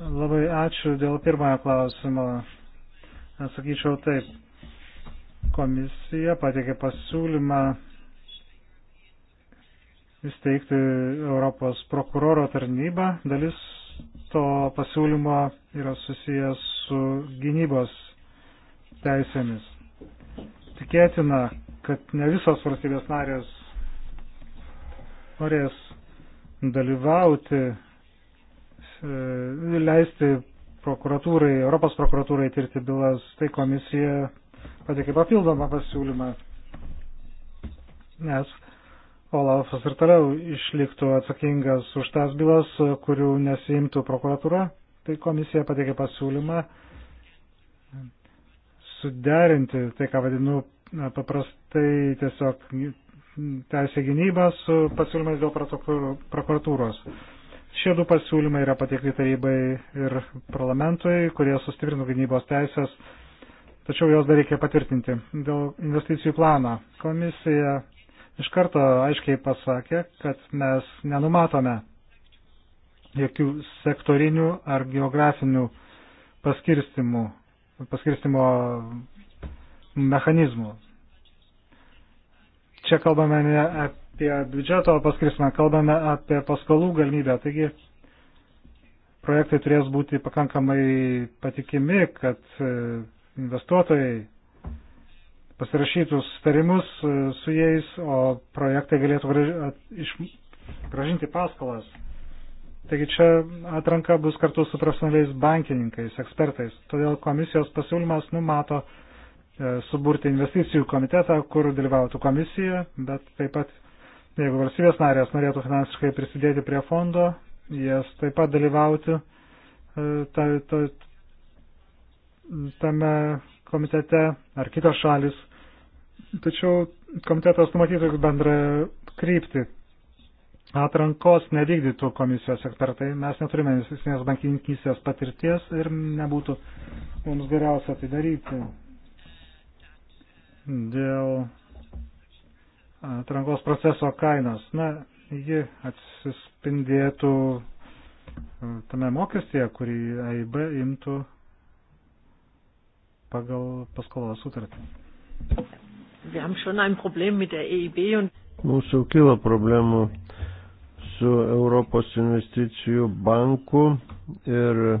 Labai ačiū dėl pirmojo klausimo. Sakyčiau taip, komisija pateikė pasiūlymą įsteigti Europos prokuroro tarnybą. Dalis to pasiūlymo yra susijęs su gynybos teisėmis. Tikėtina, kad ne visos valstybės narės norės dalyvauti, e, leisti prokuratūrai, Europos prokuratūrai tirti bylas, tai komisija patikė papildomą pasiūlymą. Nes Olafas ir toliau išliktų atsakingas už tas bylas, kurių nesiimtų prokuratūra. Tai komisija pateikė pasiūlymą suderinti tai, ką vadinu paprastai tiesiog teisė gynyba su pasiūlymais dėl prokuratūros. Šie du pasiūlymai yra pateikti tarybai ir parlamentui, kurie sustiprino gynybos teisės, tačiau jos dar reikia patvirtinti. Dėl investicijų plano komisija iš karto aiškiai pasakė, kad mes nenumatome jokių sektorinių ar geografinių paskirstimų, paskirstimo mechanizmų. Čia kalbame ne apie biudžeto paskirstimą, kalbame apie paskolų galimybę. Taigi projektai turės būti pakankamai patikimi, kad e, investuotojai pasirašytus tarimus e, su jais, o projektai galėtų gražinti paskolas. Taigi čia atranka bus kartu su profesionaliais bankininkais, ekspertais. Todėl komisijos pasiūlymas numato e, suburti investicijų komitetą, kur dalyvautų komisija, bet taip pat, jeigu valstybės narės norėtų finansiškai prisidėti prie fondo, jas taip pat dalyvauti e, ta, ta, tame komitete ar kitos šalis Tačiau komitetas numatytų bendrą kryptį. Atrankos nevykdytų komisijos ekspertai. Mes neturime investicinės bankininkystės patirties ir nebūtų mums geriausia tai daryti. Dėl atrankos proceso kainos. Na, ji atsispindėtų tame mokestyje, kurį AIB imtų pagal paskolos sutartį. Mums e jau kilo problemų su Europos investicijų banku ir e,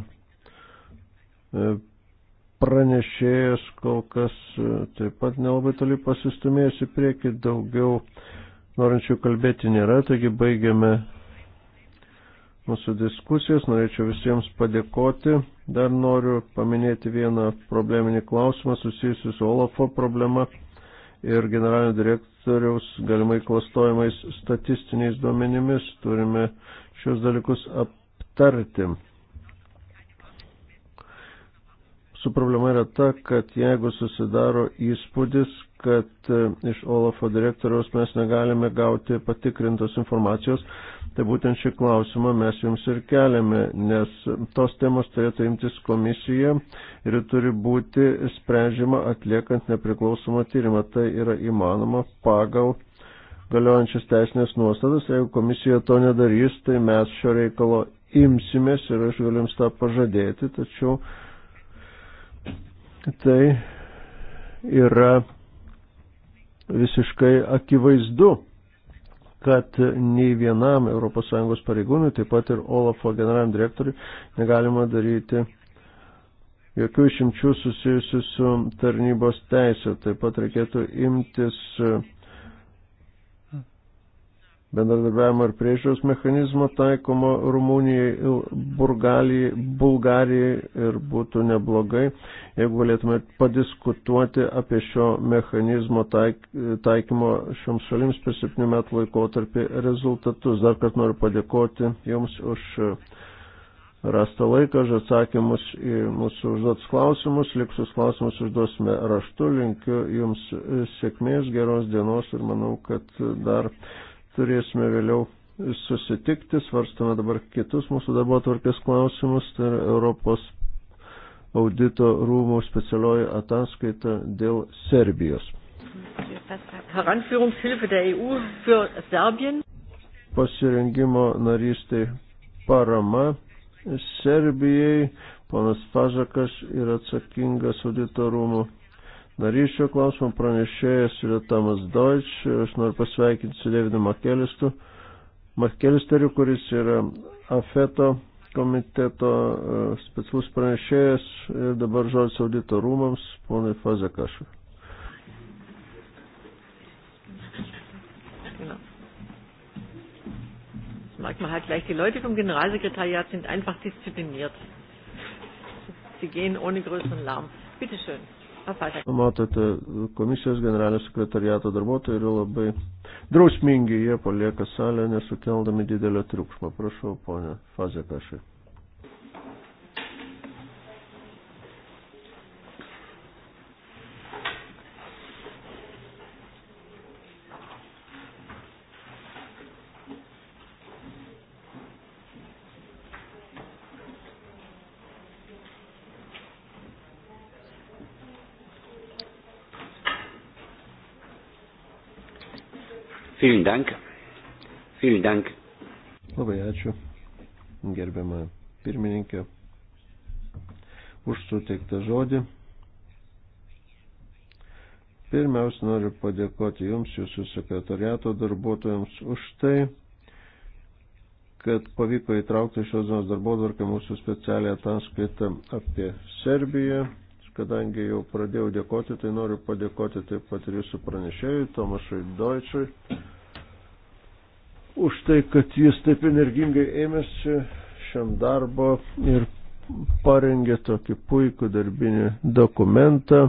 pranešėjas kol kas e, taip pat nelabai toli pasistumėjęs į priekį, daugiau norinčių kalbėti nėra, taigi baigiame mūsų diskusijas, norėčiau visiems padėkoti. Dar noriu paminėti vieną probleminį klausimą susijusius su Olafo problema ir generalinio direktoriaus galimai klastojimais statistiniais duomenimis. Turime šios dalykus aptarti. Su problema yra ta, kad jeigu susidaro įspūdis, kad e, iš Olafo direktoriaus mes negalime gauti patikrintos informacijos, tai būtent šį klausimą mes jums ir keliame, nes tos temos turėtų imtis komisija ir turi būti sprendžiama atliekant nepriklausomą tyrimą. Tai yra įmanoma pagal galiojančias teisinės nuostatas. Jeigu komisija to nedarys, tai mes šio reikalo imsimės ir aš galiu jums tą pažadėti, tačiau tai yra visiškai akivaizdu, kad nei vienam ES pareigūnui, taip pat ir Olafo generaliniam direktoriui, negalima daryti jokių išimčių susijusių su tarnybos teisė. Taip pat reikėtų imtis bendradarbiavimo ir priežiūros mechanizmo taikomo Rumunijai, Burgalijai, Bulgarijai ir būtų neblogai, jeigu galėtume padiskutuoti apie šio mechanizmo taik, taikymo šioms šalims per 7 metų laikotarpį rezultatus. Dar kartą noriu padėkoti Jums už rastą laiką, už atsakymus į mūsų užduotus klausimus. Liksus klausimus užduosime raštu. Linkiu Jums sėkmės, geros dienos ir manau, kad dar turėsime vėliau susitikti, svarstame dabar kitus mūsų darbo tvarkės klausimus, tai yra Europos audito rūmų specialioji ataskaita dėl Serbijos. E Pasirengimo narystai parama Serbijai, ponas Pažakas yra atsakingas audito rūmų narys šio klausimo pranešėjas yra Tomas Deutsch. Aš noriu pasveikinti su Davidu Makelistu. Makelisteriu, kuris yra AFETO komiteto e, specialus pranešėjas ir dabar žodis audito rūmams, ponai Fazekašui. merkt man halt gleich, die Leute vom Generalsekretariat sind einfach diszipliniert. Sie gehen ohne größeren Lärm. Bitte schön. Nu, matote, komisijos generalinio sekretariato darbuotojai yra labai drausmingi, jie palieka salę nesukeldami didelio triukšmo. Prašau, ponė Fazekašai. Vielen Dank. Vielen Dank. Labai ačiū, gerbiama pirmininkė, už suteiktą žodį. Pirmiausia, noriu padėkoti Jums, Jūsų sekretariato darbuotojams, už tai, kad pavyko įtraukti šios dienos darbo tvarkę mūsų specialią ataskaitą apie Serbiją. Kadangi jau pradėjau dėkoti, tai noriu padėkoti taip pat ir Jūsų pranešėjui, Tomašui Deutschui už tai, kad jis taip energingai ėmėsi šiam darbo ir parengė tokį puikų darbinį dokumentą.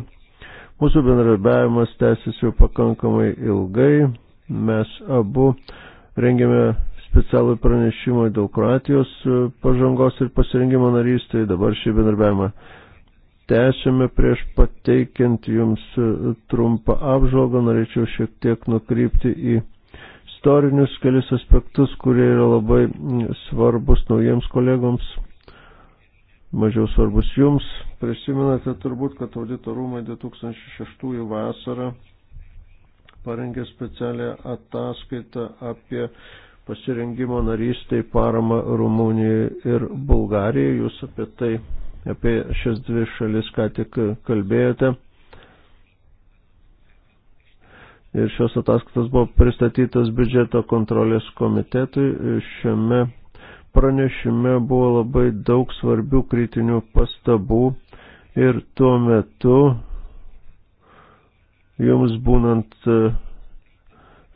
Mūsų bendradarbiavimas tęsiasi jau pakankamai ilgai. Mes abu rengėme specialų pranešimą dėl Kroatijos pažangos ir pasirengimo narystai. Dabar šį bendradarbiavimą tęsime prieš pateikiant jums trumpą apžvalgą. Norėčiau šiek tiek nukrypti į istorinius kelis aspektus, kurie yra labai svarbus naujiems kolegoms, mažiau svarbus jums. Prisimenate turbūt, kad auditorumai 2006 vasarą parengė specialią ataskaitą apie pasirengimo narystai paramą Rumunijai ir Bulgarijai. Jūs apie tai, apie šias dvi šalis ką tik kalbėjote ir šios ataskaitos buvo pristatytas biudžeto kontrolės komitetui. Šiame pranešime buvo labai daug svarbių kritinių pastabų ir tuo metu jums būnant e,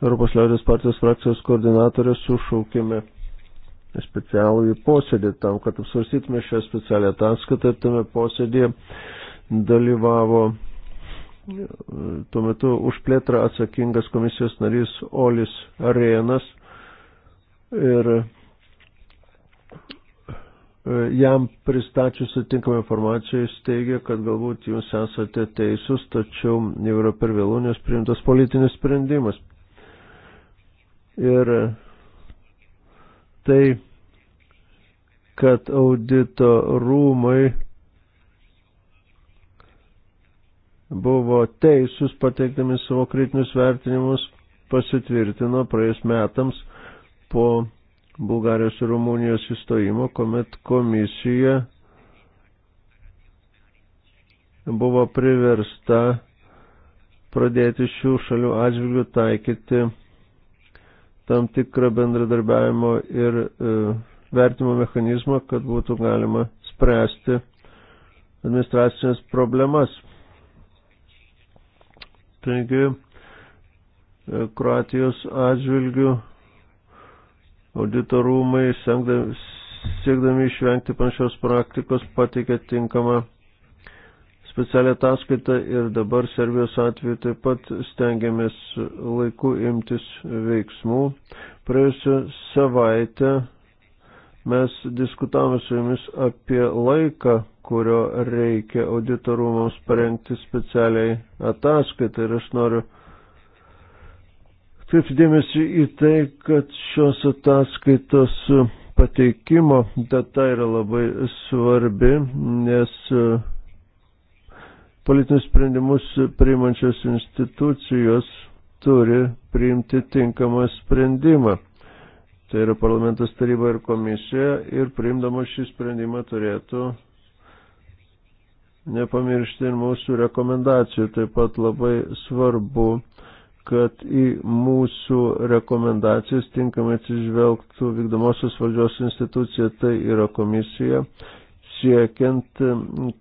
Europos liaudės partijos frakcijos koordinatorės sušaukime specialų į posėdį tam, kad apsvarstytume šią specialią ataskaitą ir tame posėdėje dalyvavo tuo metu už plėtrą atsakingas komisijos narys Olis Arėnas ir e, jam pristačius atinkamą informaciją jis teigia, kad galbūt jūs esate teisus, tačiau jau yra per vėlų, nes priimtas politinis sprendimas. Ir tai, kad audito rūmai buvo teisūs pateikdami savo kritinius vertinimus, pasitvirtino praėjus metams po Bulgarijos ir Rumunijos įstojimo, kuomet komisija buvo priversta pradėti šių šalių atžvilgių taikyti tam tikrą bendradarbiavimo ir e, vertimo mechanizmą, kad būtų galima spręsti administracinės problemas. Taigi, e, Kroatijos atžvilgių auditorumai, siekdami išvengti panašios praktikos, pateikė tinkamą specialią ataskaitą ir dabar Serbijos atveju taip pat stengiamės laiku imtis veiksmų. Praėjusią savaitę mes diskutavome su jumis apie laiką, kurio reikia auditorumams parengti specialiai ataskaitą. Ir aš noriu taip dėmesį į tai, kad šios ataskaitos pateikimo data yra labai svarbi, nes e, politinius sprendimus priimančios institucijos turi priimti tinkamą sprendimą. Tai yra parlamentas taryba ir komisija ir priimdama šį sprendimą turėtų nepamiršti ir mūsų rekomendacijų. Taip pat labai svarbu, kad į mūsų rekomendacijas tinkamai atsižvelgtų vykdomosios valdžios institucija, tai yra komisija, siekiant,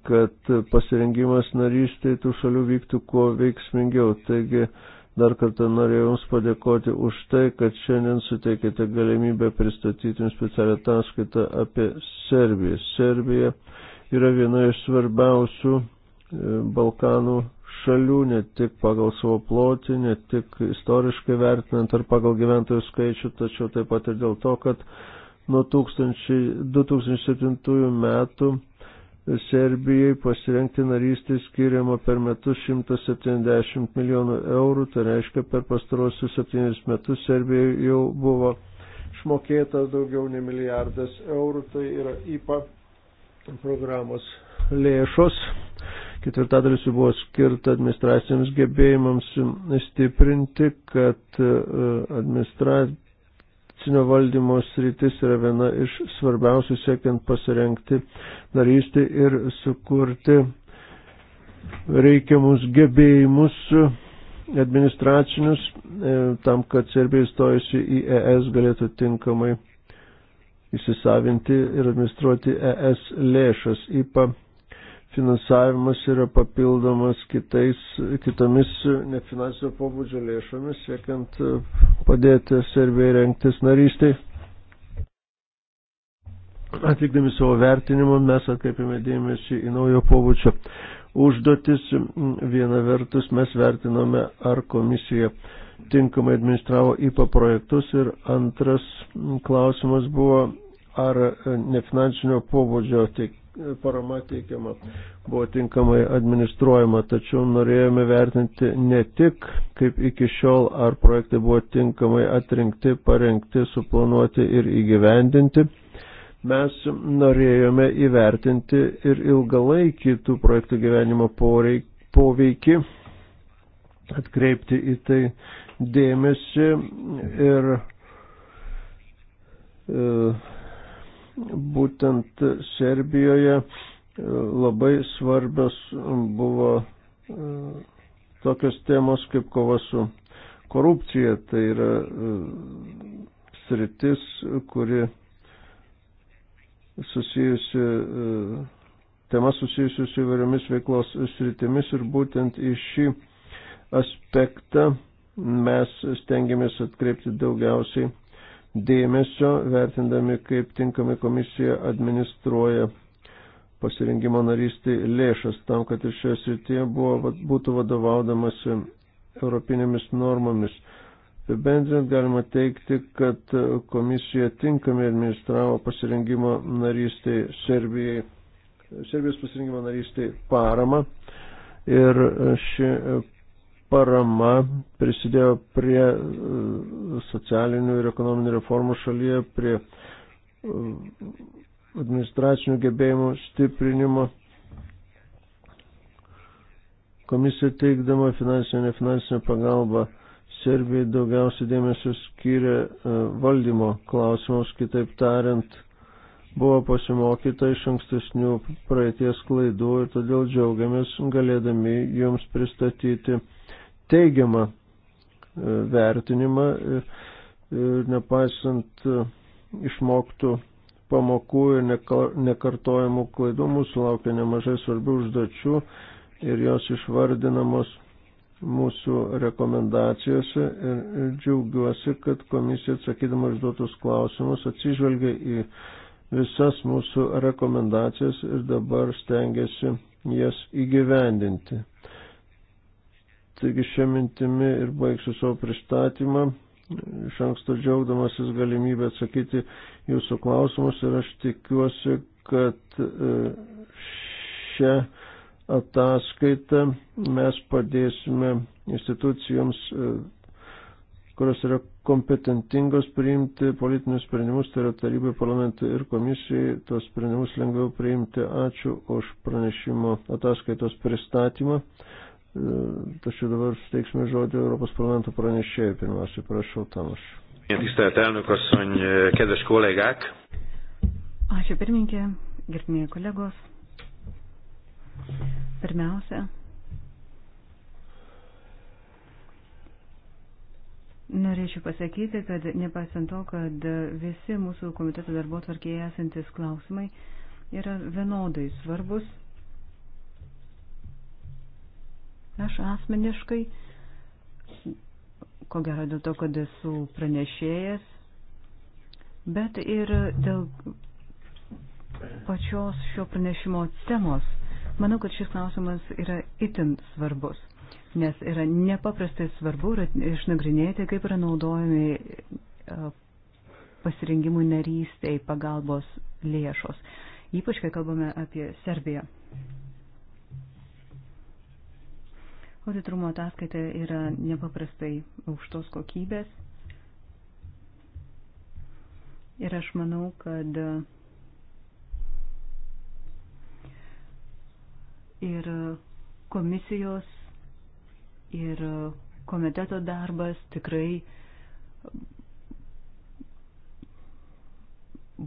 kad pasirengimas narystėje tų šalių vyktų kuo veiksmingiau. Taigi, Dar kartą norėjau Jums padėkoti už tai, kad šiandien suteikėte galimybę pristatyti Jums specialią ataskaitą apie Serbiją. Serbija. Serbija yra viena iš svarbiausių e, Balkanų šalių, ne tik pagal savo plotį, ne tik istoriškai vertinant ar pagal gyventojų skaičių, tačiau taip pat ir dėl to, kad nuo 2000, 2007 metų Serbijai pasirengti narystį skiriama per metus 170 milijonų eurų, tai reiškia per pastarosius septynis metus Serbijai jau buvo išmokėta daugiau nei milijardas eurų, tai yra ypa programos lėšos. Ketvirtadalis jų buvo skirta administracijams gebėjimams stiprinti, kad e, administracinio valdymo sritis yra viena iš svarbiausių siekiant pasirenkti narystį ir sukurti reikiamus gebėjimus administracinius e, tam, kad Serbija įstojusi į ES galėtų tinkamai įsisavinti ir administruoti ES lėšas. IPA finansavimas yra papildomas kitais, kitomis nefinansinio pobūdžio lėšomis, siekiant e, padėti Serbijai renktis narystiai. Atlikdami savo vertinimą mes atkreipėme dėmesį į naujo pobūdžio užduotis. Viena vertus mes vertinome, ar komisija tinkamai administravo IPA projektus ir antras klausimas buvo, ar nefinansinio pobūdžio tik parama teikiama buvo tinkamai administruojama, tačiau norėjome vertinti ne tik, kaip iki šiol, ar projektai buvo tinkamai atrinkti, parengti, suplanuoti ir įgyvendinti. Mes norėjome įvertinti ir ilgalaikį tų projektų gyvenimo poveikį, atkreipti į tai dėmesį ir e, būtent Serbijoje e, labai svarbios buvo e, tokios temos kaip kova su korupcija. Tai yra e, sritis, kuri susijusi, tema susijusi su įvairiomis veiklos sritimis ir būtent į šį aspektą mes stengiamės atkreipti daugiausiai dėmesio, vertindami, kaip tinkamai komisija administruoja pasirinkimo narystį lėšas, tam, kad ir šioje srityje buvo, būtų vadovaudamas europinėmis normomis. Apibendrinant galima teikti, kad komisija tinkamai administravo pasirinkimo narystį Serbijai, Serbijos pasirinkimo narystį paramą ir ši parama prisidėjo prie e, socialinių ir ekonominių reformų šalyje, prie e, administracinių gebėjimų stiprinimo. Komisija teikdama finansinę ir nefinansinę pagalbą Serbijai daugiausiai dėmesio skiria e, valdymo klausimams, kitaip tariant, buvo pasimokyta iš ankstesnių praeities klaidų ir todėl džiaugiamės galėdami jums pristatyti teigiamą e, vertinimą ir nepaisant e, išmoktų pamokų ir nekartojamų klaidų mūsų laukia nemažai svarbių užduočių ir jos išvardinamos mūsų rekomendacijose ir džiaugiuosi, kad komisija atsakydama užduotus klausimus atsižvelgia į visas mūsų rekomendacijas ir dabar stengiasi jas įgyvendinti. Taigi šią mintimį ir baigsiu savo pristatymą. Iš anksto džiaugdamasis galimybę atsakyti jūsų klausimus ir aš tikiuosi, kad e, šią ataskaitą mes padėsime institucijoms, e, kurios yra kompetentingos priimti politinius sprendimus, tai yra tarybai, parlamentui ir komisijai, tos sprendimus lengviau priimti. Ačiū už pranešimo ataskaitos pristatymą. E, tačiau dabar suteiksime žodį Europos parlamento pranešėjai. Pirmiausia, prašau, Tamas. Tisztelt elnök asszony, kedves kollégák! Ačiū pirmininkė, gerbėjai kolegos. Pirmiausia, Norėčiau pasakyti, kad nepaisant to, kad visi mūsų komiteto darbo tvarkėje esantis klausimai yra vienodai svarbus Aš asmeniškai, ko gero dėl to, kad esu pranešėjas, bet ir dėl pačios šio pranešimo temos. Manau, kad šis klausimas yra itin svarbus, nes yra nepaprastai svarbu išnagrinėti, kaip yra naudojami e, pasirinkimų narystėj pagalbos lėšos, ypač kai kalbame apie Serbiją. Auditrumo ataskaita yra nepaprastai aukštos kokybės. Ir aš manau, kad ir komisijos, ir komiteto darbas tikrai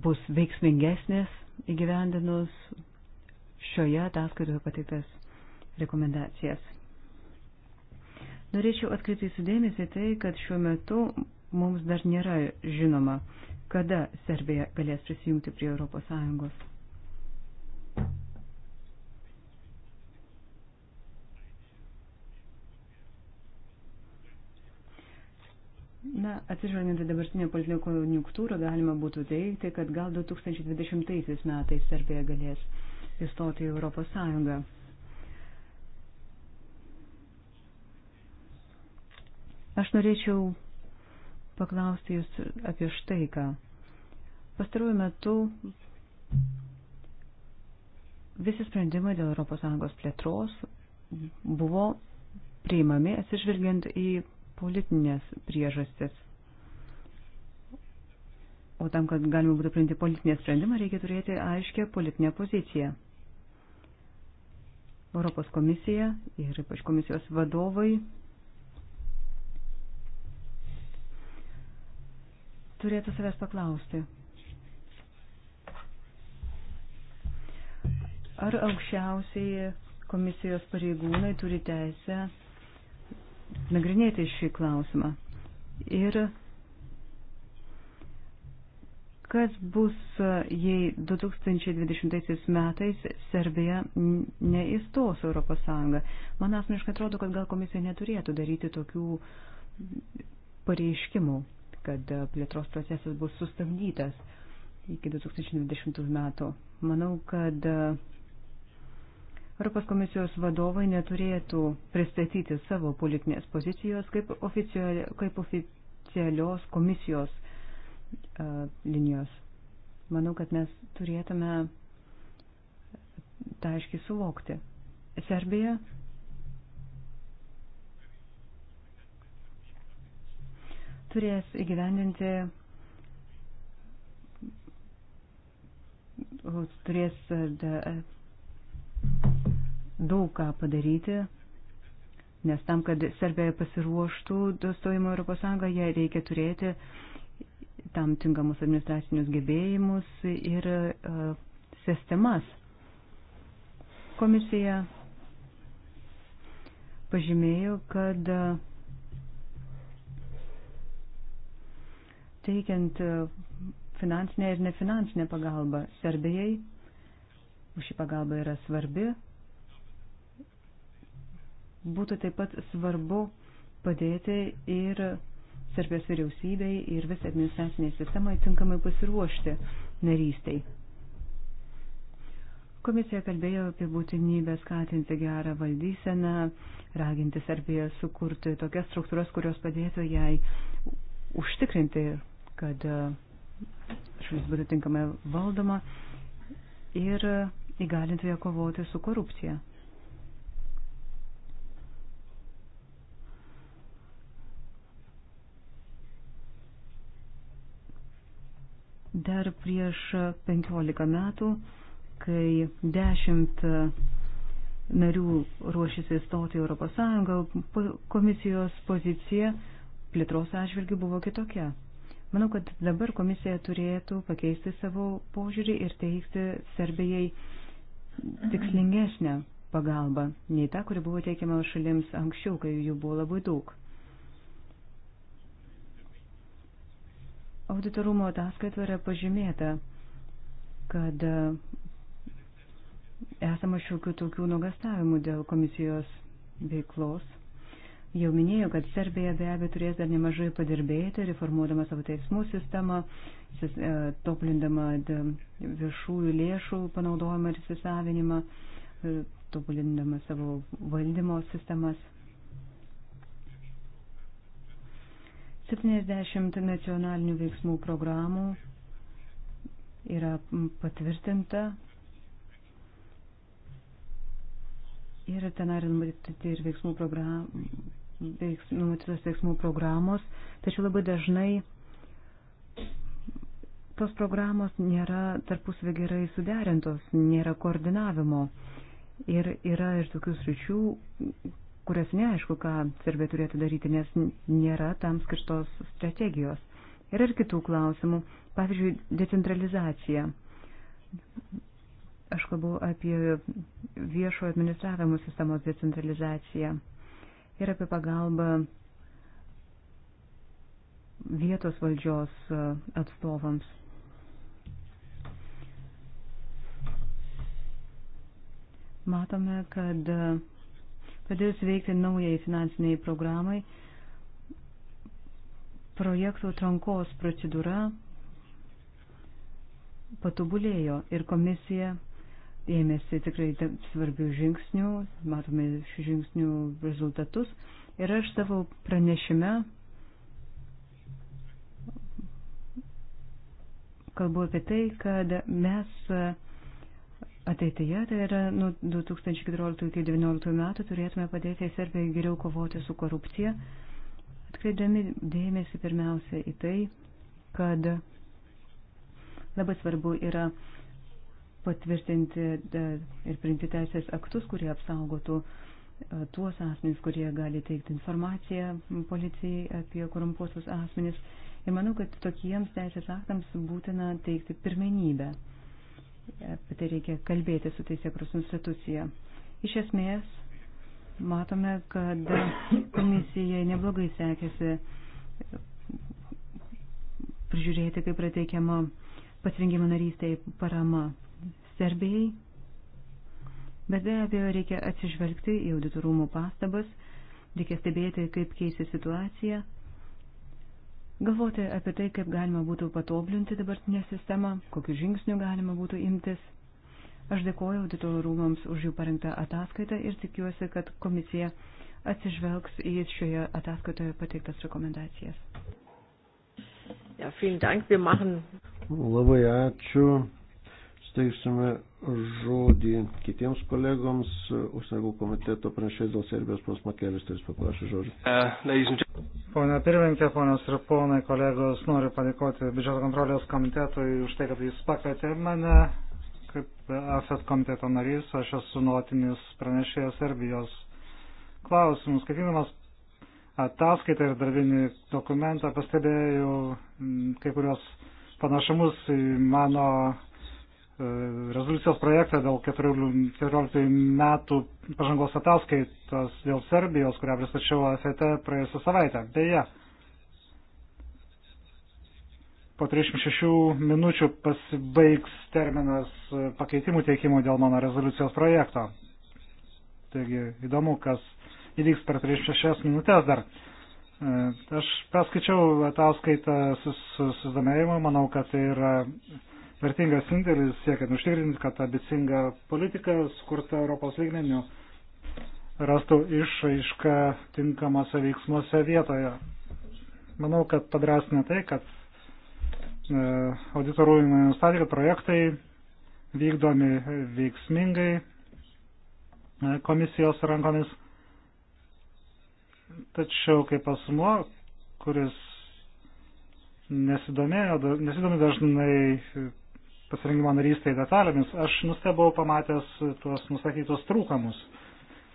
bus veiksmingesnės įgyvendinus šioje ataskaitoje pateiktas rekomendacijas. Norėčiau atkreipti sudėmėsi tai, kad šiuo metu mums dar nėra žinoma, kada Serbija galės prisijungti prie ES. Na, atsižvelgiant į dabartinę politinę konjunktūrą, galima būtų teikti, kad gal 2020 metais Serbija galės įstoti į Europos Sąjungą. Aš norėčiau paklausti Jūs apie štai ką. Pastaruoju metu visi sprendimai dėl ES plėtros buvo priimami atsižvelgiant į politinės priežastis. O tam, kad galima būtų priimti politinę sprendimą, reikia turėti aiškę politinę poziciją. Europos komisija ir ypač komisijos vadovai turėtų savęs paklausti. Ar aukščiausiai komisijos pareigūnai turi teisę nagrinėti šį klausimą? Ir kas bus, jei 2020 metais Serbija neįstos Europos Sąjungą. Man asmeniškai atrodo, kad gal komisija neturėtų daryti tokių pareiškimų kad e, plėtros procesas bus sustabdytas iki 2020 metų. Manau, kad e, Europos komisijos vadovai neturėtų pristatyti savo politinės pozicijos kaip, oficiali, kaip oficialios komisijos uh, linijos. Manau, kad mes turėtume tą aiškiai suvokti. Serbija turės įgyvendinti, turės daug ką padaryti, nes tam, kad Serbija pasiruoštų stojimo Europos Sąjungą, jai reikia turėti tam tinkamus administracinius gebėjimus ir sistemas. Komisija pažymėjo, kad teikiant e, finansinę ir nefinansinę pagalbą Serbijai. Ši pagalba yra svarbi. Būtų taip pat svarbu padėti ir Serbijos vyriausybei ir visai administraciniai sistemai tinkamai pasiruošti narystiai. Komisija kalbėjo apie būtinybę skatinti gerą valdyseną, raginti Serbiją sukurti tokias struktūras, kurios padėtų jai užtikrinti kad e, šalis būtų tinkamai valdoma ir įgalintų ją kovoti su korupcija. Dar prieš 15 metų, kai 10 narių ruošėsi įstoti Europos Sąjungą, komisijos pozicija plėtros atžvilgių buvo kitokia. Manau, kad dabar komisija turėtų pakeisti savo požiūrį ir teikti Serbijai tikslingesnę pagalbą nei ta, kuri buvo teikiama šalims anksčiau, kai jų buvo labai daug. Auditorumo ataskaitoje yra pažymėta, kad e, esama šiokių tokių nuogastavimų dėl komisijos veiklos Jau minėjau, kad Serbija be abejo turės dar nemažai padirbėti, reformuodama savo teismų sistemą, e, toplindama viešųjų lėšų panaudojimą ir įsisavinimą, e, tobulindama savo valdymo sistemas. 70 nacionalinių veiksmų programų yra patvirtinta ir ten yra numatyti ir veiksmų program, veiks, numatytos veiksmų programos, tačiau labai dažnai tos programos nėra tarpusavį gerai suderintos, nėra koordinavimo. Ir yra ir tokių sričių, kurias neaišku, ką Serbija turėtų daryti, nes nėra tam skirtos strategijos. Yra ir kitų klausimų, pavyzdžiui, decentralizacija. Aš kalbu apie viešo administravimo sistemos decentralizaciją ir apie pagalbą vietos valdžios e, atstovams. Matome, kad e, pradėjus veikti naujai finansiniai programai, projektų trankos procedūra patobulėjo ir komisija ėmėsi tikrai svarbių žingsnių, matome šių žingsnių rezultatus. Ir aš savo pranešime kalbu apie tai, kad mes ateityje, tai yra nuo 2014 iki 2019 metų, turėtume padėti Serbijai geriau kovoti su korupcija, atkreipdami dėmesį pirmiausia į tai, kad labai svarbu yra patvirtinti ir priimti teisės aktus, kurie apsaugotų e, tuos asmenys, kurie gali teikti informaciją policijai apie korumpuotus asmenys. Ir manau, kad tokiems teisės aktams būtina teikti pirmenybę. Apie tai reikia kalbėti su teisėkros institucija. Iš esmės, matome, kad komisijai neblogai sekėsi prižiūrėti, kaip yra teikiama pasirinkimo narystėje parama. Serbijai. Bet be abejo reikia atsižvelgti į auditorumų pastabas, reikia stebėti, kaip keisis situacija, galvoti apie tai, kaip galima būtų patoblinti dabartinę sistemą, kokiu žingsniu galima būtų imtis. Aš dėkoju auditorumams už jų parengtą ataskaitą ir tikiuosi, kad komisija atsižvelgs į šioje ataskaitoje pateiktas rekomendacijas. Ja, vielen Dank, wir machen. Labai ačiū suteiksime žodį kitiems kolegoms. Užsienio komiteto pranešėjas dėl Serbijos pas Makelis, tai jis paprašė žodžių. Pone pirmininkė, ponios ir ponai kolegos, noriu padėkoti biudžeto kontrolės komitetui už tai, kad jis pakvietė mane kaip AFET komiteto narys. Aš esu nuotinis pranešėjas Serbijos klausimus. Skaitinamas ataskaitą ir darbinį dokumentą pastebėjau kai kurios panašumus į mano rezoliucijos projektą dėl 14 metų pažangos ataskaitos dėl Serbijos, kurią pristačiau AFT praėjusią savaitę. Beje, po 36 minučių pasibaigs terminas pakeitimų teikimų dėl mano rezoliucijos projekto. Taigi įdomu, kas įvyks per 36 minutės dar. E, aš perskaičiau ataskaitą susidomėjimu, manau, kad tai yra vertingas indėlis siekiant užtikrinti, kad abicinga politika skurta Europos lygmenių rastų išraišką tinkamose veiksmuose vietoje. Manau, kad padrasina tai, kad e, auditorųjimai nustatė, kad projektai vykdomi veiksmingai e, komisijos rankomis. Tačiau kaip asmo, kuris nesidomėjo, nesidomi dažnai pasirinkimo narystai detalėmis, aš nustebau pamatęs tuos nustatytus trūkamus.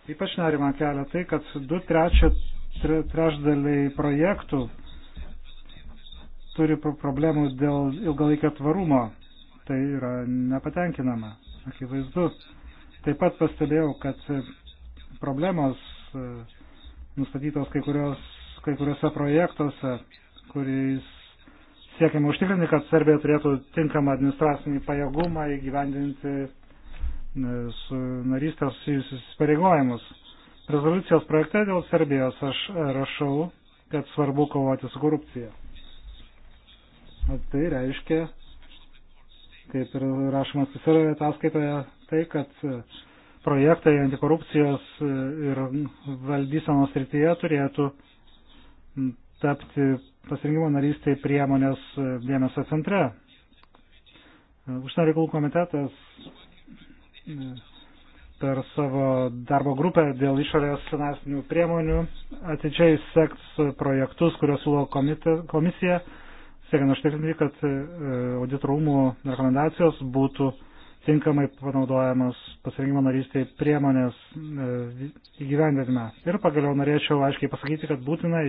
Ypač nerima kelia tai, kad du trečia, tre, trečdaliai projektų turi problemų dėl ilgalaikio tvarumo. Tai yra nepatenkinama, akivaizdu. Taip pat pastebėjau, kad problemos e, nustatytos kai, kurios, kai kuriuose projektuose, kuriais siekiame užtikrinti, kad Serbija turėtų tinkamą administracinį pajėgumą įgyvendinti e, su narystės susijusius įsipareigojimus. Rezoliucijos projekte dėl Serbijos aš e, rašau, kad svarbu kovoti su korupcija. Tai reiškia, kaip ir rašomas visur ataskaitoje, tai, kad e, projektai antikorupcijos ir valdysenos rytyje turėtų tapti pasirinkimo narystai priemonės dėmesio centre. Užsienio reikalų komitetas e, per savo darbo grupę dėl išorės finansinių priemonių atidžiai seks projektus, kuriuos siūlo komisija, siekiant užtikrinti, kad e, auditorumų rekomendacijos būtų tinkamai panaudojamas pasirinkimo narystėje priemonės e, įgyvendinime. Ir pagaliau norėčiau aiškiai pasakyti, kad būtina